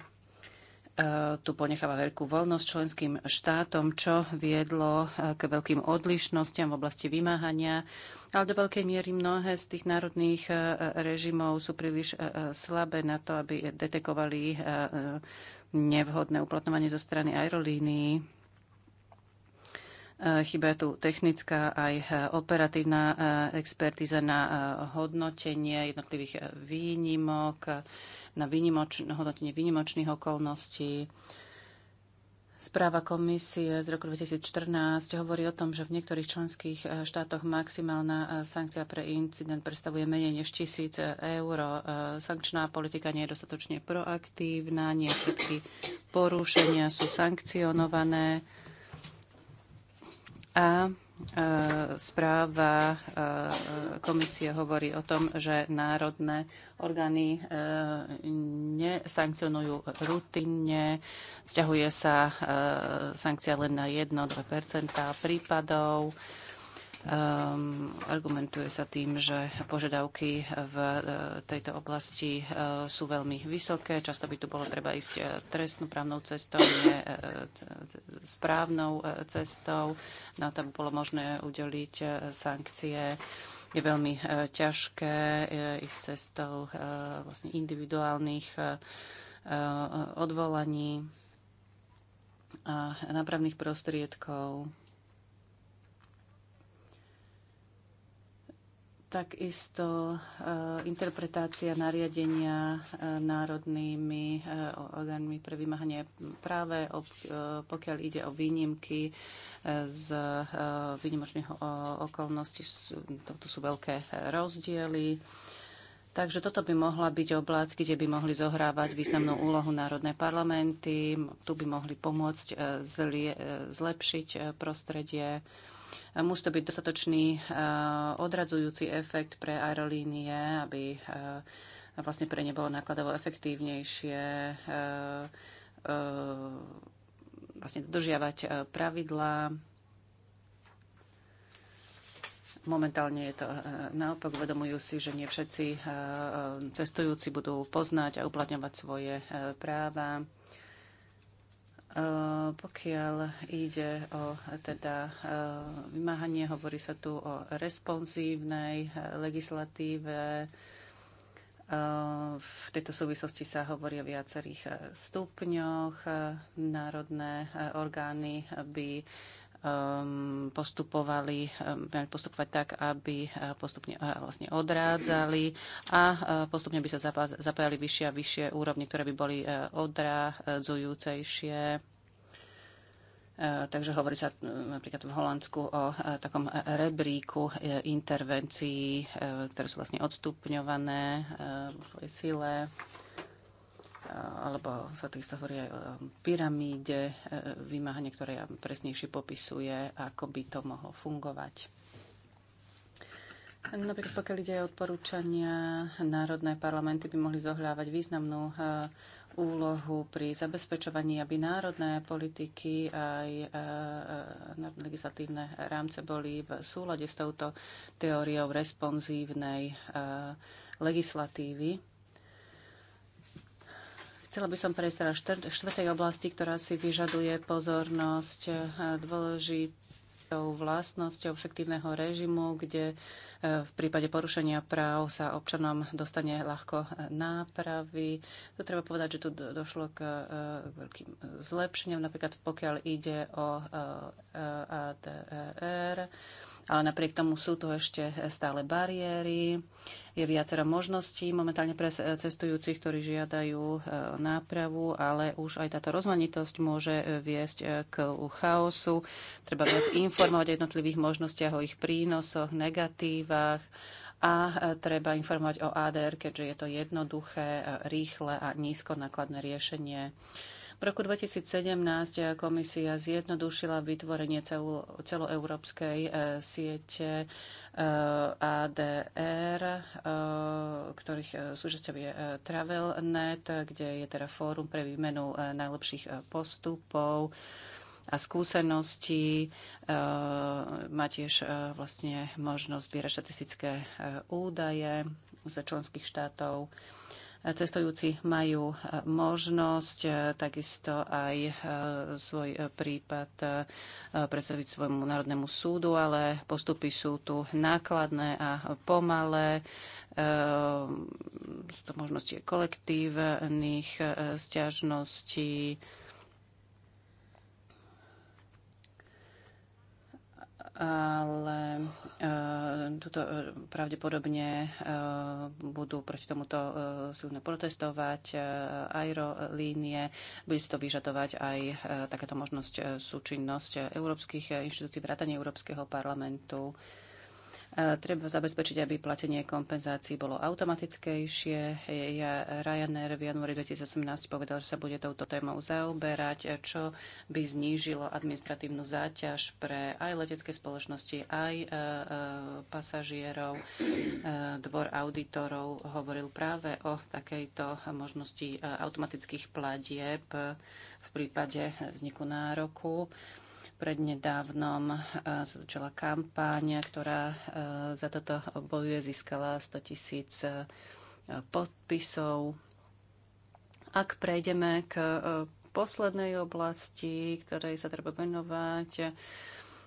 tu ponecháva veľkú voľnosť členským štátom, čo viedlo eh, k veľkým odlišnostiam v oblasti vymáhania, ale do veľkej miery mnohé z tých národných eh, režimov sú príliš eh, slabé na to, aby detekovali nevhodné uplatňovanie zo strany aerolínií Eh, chyba tu technická aj eh, operatívna eh, expertíza na hodnotenie jednotlivých výnimok, na výnimoč- hodnotenie výnimočných okolností. Správa komisie z roku 2014 hovorí o tom, že v niektorých členských štátoch maximálna sankcia pre incident predstavuje menej než tisíc eur. Sankčná politika nie je dostatočne proaktívna, nie všetky porušenia sú sankcionované a e, správa e, komisie hovorí o tom, že národné orgány e, nesankcionujú rutinne, vzťahuje sa sankcia len na 1-2 prípadov Um, argumentuje sa tým, že požiadavky v e, tejto oblasti e, sú veľmi vysoké. Často by tu bolo treba ísť e, trestnú právnou cestou, nie správnou cestou. Na to by bolo možné udeliť sankcie. Je veľmi ťažké ísť cestou vlastne individuálnych odvolaní a nápravných prostriedkov Takisto eh, interpretácia nariadenia eh, národnými eh, orgánmi pre vymáhanie práve, pokiaľ ide o výnimky z výnimočných okolností, tu sú veľké rozdiely. Takže toto by mohla byť oblasť, kde by mohli zohrávať významnú úlohu národné parlamenty, tu by mohli pomôcť zlepšiť prostredie Musí to byť dostatočný e, odradzujúci efekt pre aerolínie, aby e, vlastne pre ne bolo nákladovo efektívnejšie e, vlastne dodržiavať pravidlá. Momentálne je to naopak, uvedomujú si, že nie všetci cestujúci budú poznať a uplatňovať svoje práva. Eh, pokiaľ ide o teda eh, vymáhanie, hovorí sa tu o responsívnej eh, legislatíve. V tejto súvislosti sa hovorí o viacerých stupňoch. Národné orgány by Um, postupovali, um, mali postupovať tak, aby uh, postupne uh, vlastne odrádzali a uh, postupne by sa zapájali vyššie a vyššie úrovne, ktoré by boli odrádzujúcejšie. Takže hovorí sa napríklad v Holandsku o takom rebríku intervencií, ktoré sú vlastne odstupňované v svojej sile alebo sa isto hovorí aj o pyramíde, e, vymáhanie, ktoré ja presnejšie popisuje, ako by to mohlo fungovať. Napríklad pokiaľ ide o odporúčania, národné parlamenty by mohli zohľávať významnú e, úlohu pri zabezpečovaní, aby národné politiky aj e, národné legislatívne rámce boli v súlade s touto teóriou responsívnej legislatívy Chcela by som prejsť teraz štvrtej oblasti, ktorá si vyžaduje pozornosť e, dôležitou vlastnosťou efektívneho režimu, kde e, v prípade porušenia práv sa občanom dostane ľahko nápravy. Tu treba povedať, že tu došlo k e, veľkým zlepšeniam, napríklad pokiaľ ide o ADR ale napriek tomu sú tu ešte stále bariéry, je viacero možností momentálne pre cestujúcich, ktorí žiadajú e, nápravu, ale už aj táto rozmanitosť môže e, viesť e, k chaosu. Treba viac informovať o jednotlivých možnostiach, o ich prínosoch, negatívach a treba informovať o ADR, keďže je to jednoduché, rýchle a nízko nákladné riešenie. V roku 2017 eh, komisia zjednodušila vytvorenie celoeurópskej eh, siete eh, ADR, ktorých súčasťou je TravelNet, kde je teda fórum pre výmenu najlepších postupov a skúseností. má tiež vlastne možnosť zbierať štatistické údaje z členských štátov. Cestujúci majú e, možnosť e, takisto aj e, svoj prípad predstaviť svojmu národnému súdu, ale postupy sú tu nákladné a pomalé. Sú to možnosti kolektívnych stiažností, ale e, tuto e, pravdepodobne e, budú proti tomuto silne protestovať aerolínie. Bude si to vyžadovať aj takáto možnosť súčinnosť európskych inštitúcií, vrátanie Európskeho parlamentu. Treba zabezpečiť, aby platenie kompenzácií bolo automatickejšie. Ja Ryanair v januári 2018 povedal, že sa bude touto témou zaoberať, čo by znížilo administratívnu záťaž pre aj letecké spoločnosti, aj e, e, pasažierov. E, dvor auditorov hovoril práve o takejto možnosti automatických platieb v prípade vzniku nároku prednedávnom eh, sa začala kampáň, ktorá eh, za toto bojuje, získala 100 tisíc eh, podpisov. Ak prejdeme k poslednej oblasti, ktorej sa treba venovať,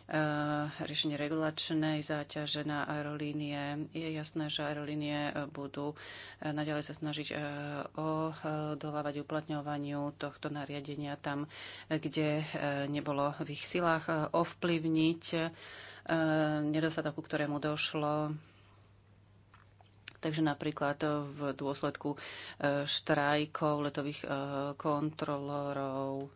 Eh, riešenie regulačnej záťaže na aerolínie. Je jasné, že aerolínie eh, budú eh, naďalej sa snažiť o dolávať uplatňovaniu tohto nariadenia tam, kde nebolo v ich silách ovplyvniť nedostatok, ktorému došlo Takže napríklad v dôsledku štrajkov letových kontrolorov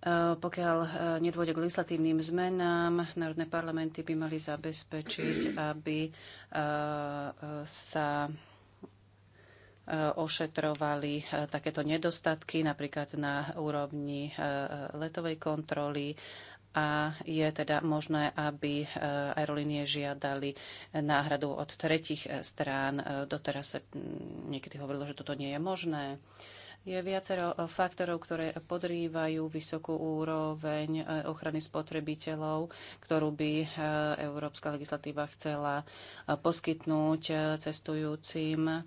E, pokiaľ e, nedôjde k legislatívnym zmenám, národné parlamenty by mali zabezpečiť, aby e, sa ošetrovali takéto nedostatky, napríklad na úrovni letovej kontroly a je teda možné, aby aerolínie žiadali náhradu od tretich strán. Doteraz sa niekedy hovorilo, že toto nie je možné. Je viacero eh, faktorov, ktoré podrývajú vysokú úroveň eh, ochrany spotrebiteľov, ktorú by eh, európska legislatíva chcela poskytnúť cestujúcim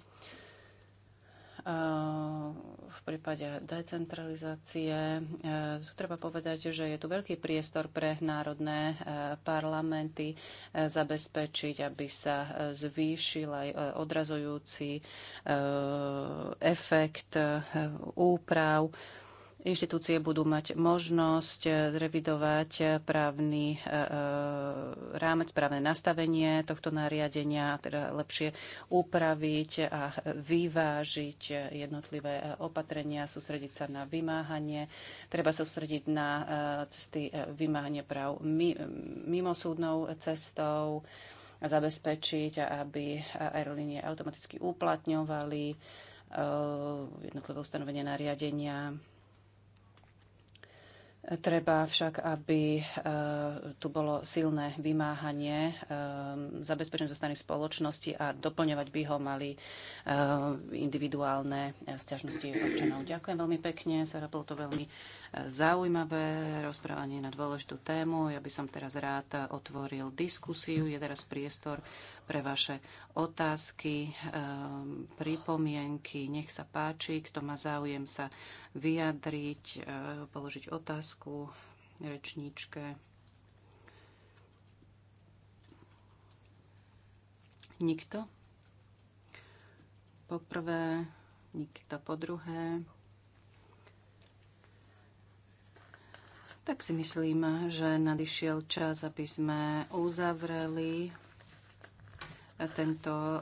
v prípade decentralizácie. Eh, tu treba povedať, že je tu veľký priestor pre národné eh, parlamenty eh, zabezpečiť, aby sa zvýšil aj odrazujúci efekt úprav Inštitúcie budú mať možnosť eh, zrevidovať eh, právny eh, rámec, právne nastavenie tohto nariadenia, teda lepšie upraviť a vyvážiť jednotlivé opatrenia, sústrediť sa na vymáhanie. Treba sa sústrediť na cesty vymáhania práv mimosúdnou cestou, zabezpečiť, aby aerolínie automaticky uplatňovali jednotlivé ustanovenie nariadenia Treba však, aby e, tu bolo silné vymáhanie e, zabezpečené zo strany spoločnosti a doplňovať by ho mali e, individuálne stiažnosti občanov. Ďakujem veľmi pekne, Sara, bolo to veľmi zaujímavé rozprávanie na dôležitú tému. Ja by som teraz rád otvoril diskusiu. Je teraz priestor pre vaše otázky, ehm, pripomienky. Nech sa páči, kto má záujem sa vyjadriť, ehm, položiť otázku rečníčke. Nikto? Po prvé, nikto po druhé. Tak si myslím, že nadišiel čas, aby sme uzavreli tento eh,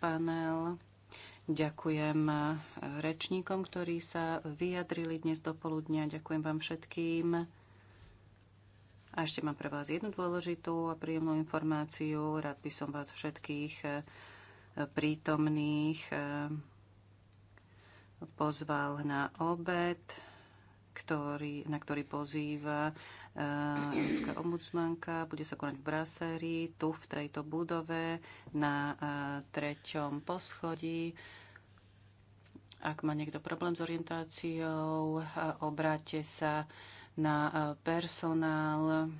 panel. Ďakujem eh, rečníkom, ktorí sa vyjadrili dnes do poludnia. Ďakujem vám všetkým. A ešte mám pre vás jednu dôležitú a príjemnú informáciu. Rád by som vás všetkých eh, prítomných pozval na obed ktorý, na ktorý pozýva eh, Európska ombudsmanka. Bude sa konať v Brasserii, tu v tejto budove, na eh, treťom poschodí. Ak má niekto problém s orientáciou, eh, obráte sa na personál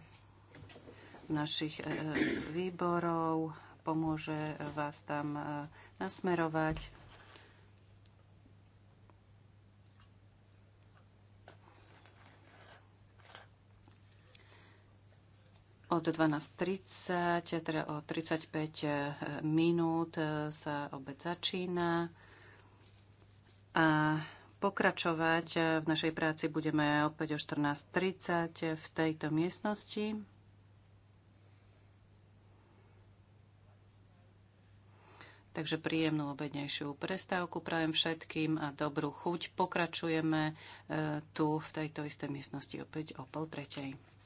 našich výborov, pomôže vás tam nasmerovať. Od 12.30, teda o 35 eh, minút eh, sa obec začína a pokračovať eh, v našej práci budeme opäť o 14.30 v tejto miestnosti. Takže príjemnú obednejšiu prestávku prajem všetkým a dobrú chuť. Pokračujeme tu v tejto istej miestnosti opäť o pol tretej.